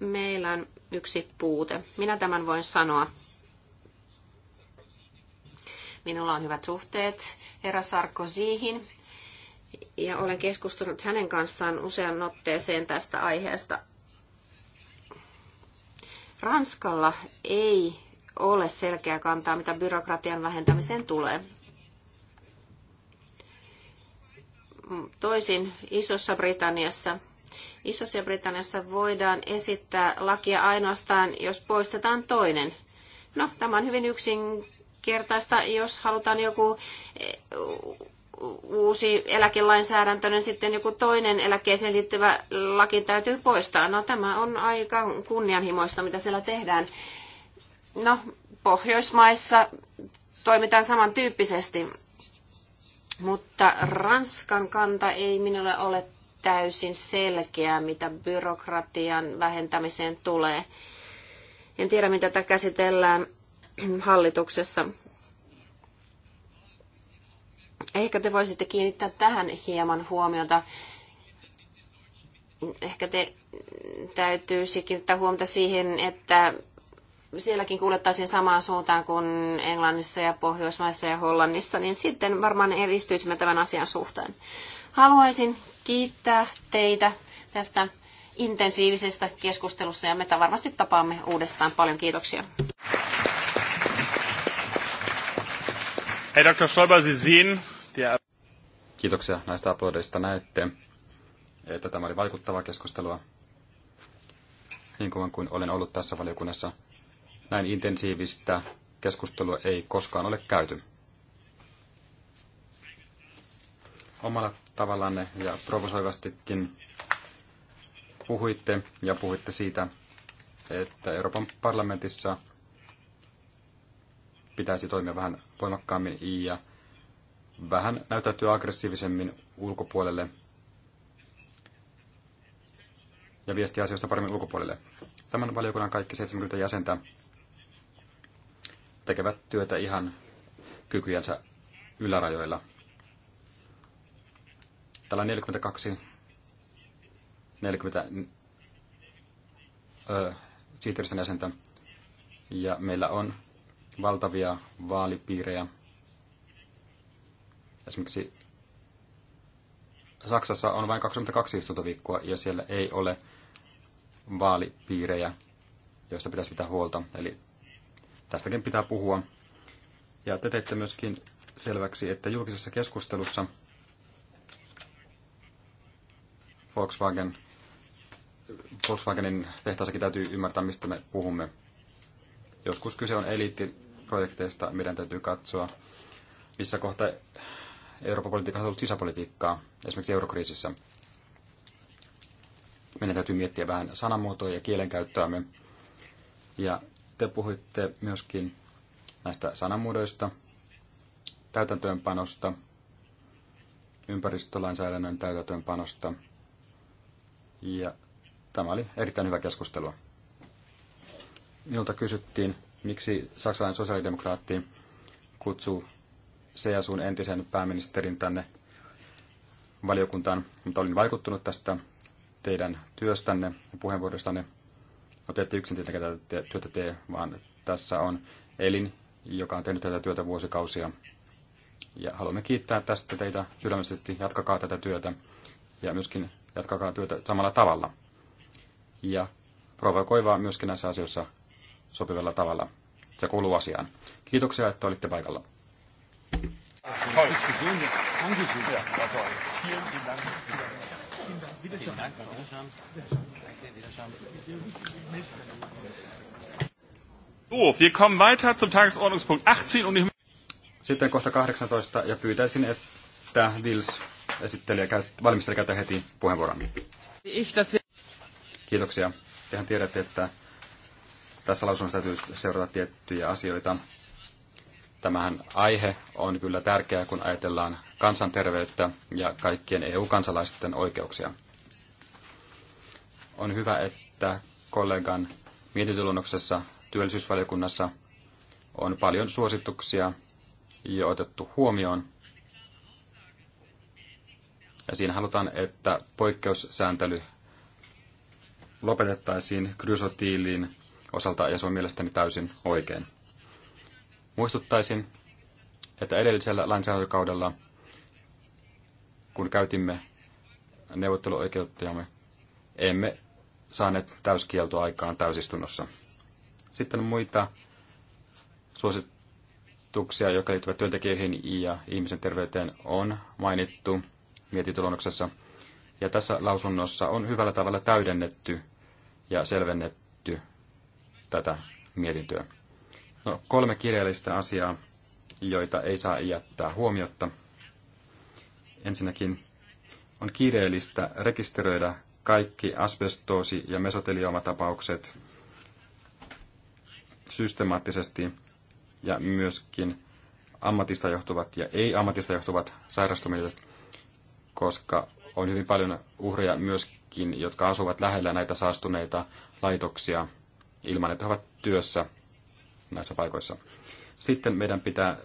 Meillä on yksi puute. Minä tämän voin sanoa. Minulla on hyvät suhteet Era Sarkozyhin, ja olen keskustellut hänen kanssaan usean otteeseen tästä aiheesta. Ranskalla ei ole selkeää kantaa, mitä byrokratian vähentämiseen tulee. Toisin Isossa Britanniassa. Isossa Britanniassa voidaan esittää lakia ainoastaan, jos poistetaan toinen. No, tämä on hyvin yksinkertaista, jos halutaan joku uusi eläkelainsäädäntö, niin sitten joku toinen eläkkeeseen liittyvä laki täytyy poistaa. No tämä on aika kunnianhimoista, mitä siellä tehdään. No, Pohjoismaissa toimitaan samantyyppisesti, mutta Ranskan kanta ei minulle ole täysin selkeä, mitä byrokratian vähentämiseen tulee. En tiedä, mitä tätä käsitellään hallituksessa. Ehkä te voisitte kiinnittää tähän hieman huomiota. Ehkä te täytyisi kiinnittää huomiota siihen, että sielläkin kuljettaisiin samaan suuntaan kuin Englannissa ja Pohjoismaissa ja Hollannissa, niin sitten varmaan edistyisimme tämän asian suhteen. Haluaisin kiittää teitä tästä intensiivisestä keskustelusta ja me varmasti tapaamme uudestaan. Paljon kiitoksia. Hey, Dr. Schäuber, Sie sehen, Kiitoksia näistä aplodeista. Näette, että tämä oli vaikuttavaa keskustelua. Niin kuin, kuin olen ollut tässä valiokunnassa, näin intensiivistä keskustelua ei koskaan ole käyty. Omalla tavallanne ja provosoivastikin puhuitte ja puhuitte siitä, että Euroopan parlamentissa pitäisi toimia vähän voimakkaammin ja vähän näyttäytyy aggressiivisemmin ulkopuolelle ja viesti asioista paremmin ulkopuolelle. Tämän valiokunnan kaikki 70 jäsentä tekevät työtä ihan kykyjensä ylärajoilla. Tällä 42, 40 ö, sihteeristön jäsentä ja meillä on valtavia vaalipiirejä – Esimerkiksi Saksassa on vain 22 istuntoviikkoa ja siellä ei ole vaalipiirejä, joista pitäisi pitää huolta. Eli tästäkin pitää puhua. Ja te teitte myöskin selväksi, että julkisessa keskustelussa Volkswagen, Volkswagenin tehtaassakin täytyy ymmärtää, mistä me puhumme. Joskus kyse on eliittiprojekteista, meidän täytyy katsoa, missä kohta Euroopan politiikasta ollut sisäpolitiikkaa, esimerkiksi eurokriisissä. Meidän täytyy miettiä vähän sanamuotoja ja kielenkäyttöämme. Ja te puhuitte myöskin näistä sanamuodoista, täytäntöönpanosta, ympäristölainsäädännön täytäntöönpanosta. Ja tämä oli erittäin hyvä keskustelu. Minulta kysyttiin, miksi saksalainen sosiaalidemokraatti kutsuu sun entisen pääministerin tänne valiokuntaan, mutta olin vaikuttunut tästä teidän työstänne ja puheenvuorostanne. No te ette yksin tietenkään tätä työtä tee, vaan tässä on Elin, joka on tehnyt tätä työtä vuosikausia. Ja haluamme kiittää tästä teitä sydämisesti. Jatkakaa tätä työtä ja myöskin jatkakaa työtä samalla tavalla. Ja provokoivaa myöskin näissä asioissa sopivalla tavalla. Se kuuluu asiaan. Kiitoksia, että olitte paikalla. Sitten kohta 18 ja pyytäisin, että Vils esittelijä valmistelija käyttää heti puheenvuoron. Kiitoksia. Tehän tiedätte, että tässä lausunnossa täytyy seurata tiettyjä asioita. Tämähän aihe on kyllä tärkeä, kun ajatellaan kansanterveyttä ja kaikkien EU-kansalaisten oikeuksia. On hyvä, että kollegan mietintöluonnoksessa työllisyysvaliokunnassa on paljon suosituksia jo otettu huomioon. Ja siinä halutaan, että poikkeussääntely lopetettaisiin krysotiiliin osalta, ja se on mielestäni täysin oikein. Muistuttaisin, että edellisellä lainsäädäntökaudella, kun käytimme neuvotteluoikeuttajamme, emme saaneet täyskieltoa aikaan täysistunnossa. Sitten muita suosituksia, jotka liittyvät työntekijöihin ja ihmisen terveyteen, on mainittu mietintöluonnoksessa. Ja tässä lausunnossa on hyvällä tavalla täydennetty ja selvennetty tätä mietintöä. No, kolme kirjallista asiaa, joita ei saa jättää huomiotta. Ensinnäkin on kiireellistä rekisteröidä kaikki asbestoosi- ja mesoteliomatapaukset systemaattisesti ja myöskin ammatista johtuvat ja ei-ammatista johtuvat sairastumiset, koska on hyvin paljon uhreja myöskin, jotka asuvat lähellä näitä saastuneita laitoksia ilman, että he ovat työssä näissä paikoissa. Sitten meidän pitää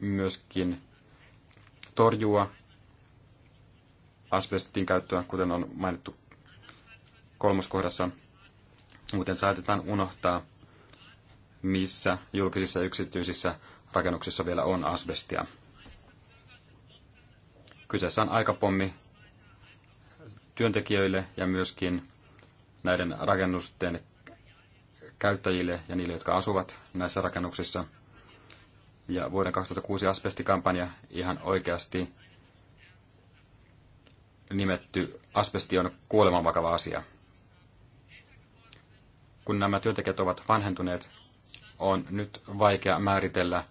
myöskin torjua asbestin käyttöä, kuten on mainittu kolmoskohdassa. Muuten saatetaan unohtaa, missä julkisissa yksityisissä rakennuksissa vielä on asbestia. Kyseessä on aikapommi työntekijöille ja myöskin näiden rakennusten käyttäjille ja niille, jotka asuvat näissä rakennuksissa. Ja vuoden 2006 asbestikampanja ihan oikeasti nimetty asbesti on kuolemanvakava asia. Kun nämä työntekijät ovat vanhentuneet, on nyt vaikea määritellä,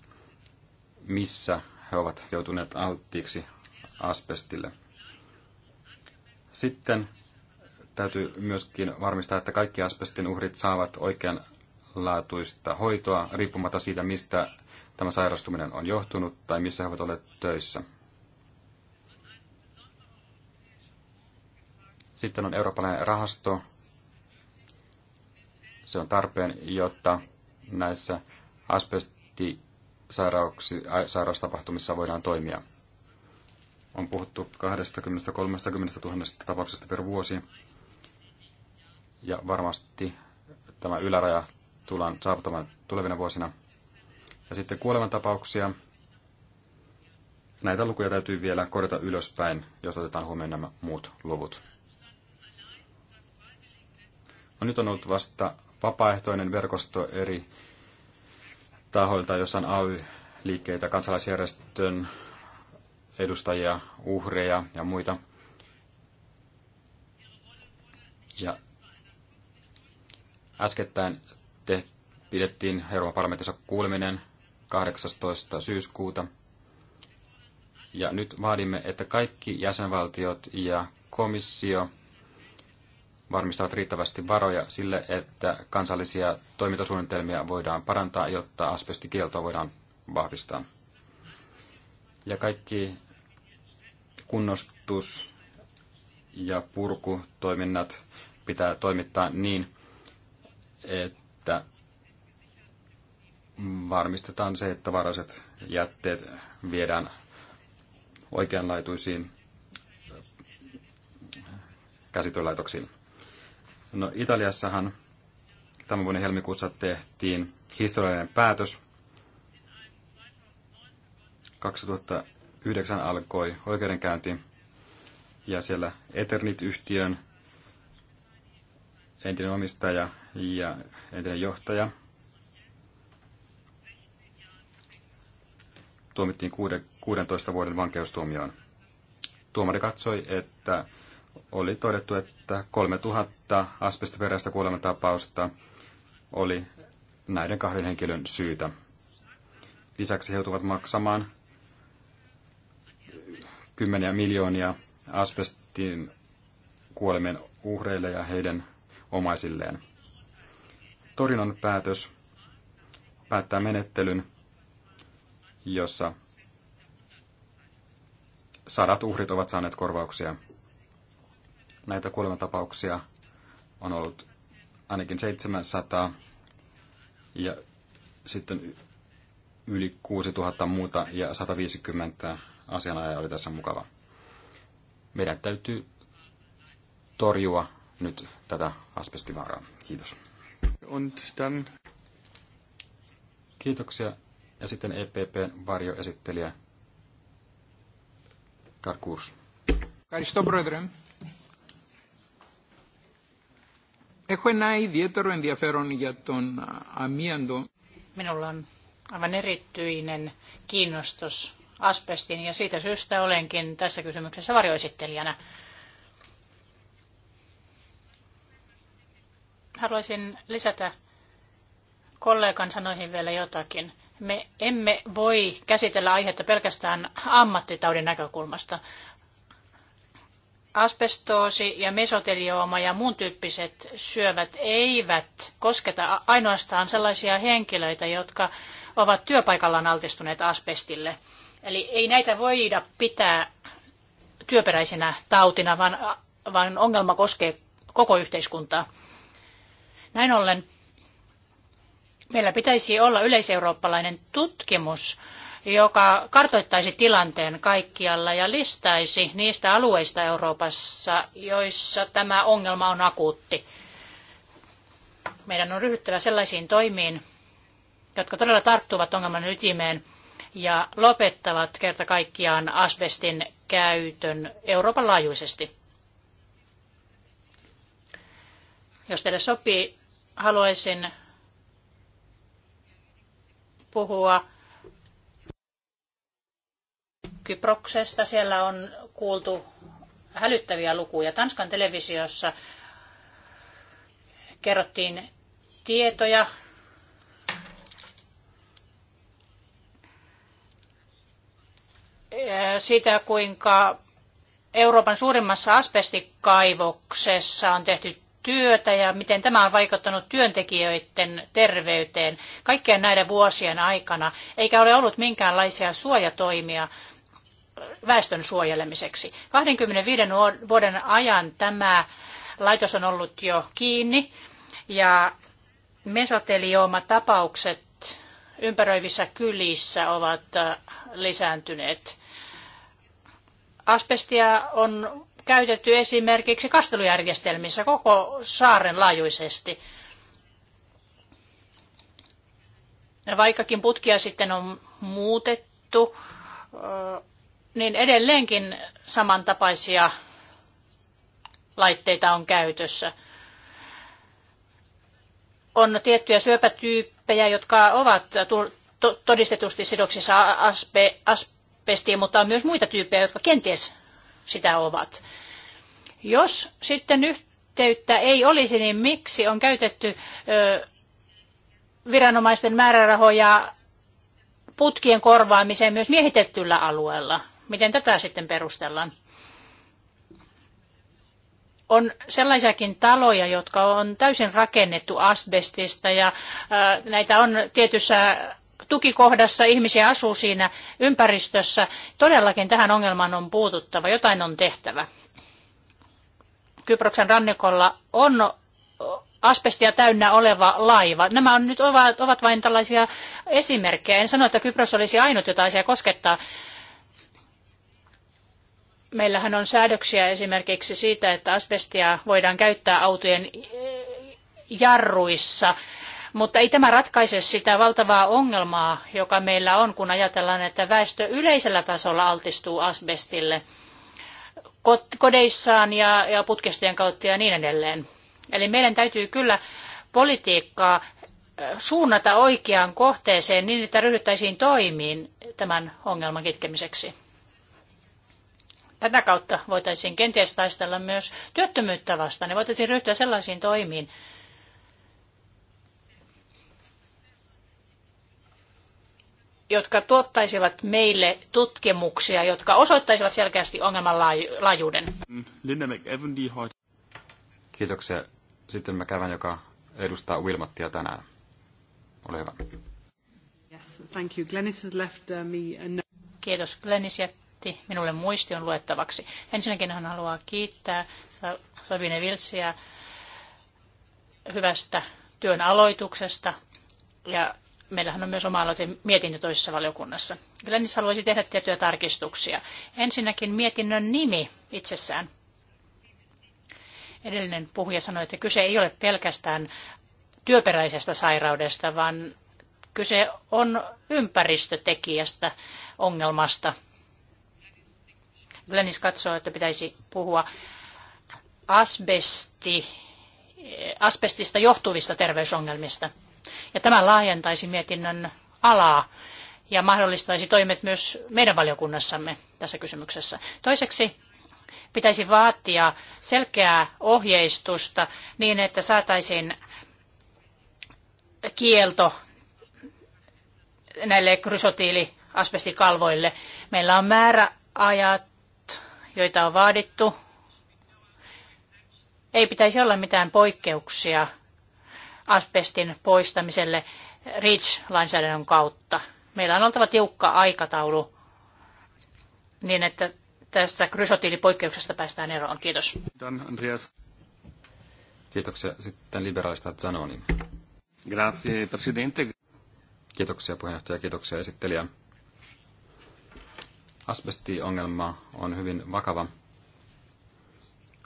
missä he ovat joutuneet alttiiksi asbestille. Sitten Täytyy myöskin varmistaa, että kaikki asbestin uhrit saavat oikeanlaatuista hoitoa riippumatta siitä, mistä tämä sairastuminen on johtunut tai missä he ovat olleet töissä. Sitten on eurooppalainen rahasto. Se on tarpeen, jotta näissä asbestisairaustapahtumissa voidaan toimia. On puhuttu 20-30 000 tapauksesta per vuosi ja varmasti tämä yläraja tullaan saavuttamaan tulevina vuosina. Ja sitten kuolemantapauksia. Näitä lukuja täytyy vielä korjata ylöspäin, jos otetaan huomioon nämä muut luvut. No, nyt on ollut vasta vapaaehtoinen verkosto eri tahoilta, jossa on AY-liikkeitä, kansalaisjärjestön edustajia, uhreja ja muita. Ja Äskettäin te, pidettiin Euroopan parlamentissa kuuleminen 18. syyskuuta. Ja nyt vaadimme, että kaikki jäsenvaltiot ja komissio varmistavat riittävästi varoja sille, että kansallisia toimintasuunnitelmia voidaan parantaa, jotta asbestikieltoa voidaan vahvistaa. Ja kaikki kunnostus- ja purkutoiminnat pitää toimittaa niin, että varmistetaan se, että varaset jätteet viedään oikeanlaatuisiin käsityölaitoksiin. No Italiassahan tämän vuoden helmikuussa tehtiin historiallinen päätös. 2009 alkoi oikeudenkäynti ja siellä Eternit-yhtiön entinen omistaja ja entinen johtaja tuomittiin 16 vuoden vankeustuomioon. Tuomari katsoi, että oli todettu, että 3000 asbestiperäistä kuolemantapausta oli näiden kahden henkilön syytä. Lisäksi he joutuvat maksamaan kymmeniä miljoonia asbestin kuolemien uhreille ja heidän omaisilleen. Torinon päätös päättää menettelyn, jossa sadat uhrit ovat saaneet korvauksia. Näitä kuolematapauksia on ollut ainakin 700 ja sitten yli 6000 muuta ja 150 asianajaja oli tässä mukava. Meidän täytyy torjua nyt tätä asbestivaaraa. Kiitos. Und dann... Kiitoksia. Ja sitten EPPn varjoesittelijä Karkurs. Karisto Πρόεδρε. Έχω ένα ιδιαίτερο ενδιαφέρον για τον αμίαντο. Minulla on aivan erityinen kiinnostus asbestin ja siitä syystä olenkin tässä kysymyksessä varjoesittelijänä. haluaisin lisätä kollegan sanoihin vielä jotakin. Me emme voi käsitellä aihetta pelkästään ammattitaudin näkökulmasta. Asbestoosi ja mesotelioma ja muun tyyppiset syövät eivät kosketa ainoastaan sellaisia henkilöitä, jotka ovat työpaikallaan altistuneet asbestille. Eli ei näitä voida pitää työperäisenä tautina, vaan, vaan ongelma koskee koko yhteiskuntaa. Näin ollen meillä pitäisi olla yleiseurooppalainen tutkimus, joka kartoittaisi tilanteen kaikkialla ja listaisi niistä alueista Euroopassa, joissa tämä ongelma on akuutti. Meidän on ryhdyttävä sellaisiin toimiin, jotka todella tarttuvat ongelman ytimeen ja lopettavat kerta kaikkiaan asbestin käytön Euroopan laajuisesti. Jos teille sopii, haluaisin puhua Kyproksesta. Siellä on kuultu hälyttäviä lukuja. Tanskan televisiossa kerrottiin tietoja siitä, kuinka Euroopan suurimmassa asbestikaivoksessa on tehty työtä ja miten tämä on vaikuttanut työntekijöiden terveyteen kaikkien näiden vuosien aikana, eikä ole ollut minkäänlaisia suojatoimia väestön suojelemiseksi. 25 vuoden ajan tämä laitos on ollut jo kiinni ja mesotelioomatapaukset tapaukset ympäröivissä kylissä ovat äh, lisääntyneet. Asbestia on käytetty esimerkiksi kastelujärjestelmissä koko saaren laajuisesti. Vaikkakin putkia sitten on muutettu, niin edelleenkin samantapaisia laitteita on käytössä. On tiettyjä syöpätyyppejä, jotka ovat todistetusti sidoksissa aspe, asbestiin, mutta on myös muita tyyppejä, jotka kenties sitä ovat. Jos sitten yhteyttä ei olisi, niin miksi on käytetty viranomaisten määrärahoja putkien korvaamiseen myös miehitettyllä alueella? Miten tätä sitten perustellaan? on sellaisiakin taloja, jotka on täysin rakennettu asbestista ja näitä on tietyssä tukikohdassa, ihmisiä asuu siinä ympäristössä. Todellakin tähän ongelmaan on puututtava, jotain on tehtävä. Kyproksen rannikolla on asbestia täynnä oleva laiva. Nämä on nyt ovat, ovat vain tällaisia esimerkkejä. En sano, että Kypros olisi ainut, jota asia koskettaa. Meillähän on säädöksiä esimerkiksi siitä, että asbestia voidaan käyttää autojen jarruissa mutta ei tämä ratkaise sitä valtavaa ongelmaa, joka meillä on, kun ajatellaan, että väestö yleisellä tasolla altistuu asbestille kodeissaan ja, putkistojen kautta ja niin edelleen. Eli meidän täytyy kyllä politiikkaa suunnata oikeaan kohteeseen niin, että ryhdyttäisiin toimiin tämän ongelman kitkemiseksi. Tätä kautta voitaisiin kenties taistella myös työttömyyttä vastaan ja niin voitaisiin ryhtyä sellaisiin toimiin, jotka tuottaisivat meille tutkimuksia, jotka osoittaisivat selkeästi ongelman laajuuden. Kiitoksia. Sitten mä kävän, joka edustaa Wilmottia tänään. Ole hyvä. Yes, thank you. Glenis has left uh, me a... Kiitos. Glenis jätti minulle muistion luettavaksi. Ensinnäkin hän haluaa kiittää Sabine Vilsiä hyvästä työn aloituksesta ja meillähän on myös oma mietintö toisessa valiokunnassa. Glennis haluaisi tehdä tiettyjä tarkistuksia. Ensinnäkin mietinnön nimi itsessään. Edellinen puhuja sanoi, että kyse ei ole pelkästään työperäisestä sairaudesta, vaan kyse on ympäristötekijästä, ongelmasta. Glennis katsoo, että pitäisi puhua asbesti, asbestista johtuvista terveysongelmista. Ja tämä laajentaisi mietinnön alaa ja mahdollistaisi toimet myös meidän valiokunnassamme tässä kysymyksessä. Toiseksi pitäisi vaatia selkeää ohjeistusta niin, että saataisiin kielto näille krysotiiliasbestikalvoille. Meillä on määräajat, joita on vaadittu. Ei pitäisi olla mitään poikkeuksia asbestin poistamiselle REACH-lainsäädännön kautta. Meillä on oltava tiukka aikataulu niin, että tässä krysotiilipoikkeuksesta päästään eroon. Kiitos. Dan Andreas. Kiitoksia. Sitten liberaalista Zanoni. Grazie, presidente. Kiitoksia puheenjohtaja, kiitoksia esittelijä. Asbestiongelma on hyvin vakava,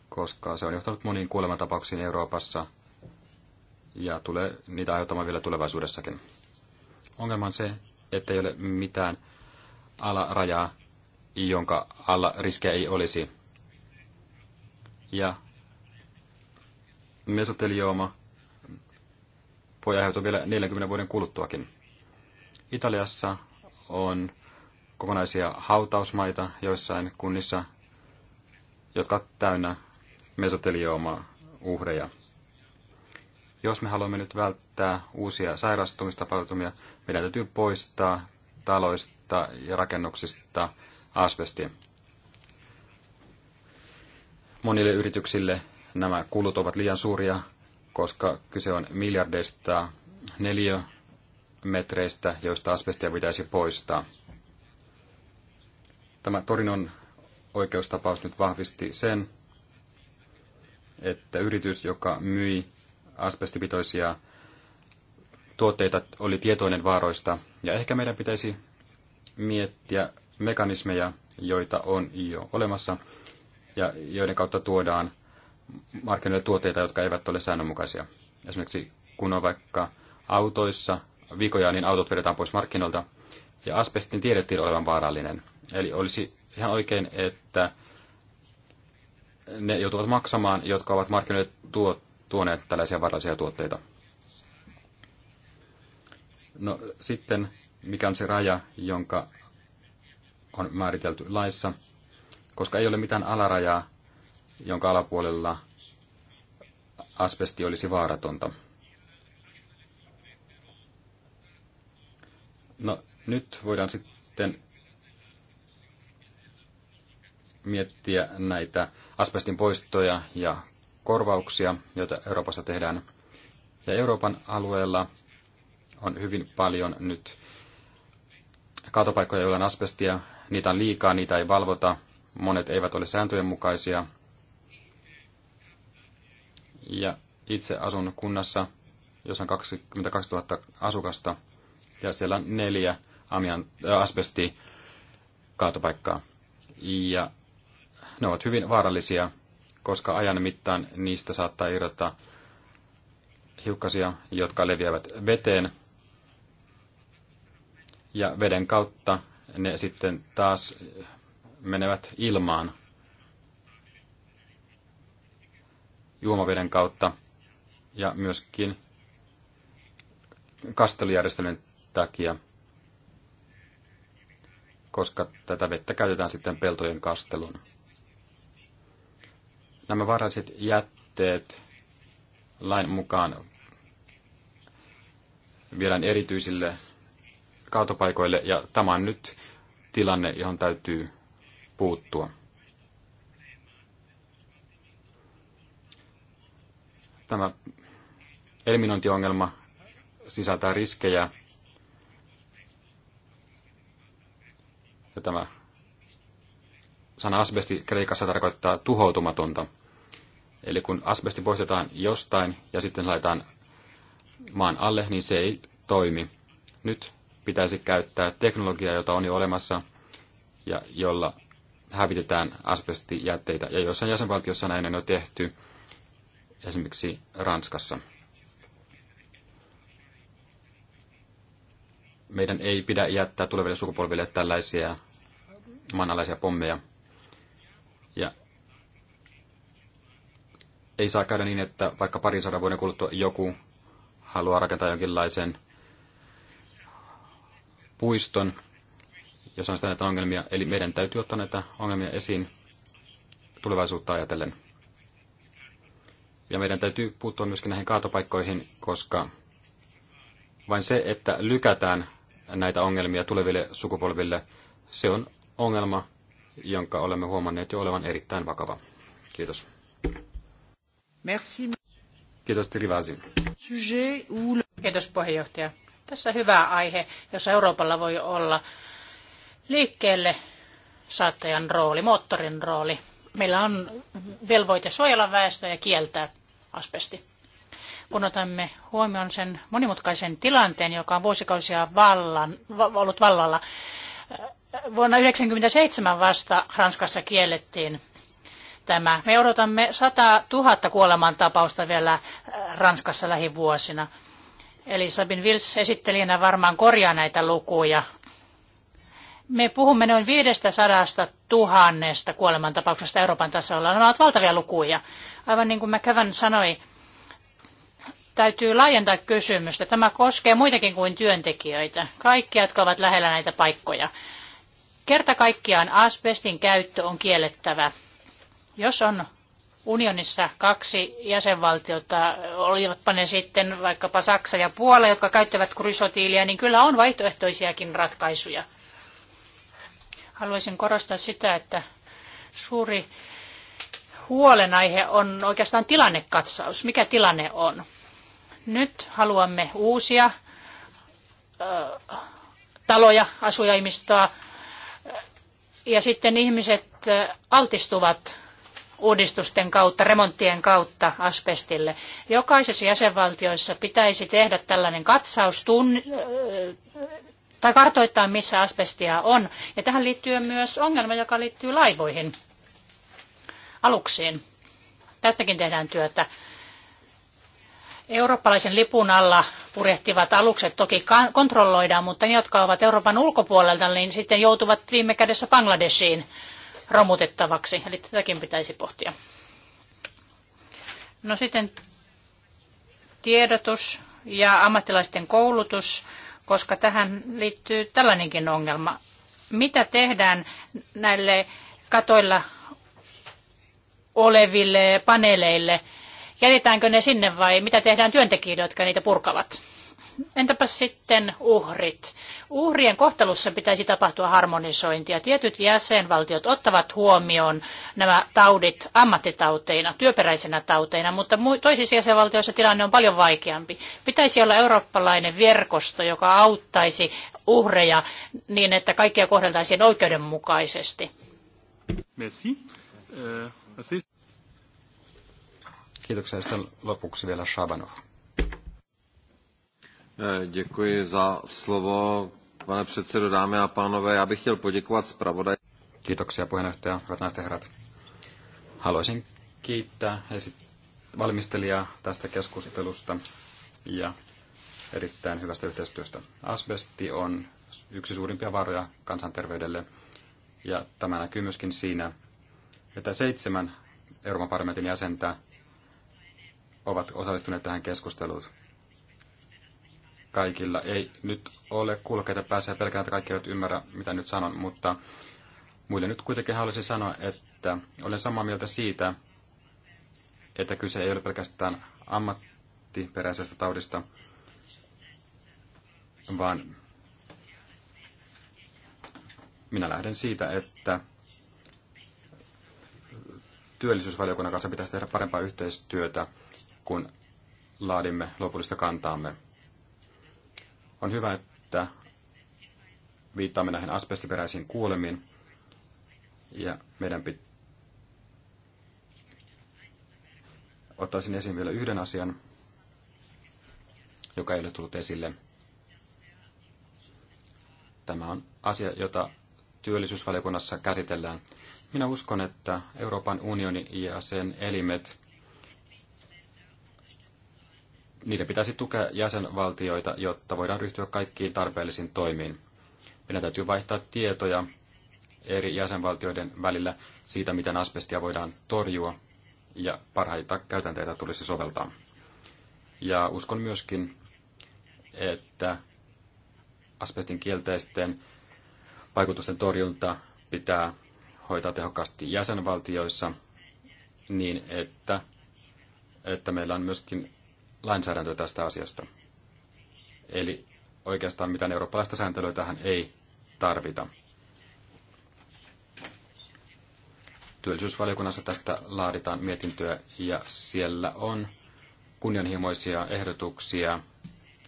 koska se on johtanut moniin kuolematapauksiin Euroopassa – ja tulee niitä aiheuttamaan vielä tulevaisuudessakin. Ongelma on se, ei ole mitään alarajaa, jonka alla riskejä ei olisi. Ja mesotelioma voi aiheutua vielä 40 vuoden kuluttuakin. Italiassa on kokonaisia hautausmaita joissain kunnissa, jotka ovat täynnä mesotelioma uhreja. Jos me haluamme nyt välttää uusia sairastumistapautumia, meidän täytyy poistaa taloista ja rakennuksista asbestia. Monille yrityksille nämä kulut ovat liian suuria, koska kyse on miljardeista neliömetreistä, joista asbestia pitäisi poistaa. Tämä Torinon oikeustapaus nyt vahvisti sen, että yritys, joka myi asbestipitoisia tuotteita, oli tietoinen vaaroista. Ja ehkä meidän pitäisi miettiä mekanismeja, joita on jo olemassa ja joiden kautta tuodaan markkinoille tuotteita, jotka eivät ole säännönmukaisia. Esimerkiksi kun on vaikka autoissa vikoja, niin autot vedetään pois markkinoilta. Ja asbestin tiedettiin olevan vaarallinen. Eli olisi ihan oikein, että ne joutuvat maksamaan, jotka ovat markkinoille tuot, tuoneet tällaisia varaisia tuotteita. No sitten, mikä on se raja, jonka on määritelty laissa, koska ei ole mitään alarajaa, jonka alapuolella asbesti olisi vaaratonta. No nyt voidaan sitten miettiä näitä asbestin poistoja ja korvauksia, joita Euroopassa tehdään. Ja Euroopan alueella on hyvin paljon nyt kaatopaikkoja, joilla on asbestia. Niitä on liikaa, niitä ei valvota. Monet eivät ole sääntöjen mukaisia. Ja itse asun kunnassa, jossa on 22 000 asukasta, ja siellä on neljä amian, äh, asbesti kaatopaikkaa. Ja ne ovat hyvin vaarallisia koska ajan mittaan niistä saattaa irrottaa hiukkasia, jotka leviävät veteen. Ja veden kautta ne sitten taas menevät ilmaan juomaveden kautta ja myöskin kastelijärjestelmän takia, koska tätä vettä käytetään sitten peltojen kasteluun nämä varhaiset jätteet lain mukaan vielä erityisille kaatopaikoille, ja tämä on nyt tilanne, johon täytyy puuttua. Tämä eliminointiongelma sisältää riskejä, ja tämä sana asbesti Kreikassa tarkoittaa tuhoutumatonta – Eli kun asbesti poistetaan jostain ja sitten laitetaan maan alle, niin se ei toimi. Nyt pitäisi käyttää teknologiaa, jota on jo olemassa ja jolla hävitetään asbestijätteitä. Ja jossain jäsenvaltiossa näin on jo tehty, esimerkiksi Ranskassa. Meidän ei pidä jättää tuleville sukupolville tällaisia maanalaisia pommeja. Ja ei saa käydä niin, että vaikka parin sadan vuoden kuluttua joku haluaa rakentaa jonkinlaisen puiston, jos on sitä näitä ongelmia. Eli meidän täytyy ottaa näitä ongelmia esiin tulevaisuutta ajatellen. Ja meidän täytyy puuttua myöskin näihin kaatopaikkoihin, koska vain se, että lykätään näitä ongelmia tuleville sukupolville, se on ongelma, jonka olemme huomanneet jo olevan erittäin vakava. Kiitos. Merci. Kiitos Trivasi. Kiitos puheenjohtaja. Tässä hyvä aihe, jossa Euroopalla voi olla liikkeelle saattajan rooli, moottorin rooli. Meillä on velvoite suojella väestöä ja kieltää asbesti. Kun otamme huomioon sen monimutkaisen tilanteen, joka on vuosikausia vallan, ollut vallalla, vuonna 1997 vasta Ranskassa kiellettiin tämä. Me odotamme 100 000 kuolemantapausta vielä äh, Ranskassa lähivuosina. Eli Sabin Vils esittelijänä varmaan korjaa näitä lukuja. Me puhumme noin 500 000 kuolemantapauksesta Euroopan tasolla. Nämä ovat valtavia lukuja. Aivan niin kuin kävän sanoi, täytyy laajentaa kysymystä. Tämä koskee muitakin kuin työntekijöitä, Kaikki, jotka ovat lähellä näitä paikkoja. Kerta kaikkiaan asbestin käyttö on kiellettävä. Jos on unionissa kaksi jäsenvaltiota, olivatpa ne sitten vaikkapa Saksa ja Puola, jotka käyttävät krysotiilia, niin kyllä on vaihtoehtoisiakin ratkaisuja. Haluaisin korostaa sitä, että suuri huolenaihe on oikeastaan tilannekatsaus. Mikä tilanne on? Nyt haluamme uusia taloja, asujaimistoa, ja sitten ihmiset altistuvat uudistusten kautta, remonttien kautta asbestille. Jokaisessa jäsenvaltioissa pitäisi tehdä tällainen katsaus äh, tai kartoittaa, missä asbestia on. Ja tähän liittyy myös ongelma, joka liittyy laivoihin, aluksiin. Tästäkin tehdään työtä. Eurooppalaisen lipun alla purjehtivat alukset toki kontrolloidaan, mutta ne, jotka ovat Euroopan ulkopuolelta, niin sitten joutuvat viime kädessä Bangladeshiin – romutettavaksi, eli tätäkin pitäisi pohtia. No sitten tiedotus ja ammattilaisten koulutus, koska tähän liittyy tällainenkin ongelma. Mitä tehdään näille katoilla oleville paneeleille? Jätetäänkö ne sinne vai mitä tehdään työntekijöille, jotka niitä purkavat? Entäpä sitten uhrit? Uhrien kohtelussa pitäisi tapahtua harmonisointia. Tietyt jäsenvaltiot ottavat huomioon nämä taudit ammattitauteina, työperäisenä tauteina, mutta toisissa jäsenvaltioissa tilanne on paljon vaikeampi. Pitäisi olla eurooppalainen verkosto, joka auttaisi uhreja niin, että kaikkia kohdeltaisiin oikeudenmukaisesti. Merci. Euh, Kiitoksia. Sitten lopuksi vielä Shabanov. Eh, děkuji za slovo. Pane předsedo, dámy a pánové, já bych chtěl poděkovat zpravodaj. Kiitoksia puheenjohtaja, hyvät herrat. Haluaisin kiittää valmistelijaa tästä keskustelusta ja erittäin hyvästä yhteistyöstä. Asbesti on yksi suurimpia vaaroja kansanterveydelle ja tämä näkyy myöskin siinä, että seitsemän Euroopan parlamentin jäsentä ovat osallistuneet tähän keskusteluun kaikilla ei nyt ole kuulokkeita päässä ja pelkään, että kaikki eivät ymmärrä, mitä nyt sanon, mutta muille nyt kuitenkin haluaisin sanoa, että olen samaa mieltä siitä, että kyse ei ole pelkästään ammattiperäisestä taudista, vaan minä lähden siitä, että työllisyysvaliokunnan kanssa pitäisi tehdä parempaa yhteistyötä, kun laadimme lopullista kantaamme. On hyvä, että viittaamme näihin asbestiperäisiin kuolemiin. Ja meidän pitää ottaisin esiin vielä yhden asian, joka ei ole tullut esille. Tämä on asia, jota työllisyysvaliokunnassa käsitellään. Minä uskon, että Euroopan unioni ja sen elimet niiden pitäisi tukea jäsenvaltioita, jotta voidaan ryhtyä kaikkiin tarpeellisiin toimiin. Meidän täytyy vaihtaa tietoja eri jäsenvaltioiden välillä siitä, miten asbestia voidaan torjua ja parhaita käytänteitä tulisi soveltaa. Ja uskon myöskin, että asbestin kielteisten vaikutusten torjunta pitää hoitaa tehokkaasti jäsenvaltioissa niin, että, että meillä on myöskin lainsäädäntöä tästä asiasta. Eli oikeastaan mitään eurooppalaista sääntelyä tähän ei tarvita. Työllisyysvaliokunnassa tästä laaditaan mietintöä ja siellä on kunnianhimoisia ehdotuksia,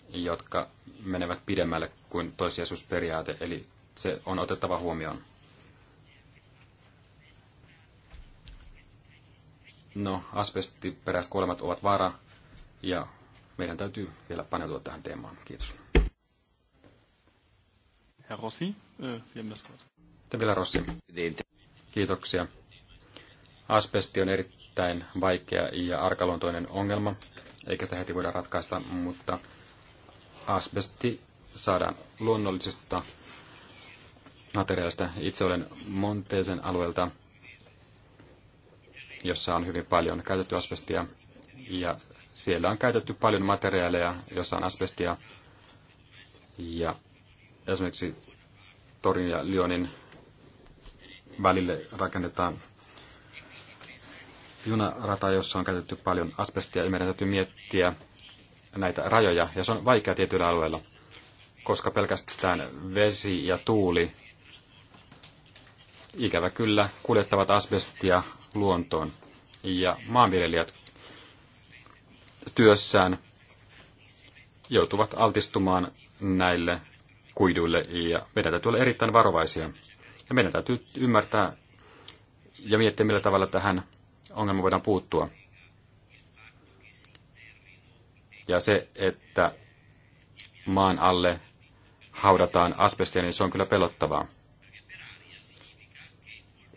jotka menevät pidemmälle kuin toissijaisuusperiaate, eli se on otettava huomioon. No, asbestiperäiset kuolemat ovat vaara ja meidän täytyy vielä paneutua tähän teemaan. Kiitos. Herr Rossi, äh, vielä Rossi. Kiitoksia. Asbesti on erittäin vaikea ja arkaluontoinen ongelma, eikä sitä heti voida ratkaista, mutta asbesti saadaan luonnollisesta materiaalista. Itse olen Monteisen alueelta, jossa on hyvin paljon käytetty asbestia, ja siellä on käytetty paljon materiaaleja, jossa on asbestia. Ja esimerkiksi Torin ja Lyonin välille rakennetaan junarata, jossa on käytetty paljon asbestia. Ja meidän täytyy miettiä näitä rajoja, ja se on vaikea tietyillä alueilla, koska pelkästään vesi ja tuuli ikävä kyllä kuljettavat asbestia luontoon. Ja maanviljelijät työssään joutuvat altistumaan näille kuiduille ja meidän täytyy olla erittäin varovaisia. Ja meidän täytyy ymmärtää ja miettiä, millä tavalla tähän ongelmaan voidaan puuttua. Ja se, että maan alle haudataan asbestia, niin se on kyllä pelottavaa.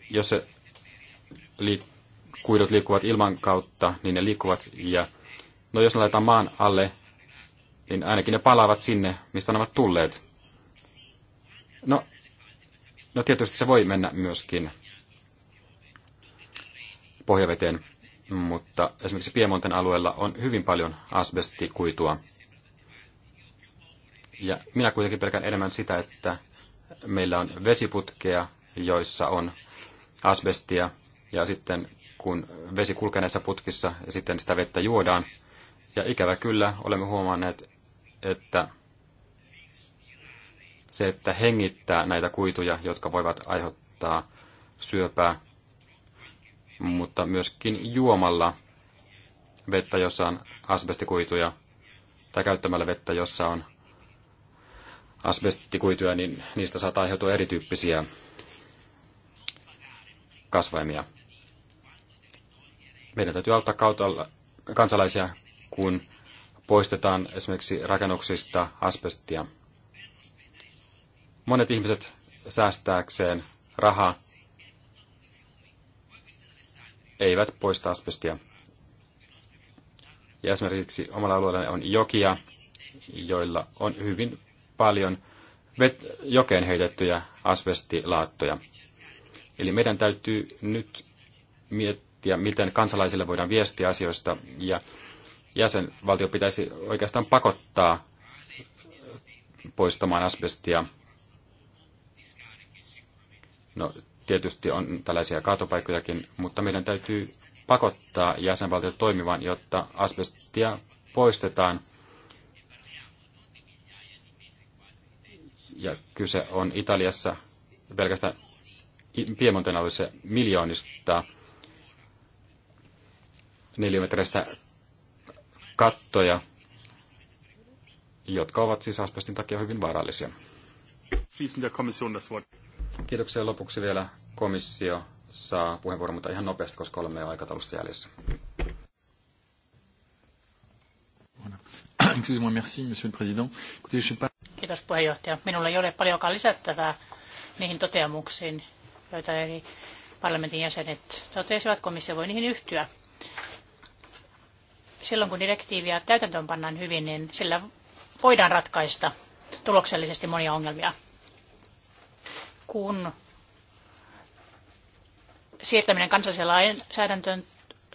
Jos se li- kuidut liikkuvat ilman kautta, niin ne liikkuvat ja No jos ne laitetaan maan alle, niin ainakin ne palaavat sinne, mistä ne ovat tulleet. No, no tietysti se voi mennä myöskin pohjaveteen, mutta esimerkiksi Piemonten alueella on hyvin paljon asbestikuitua. Ja minä kuitenkin pelkään enemmän sitä, että meillä on vesiputkeja, joissa on asbestia, ja sitten kun vesi kulkee näissä putkissa ja sitten sitä vettä juodaan, ja ikävä kyllä olemme huomanneet, että se, että hengittää näitä kuituja, jotka voivat aiheuttaa syöpää, mutta myöskin juomalla vettä, jossa on asbestikuituja, tai käyttämällä vettä, jossa on asbestikuituja, niin niistä saattaa aiheutua erityyppisiä kasvaimia. Meidän täytyy auttaa kautalla, kansalaisia, kun poistetaan esimerkiksi rakennuksista asbestia. Monet ihmiset säästääkseen rahaa eivät poista asbestia. Ja esimerkiksi omalla alueella on jokia, joilla on hyvin paljon vet- jokeen heitettyjä asbestilaattoja. Eli meidän täytyy nyt miettiä, miten kansalaisille voidaan viestiä asioista ja jäsenvaltio pitäisi oikeastaan pakottaa poistamaan asbestia. No, tietysti on tällaisia kaatopaikkojakin, mutta meidän täytyy pakottaa jäsenvaltiot toimivan, jotta asbestia poistetaan. Ja kyse on Italiassa pelkästään Piemonten alueessa miljoonista neliömetreistä kattoja, jotka ovat siis asbestin takia hyvin vaarallisia. Kiitoksia lopuksi vielä komissio saa puheenvuoron, mutta ihan nopeasti, koska olemme jo aikataulusta jäljessä. Kiitos puheenjohtaja. Minulla ei ole paljonkaan lisättävää niihin toteamuksiin, joita eri parlamentin jäsenet totesivat. Komissio voi niihin yhtyä silloin kun direktiiviä täytäntöön pannaan hyvin, niin sillä voidaan ratkaista tuloksellisesti monia ongelmia. Kun siirtäminen kansalliseen lainsäädäntöön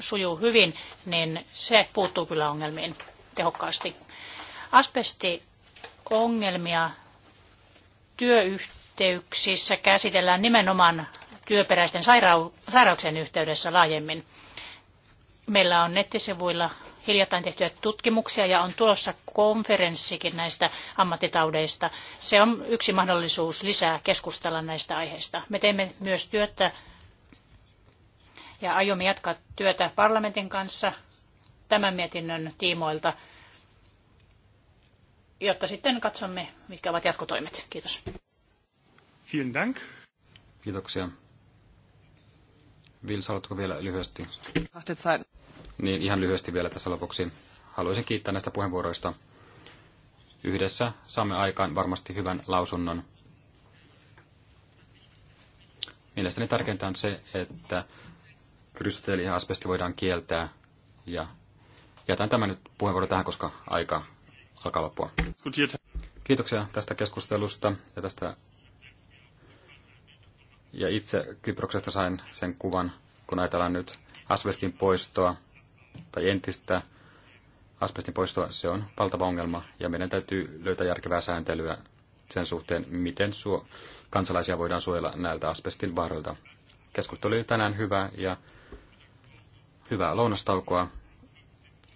sujuu hyvin, niin se puuttuu kyllä ongelmiin tehokkaasti. Asbestiongelmia työyhteyksissä käsitellään nimenomaan työperäisten sairauksien yhteydessä laajemmin. Meillä on nettisivuilla hiljattain tehtyjä tutkimuksia ja on tulossa konferenssikin näistä ammattitaudeista. Se on yksi mahdollisuus lisää keskustella näistä aiheista. Me teemme myös työtä ja aiomme jatkaa työtä parlamentin kanssa tämän mietinnön tiimoilta, jotta sitten katsomme, mitkä ovat jatkotoimet. Kiitos. Vielen Dank. Kiitoksia. Vils, haluatko vielä lyhyesti? Niin ihan lyhyesti vielä tässä lopuksi. Haluaisin kiittää näistä puheenvuoroista. Yhdessä saamme aikaan varmasti hyvän lausunnon. Mielestäni tärkeintä on se, että krystaali ja asbesti voidaan kieltää. Ja jätän tämän nyt puheenvuoro tähän, koska aika alkaa loppua. Kiitoksia tästä keskustelusta ja tästä ja itse Kyproksesta sain sen kuvan, kun ajatellaan nyt asbestin poistoa tai entistä asbestin poistoa, se on valtava ongelma ja meidän täytyy löytää järkevää sääntelyä sen suhteen, miten suo, kansalaisia voidaan suojella näiltä asbestin vaaroilta. Keskustelu oli tänään hyvä ja hyvää lounastaukoa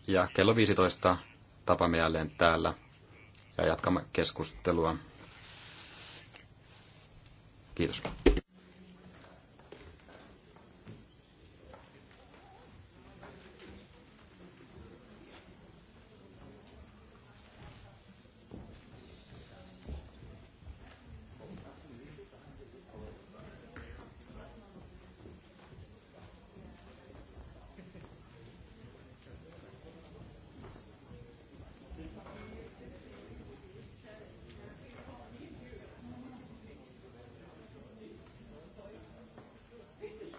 ja kello 15 tapaamme jälleen täällä ja jatkamme keskustelua. Kiitos.